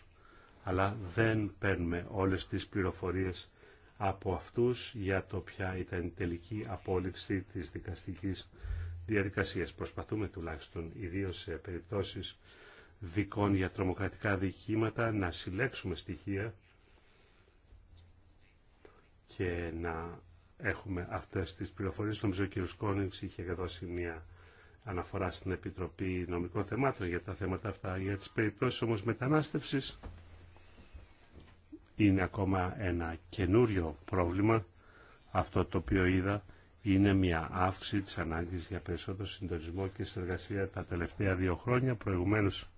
A: αλλά δεν παίρνουμε όλες τις πληροφορίες από αυτούς για το ποια ήταν η τελική απόλυψη της δικαστικής διαδικασίας. Προσπαθούμε τουλάχιστον, ιδίω σε περιπτώσεις δικών για τρομοκρατικά δικήματα, να συλλέξουμε στοιχεία και να έχουμε αυτές τις πληροφορίες. Νομίζω ο κ. Κόνιξ είχε δώσει μια αναφορά στην Επιτροπή Νομικών Θεμάτων για τα θέματα αυτά. Για τις περιπτώσεις όμως μετανάστευσης, είναι ακόμα ένα καινούριο πρόβλημα. Αυτό το οποίο είδα είναι μια αύξηση της ανάγκης για περισσότερο συντονισμό και συνεργασία τα τελευταία δύο χρόνια. Προηγουμένως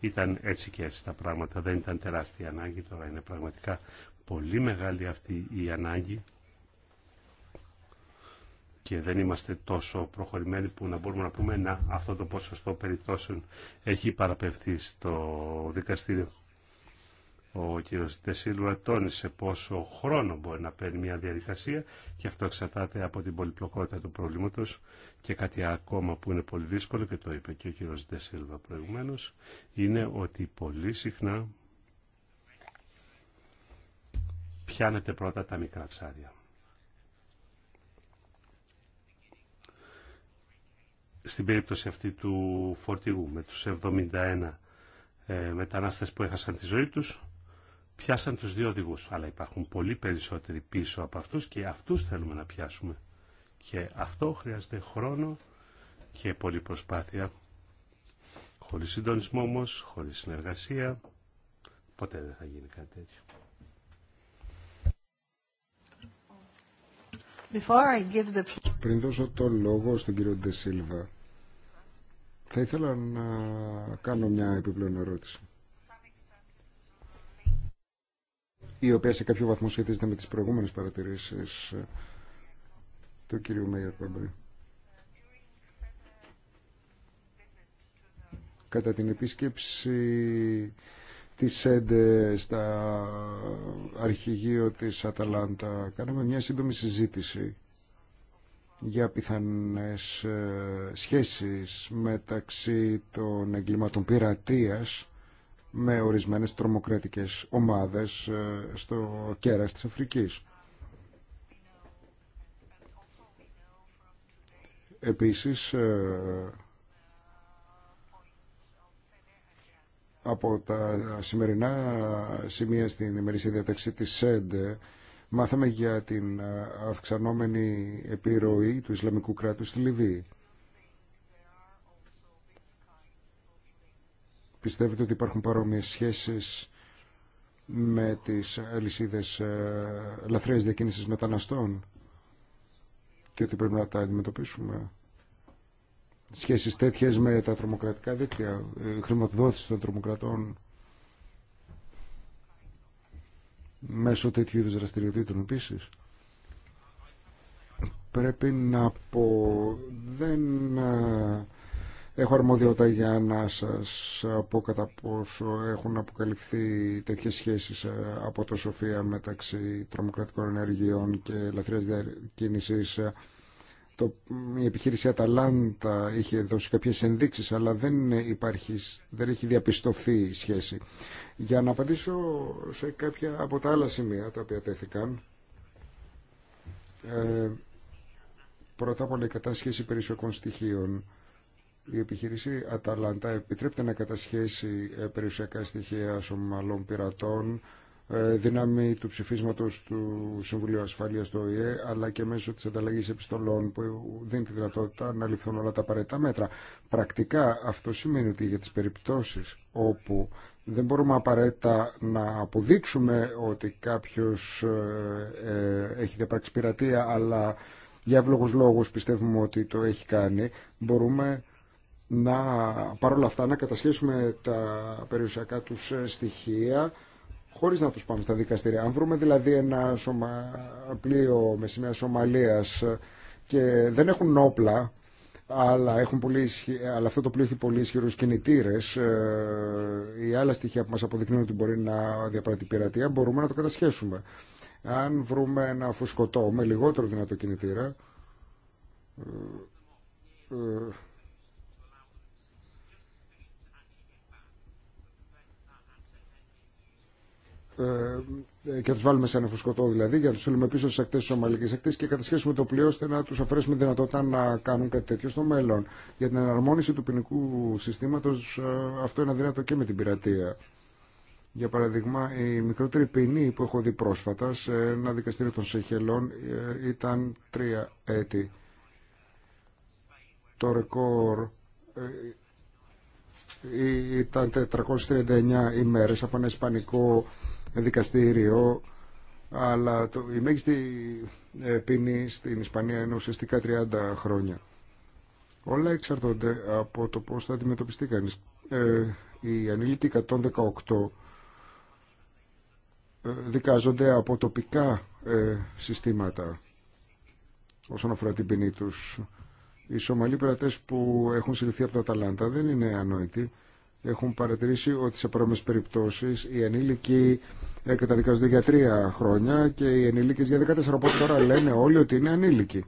A: ήταν έτσι και έτσι τα πράγματα, δεν ήταν τεράστια ανάγκη, τώρα είναι πραγματικά πολύ μεγάλη αυτή η ανάγκη και δεν είμαστε τόσο προχωρημένοι που να μπορούμε να πούμε να αυτό το ποσοστό περιπτώσεων έχει παραπευθεί στο δικαστήριο. Ο κύριος Τεσίλου τόνισε πόσο χρόνο μπορεί να παίρνει μια διαδικασία και αυτό εξαρτάται από την πολυπλοκότητα του προβλήματος και κάτι ακόμα που είναι πολύ δύσκολο και το είπε και ο κύριος Τεσίλου προηγουμένως είναι ότι πολύ συχνά πιάνετε πρώτα τα μικρά ψάρια. Στην περίπτωση αυτή του φορτηγού με τους 71 ε, μετανάστες που έχασαν τη ζωή τους πιάσαν τους δύο οδηγού, αλλά υπάρχουν πολύ περισσότεροι πίσω από αυτούς και αυτούς θέλουμε να πιάσουμε. Και αυτό χρειάζεται χρόνο και πολλή προσπάθεια. Χωρίς συντονισμό όμω, χωρίς συνεργασία, ποτέ δεν θα γίνει κάτι τέτοιο. the...
B: Πριν δώσω το λόγο στον κύριο Ντεσίλβα, θα ήθελα να κάνω μια επιπλέον ερώτηση. η οποία σε κάποιο βαθμό σχετίζεται με τις προηγούμενες παρατηρήσεις ε, του κυρίου Μέιερ Πέμπρη. Κατά την επίσκεψη της ΣΕΝΤΕ στα αρχηγείο της Αταλάντα κάναμε μια σύντομη συζήτηση για πιθανές ε, σχέσεις μεταξύ των εγκλήματων πειρατείας με ορισμένες τρομοκρατικές ομάδες ε, στο κέρας της Αφρικής. Επίσης, ε, από τα σημερινά σημεία στην ημερήσια διαταξή της ΣΕΝΤΕ, μάθαμε για την ε, αυξανόμενη επιρροή του Ισλαμικού κράτους στη Λιβύη. Πιστεύετε ότι υπάρχουν παρόμοιες σχέσεις με τις αλυσίδες ε, λαθρέας διακίνησης μεταναστών και ότι πρέπει να τα αντιμετωπίσουμε. Σχέσεις τέτοιες με τα τρομοκρατικά δίκτυα, ε, χρηματοδότηση των τρομοκρατών μέσω τέτοιου είδους δραστηριοτήτων επίση. Πρέπει να πω, δεν ε, έχω αρμοδιότητα για να σας πω κατά πόσο έχουν αποκαλυφθεί τέτοιες σχέσεις ε, από το Σοφία μεταξύ τρομοκρατικών ενεργειών και λαθρείας διακίνησης. Το, η επιχείρηση Αταλάντα είχε δώσει κάποιες ενδείξεις αλλά δεν, υπάρχει, δεν έχει διαπιστωθεί η σχέση. Για να απαντήσω σε κάποια από τα άλλα σημεία τα οποία τέθηκαν. Ε, πρώτα απ' όλα η κατάσχεση περισσοκών στοιχείων η επιχείρηση Αταλάντα επιτρέπεται να κατασχέσει ε, περιουσιακά στοιχεία σωμαλών πειρατών ε, δύναμη του ψηφίσματος του Συμβουλίου Ασφαλείας του ΟΗΕ αλλά και μέσω της ανταλλαγής επιστολών που δίνει τη δυνατότητα να ληφθούν όλα τα απαραίτητα μέτρα. Πρακτικά αυτό σημαίνει ότι για τις περιπτώσεις όπου δεν μπορούμε απαραίτητα να αποδείξουμε ότι κάποιος ε, έχει διαπράξει πειρατεία αλλά για εύλογους λόγους πιστεύουμε ότι το έχει κάνει μπορούμε να, παρόλα αυτά να κατασχέσουμε τα περιουσιακά τους ε, στοιχεία χωρίς να τους πάμε στα δικαστήρια. Αν βρούμε δηλαδή ένα σωμα... πλοίο με σημαία Σομαλίας ε, και δεν έχουν όπλα, αλλά, έχουν πολύ αλλά αυτό το πλοίο έχει πολύ ισχυρού κινητήρε. Ε, οι άλλα στοιχεία που μα αποδεικνύουν ότι μπορεί να διαπράττει πειρατεία μπορούμε να το κατασχέσουμε. Αν βρούμε ένα φουσκωτό με λιγότερο δυνατό κινητήρα, Ε, ε, και του βάλουμε σε ένα φουσκωτό δηλαδή, για να του στείλουμε πίσω στι ακτέ τη Ομαλική ακτή και κατασχέσουμε το πλοίο ώστε να του αφαιρέσουμε δυνατότητα να κάνουν κάτι τέτοιο στο μέλλον. Για την εναρμόνιση του ποινικού συστήματο ε, αυτό είναι αδύνατο και με την πειρατεία. Για παραδείγμα, η μικρότερη ποινή που έχω δει πρόσφατα σε ένα δικαστήριο των Σεχελών ήταν τρία έτη. Το ρεκόρ ήταν 439 ημέρες από ένα ισπανικό δικαστήριο αλλά το, η μέγιστη ε, ποινή στην Ισπανία είναι ουσιαστικά 30 χρόνια. Όλα εξαρτώνται από το πώς θα αντιμετωπιστεί κανείς. Ε, οι ανήλικοι 118 ε, δικάζονται από τοπικά ε, συστήματα όσον αφορά την ποινή τους. Οι Σομαλοί πειρατές που έχουν συλληφθεί από τα Ταλάντα δεν είναι ανόητοι έχουν παρατηρήσει ότι σε παρόμοιες περιπτώσεις οι ανήλικοι ε, καταδικάζονται για τρία χρόνια και οι ενήλικες για 14 οπότε τώρα λένε όλοι ότι είναι ανήλικοι.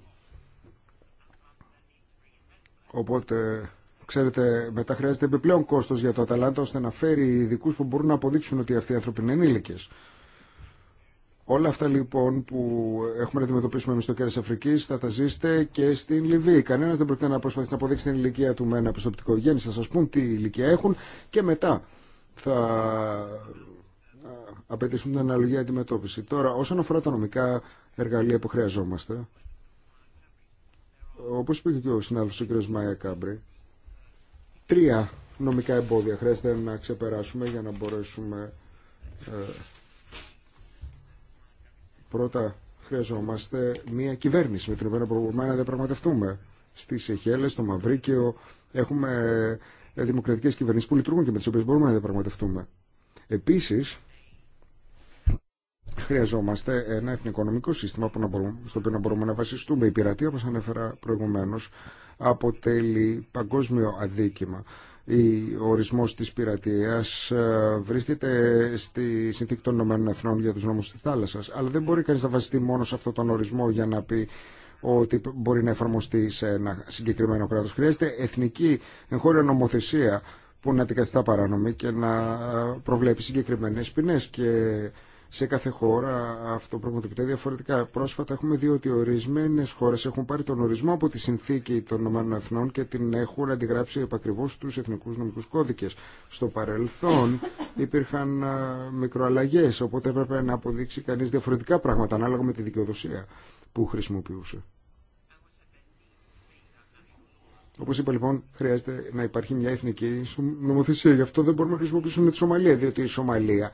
B: Οπότε, ξέρετε, μετά χρειάζεται επιπλέον κόστος για το Αταλάντα ώστε να φέρει ειδικού που μπορούν να αποδείξουν ότι αυτοί οι άνθρωποι είναι ενήλικες. Όλα αυτά λοιπόν που έχουμε να αντιμετωπίσουμε εμεί στο κέρα Αφρική θα τα ζήσετε και στην Λιβύη. Κανένα δεν πρόκειται να προσπαθήσει να αποδείξει την ηλικία του με ένα προσωπικό γέννη. Θα σα πούν τι ηλικία έχουν και μετά θα απαιτήσουν την αναλογία αντιμετώπιση. Τώρα, όσον αφορά τα νομικά εργαλεία που χρειαζόμαστε, όπω είπε και ο συνάδελφο ο κ. Μάια Κάμπρη, τρία νομικά εμπόδια χρειάζεται να ξεπεράσουμε για να μπορέσουμε ε, Πρώτα χρειαζόμαστε μια κυβέρνηση με την οποία μπορούμε να διαπραγματευτούμε. Στι Σεχέλε, στο Μαυρίκαιο έχουμε δημοκρατικέ κυβερνήσει που λειτουργούν και με τι οποίε μπορούμε να διαπραγματευτούμε. Επίση, χρειαζόμαστε ένα εθνοοικονομικό σύστημα που να μπορούμε, στο οποίο να μπορούμε να βασιστούμε. Η πειρατεία, όπω ανέφερα προηγουμένω, αποτελεί παγκόσμιο αδίκημα ο ορισμός της πειρατείας ε, βρίσκεται στη συνθήκη των Ηνωμένων Εθνών για τους νόμους της θάλασσας. Αλλά δεν μπορεί κανείς να βασιστεί μόνο σε αυτόν τον ορισμό για να πει ότι μπορεί να εφαρμοστεί σε ένα συγκεκριμένο κράτος. Χρειάζεται εθνική εγχώρια νομοθεσία που να την καθιστά παράνομη και να ε, προβλέπει συγκεκριμένες ποινές και σε κάθε χώρα αυτό πραγματοποιείται διαφορετικά. Πρόσφατα έχουμε δει ότι ορισμένε χώρε έχουν πάρει τον ορισμό από τη συνθήκη των ΗΠΑ και την έχουν αντιγράψει επακριβώ στου εθνικού νομικού κώδικε. Στο παρελθόν υπήρχαν μικροαλλαγέ, οπότε έπρεπε να αποδείξει κανεί διαφορετικά πράγματα ανάλογα με τη δικαιοδοσία που χρησιμοποιούσε. Όπω είπα λοιπόν, χρειάζεται να υπάρχει μια εθνική νομοθεσία. Γι' αυτό δεν μπορούμε να χρησιμοποιήσουμε τη Σομαλία, διότι η Σομαλία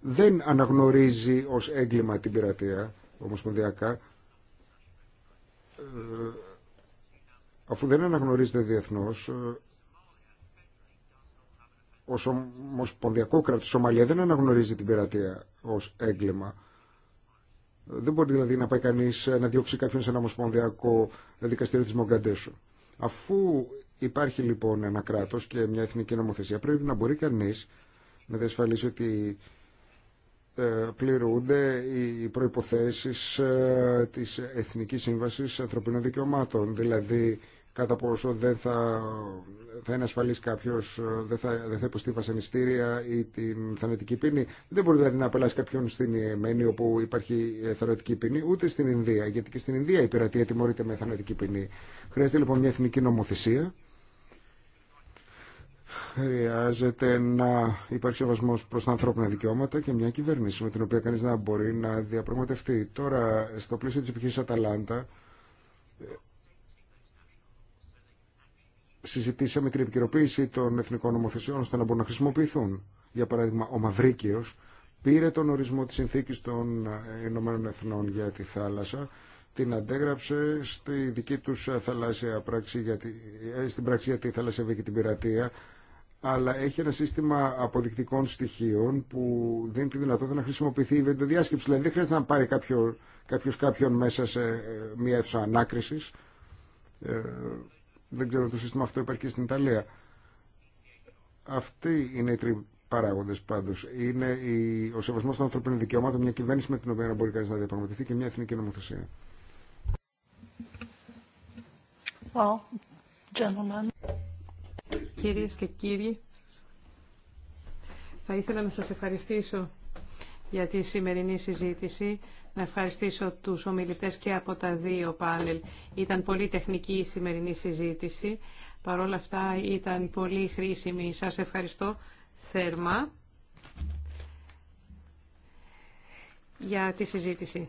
B: δεν αναγνωρίζει ως έγκλημα την πειρατεία ομοσπονδιακά ε, αφού δεν αναγνωρίζεται διεθνώς ε, ως ομοσπονδιακό κράτος η Σομαλία δεν αναγνωρίζει την πειρατεία ως έγκλημα δεν μπορεί δηλαδή να πάει κανείς να διώξει κάποιον σε ένα ομοσπονδιακό δικαστήριο της Μογκαντέσου αφού υπάρχει λοιπόν ένα κράτος και μια εθνική νομοθεσία πρέπει να μπορεί κανείς να διασφαλίσει ότι ε, πληρούνται οι προϋποθέσεις ε, της Εθνικής Σύμβασης Ανθρωπίνων Δικαιωμάτων. Δηλαδή, κατά πόσο δεν θα, θα είναι ασφαλής κάποιος, ε, δεν θα, δεν θα υποστεί βασανιστήρια ή την θανατική ποινή. Δεν μπορεί δηλαδή να απελάσει κάποιον στην Εμένη όπου υπάρχει θανατική ποινή, ούτε στην Ινδία, γιατί και στην Ινδία η πειρατεία τιμωρείται με θανατική ποινή. Χρειάζεται λοιπόν μια εθνική νομοθεσία Χρειάζεται να υπάρχει σεβασμό προ τα ανθρώπινα δικαιώματα και μια κυβέρνηση με την οποία κανεί να μπορεί να διαπραγματευτεί. Τώρα, στο πλαίσιο τη επιχείρηση Αταλάντα, ε, συζητήσαμε την επικαιροποίηση των εθνικών νομοθεσιών ώστε να μπορούν να χρησιμοποιηθούν. Για παράδειγμα, ο Μαυρίκιο πήρε τον ορισμό τη συνθήκη των Ηνωμένων Εθνών για τη θάλασσα την αντέγραψε στη δική τους θαλάσσια πράξη για τη, ε, στην πράξη για τη θαλασσία και την πειρατεία αλλά έχει ένα σύστημα αποδεικτικών στοιχείων που δίνει τη δυνατότητα να χρησιμοποιηθεί η βεντοδιάσκεψη. Δηλαδή δεν χρειάζεται να πάρει κάποιο, κάποιος κάποιον μέσα σε ε, μια αίθουσα ανάκριση. Ε, δεν ξέρω το σύστημα αυτό υπάρχει και στην Ιταλία. Αυτοί είναι οι τρει παράγοντε πάντω. Είναι η, ο σεβασμό των ανθρωπίνων δικαιωμάτων, μια κυβέρνηση με την οποία μπορεί κανεί να διαπραγματευτεί και μια εθνική νομοθεσία.
C: Well, gentlemen. Κυρίες και κύριοι, θα ήθελα να σας ευχαριστήσω για τη σημερινή συζήτηση. Να ευχαριστήσω τους ομιλητές και από τα δύο πάνελ. Ήταν πολύ τεχνική η σημερινή συζήτηση. παρόλα αυτά ήταν πολύ χρήσιμη. Σας ευχαριστώ θερμά για τη συζήτηση.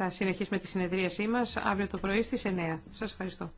C: Θα συνεχίσουμε τη συνεδρίασή μας αύριο το πρωί στις 9. Σας ευχαριστώ.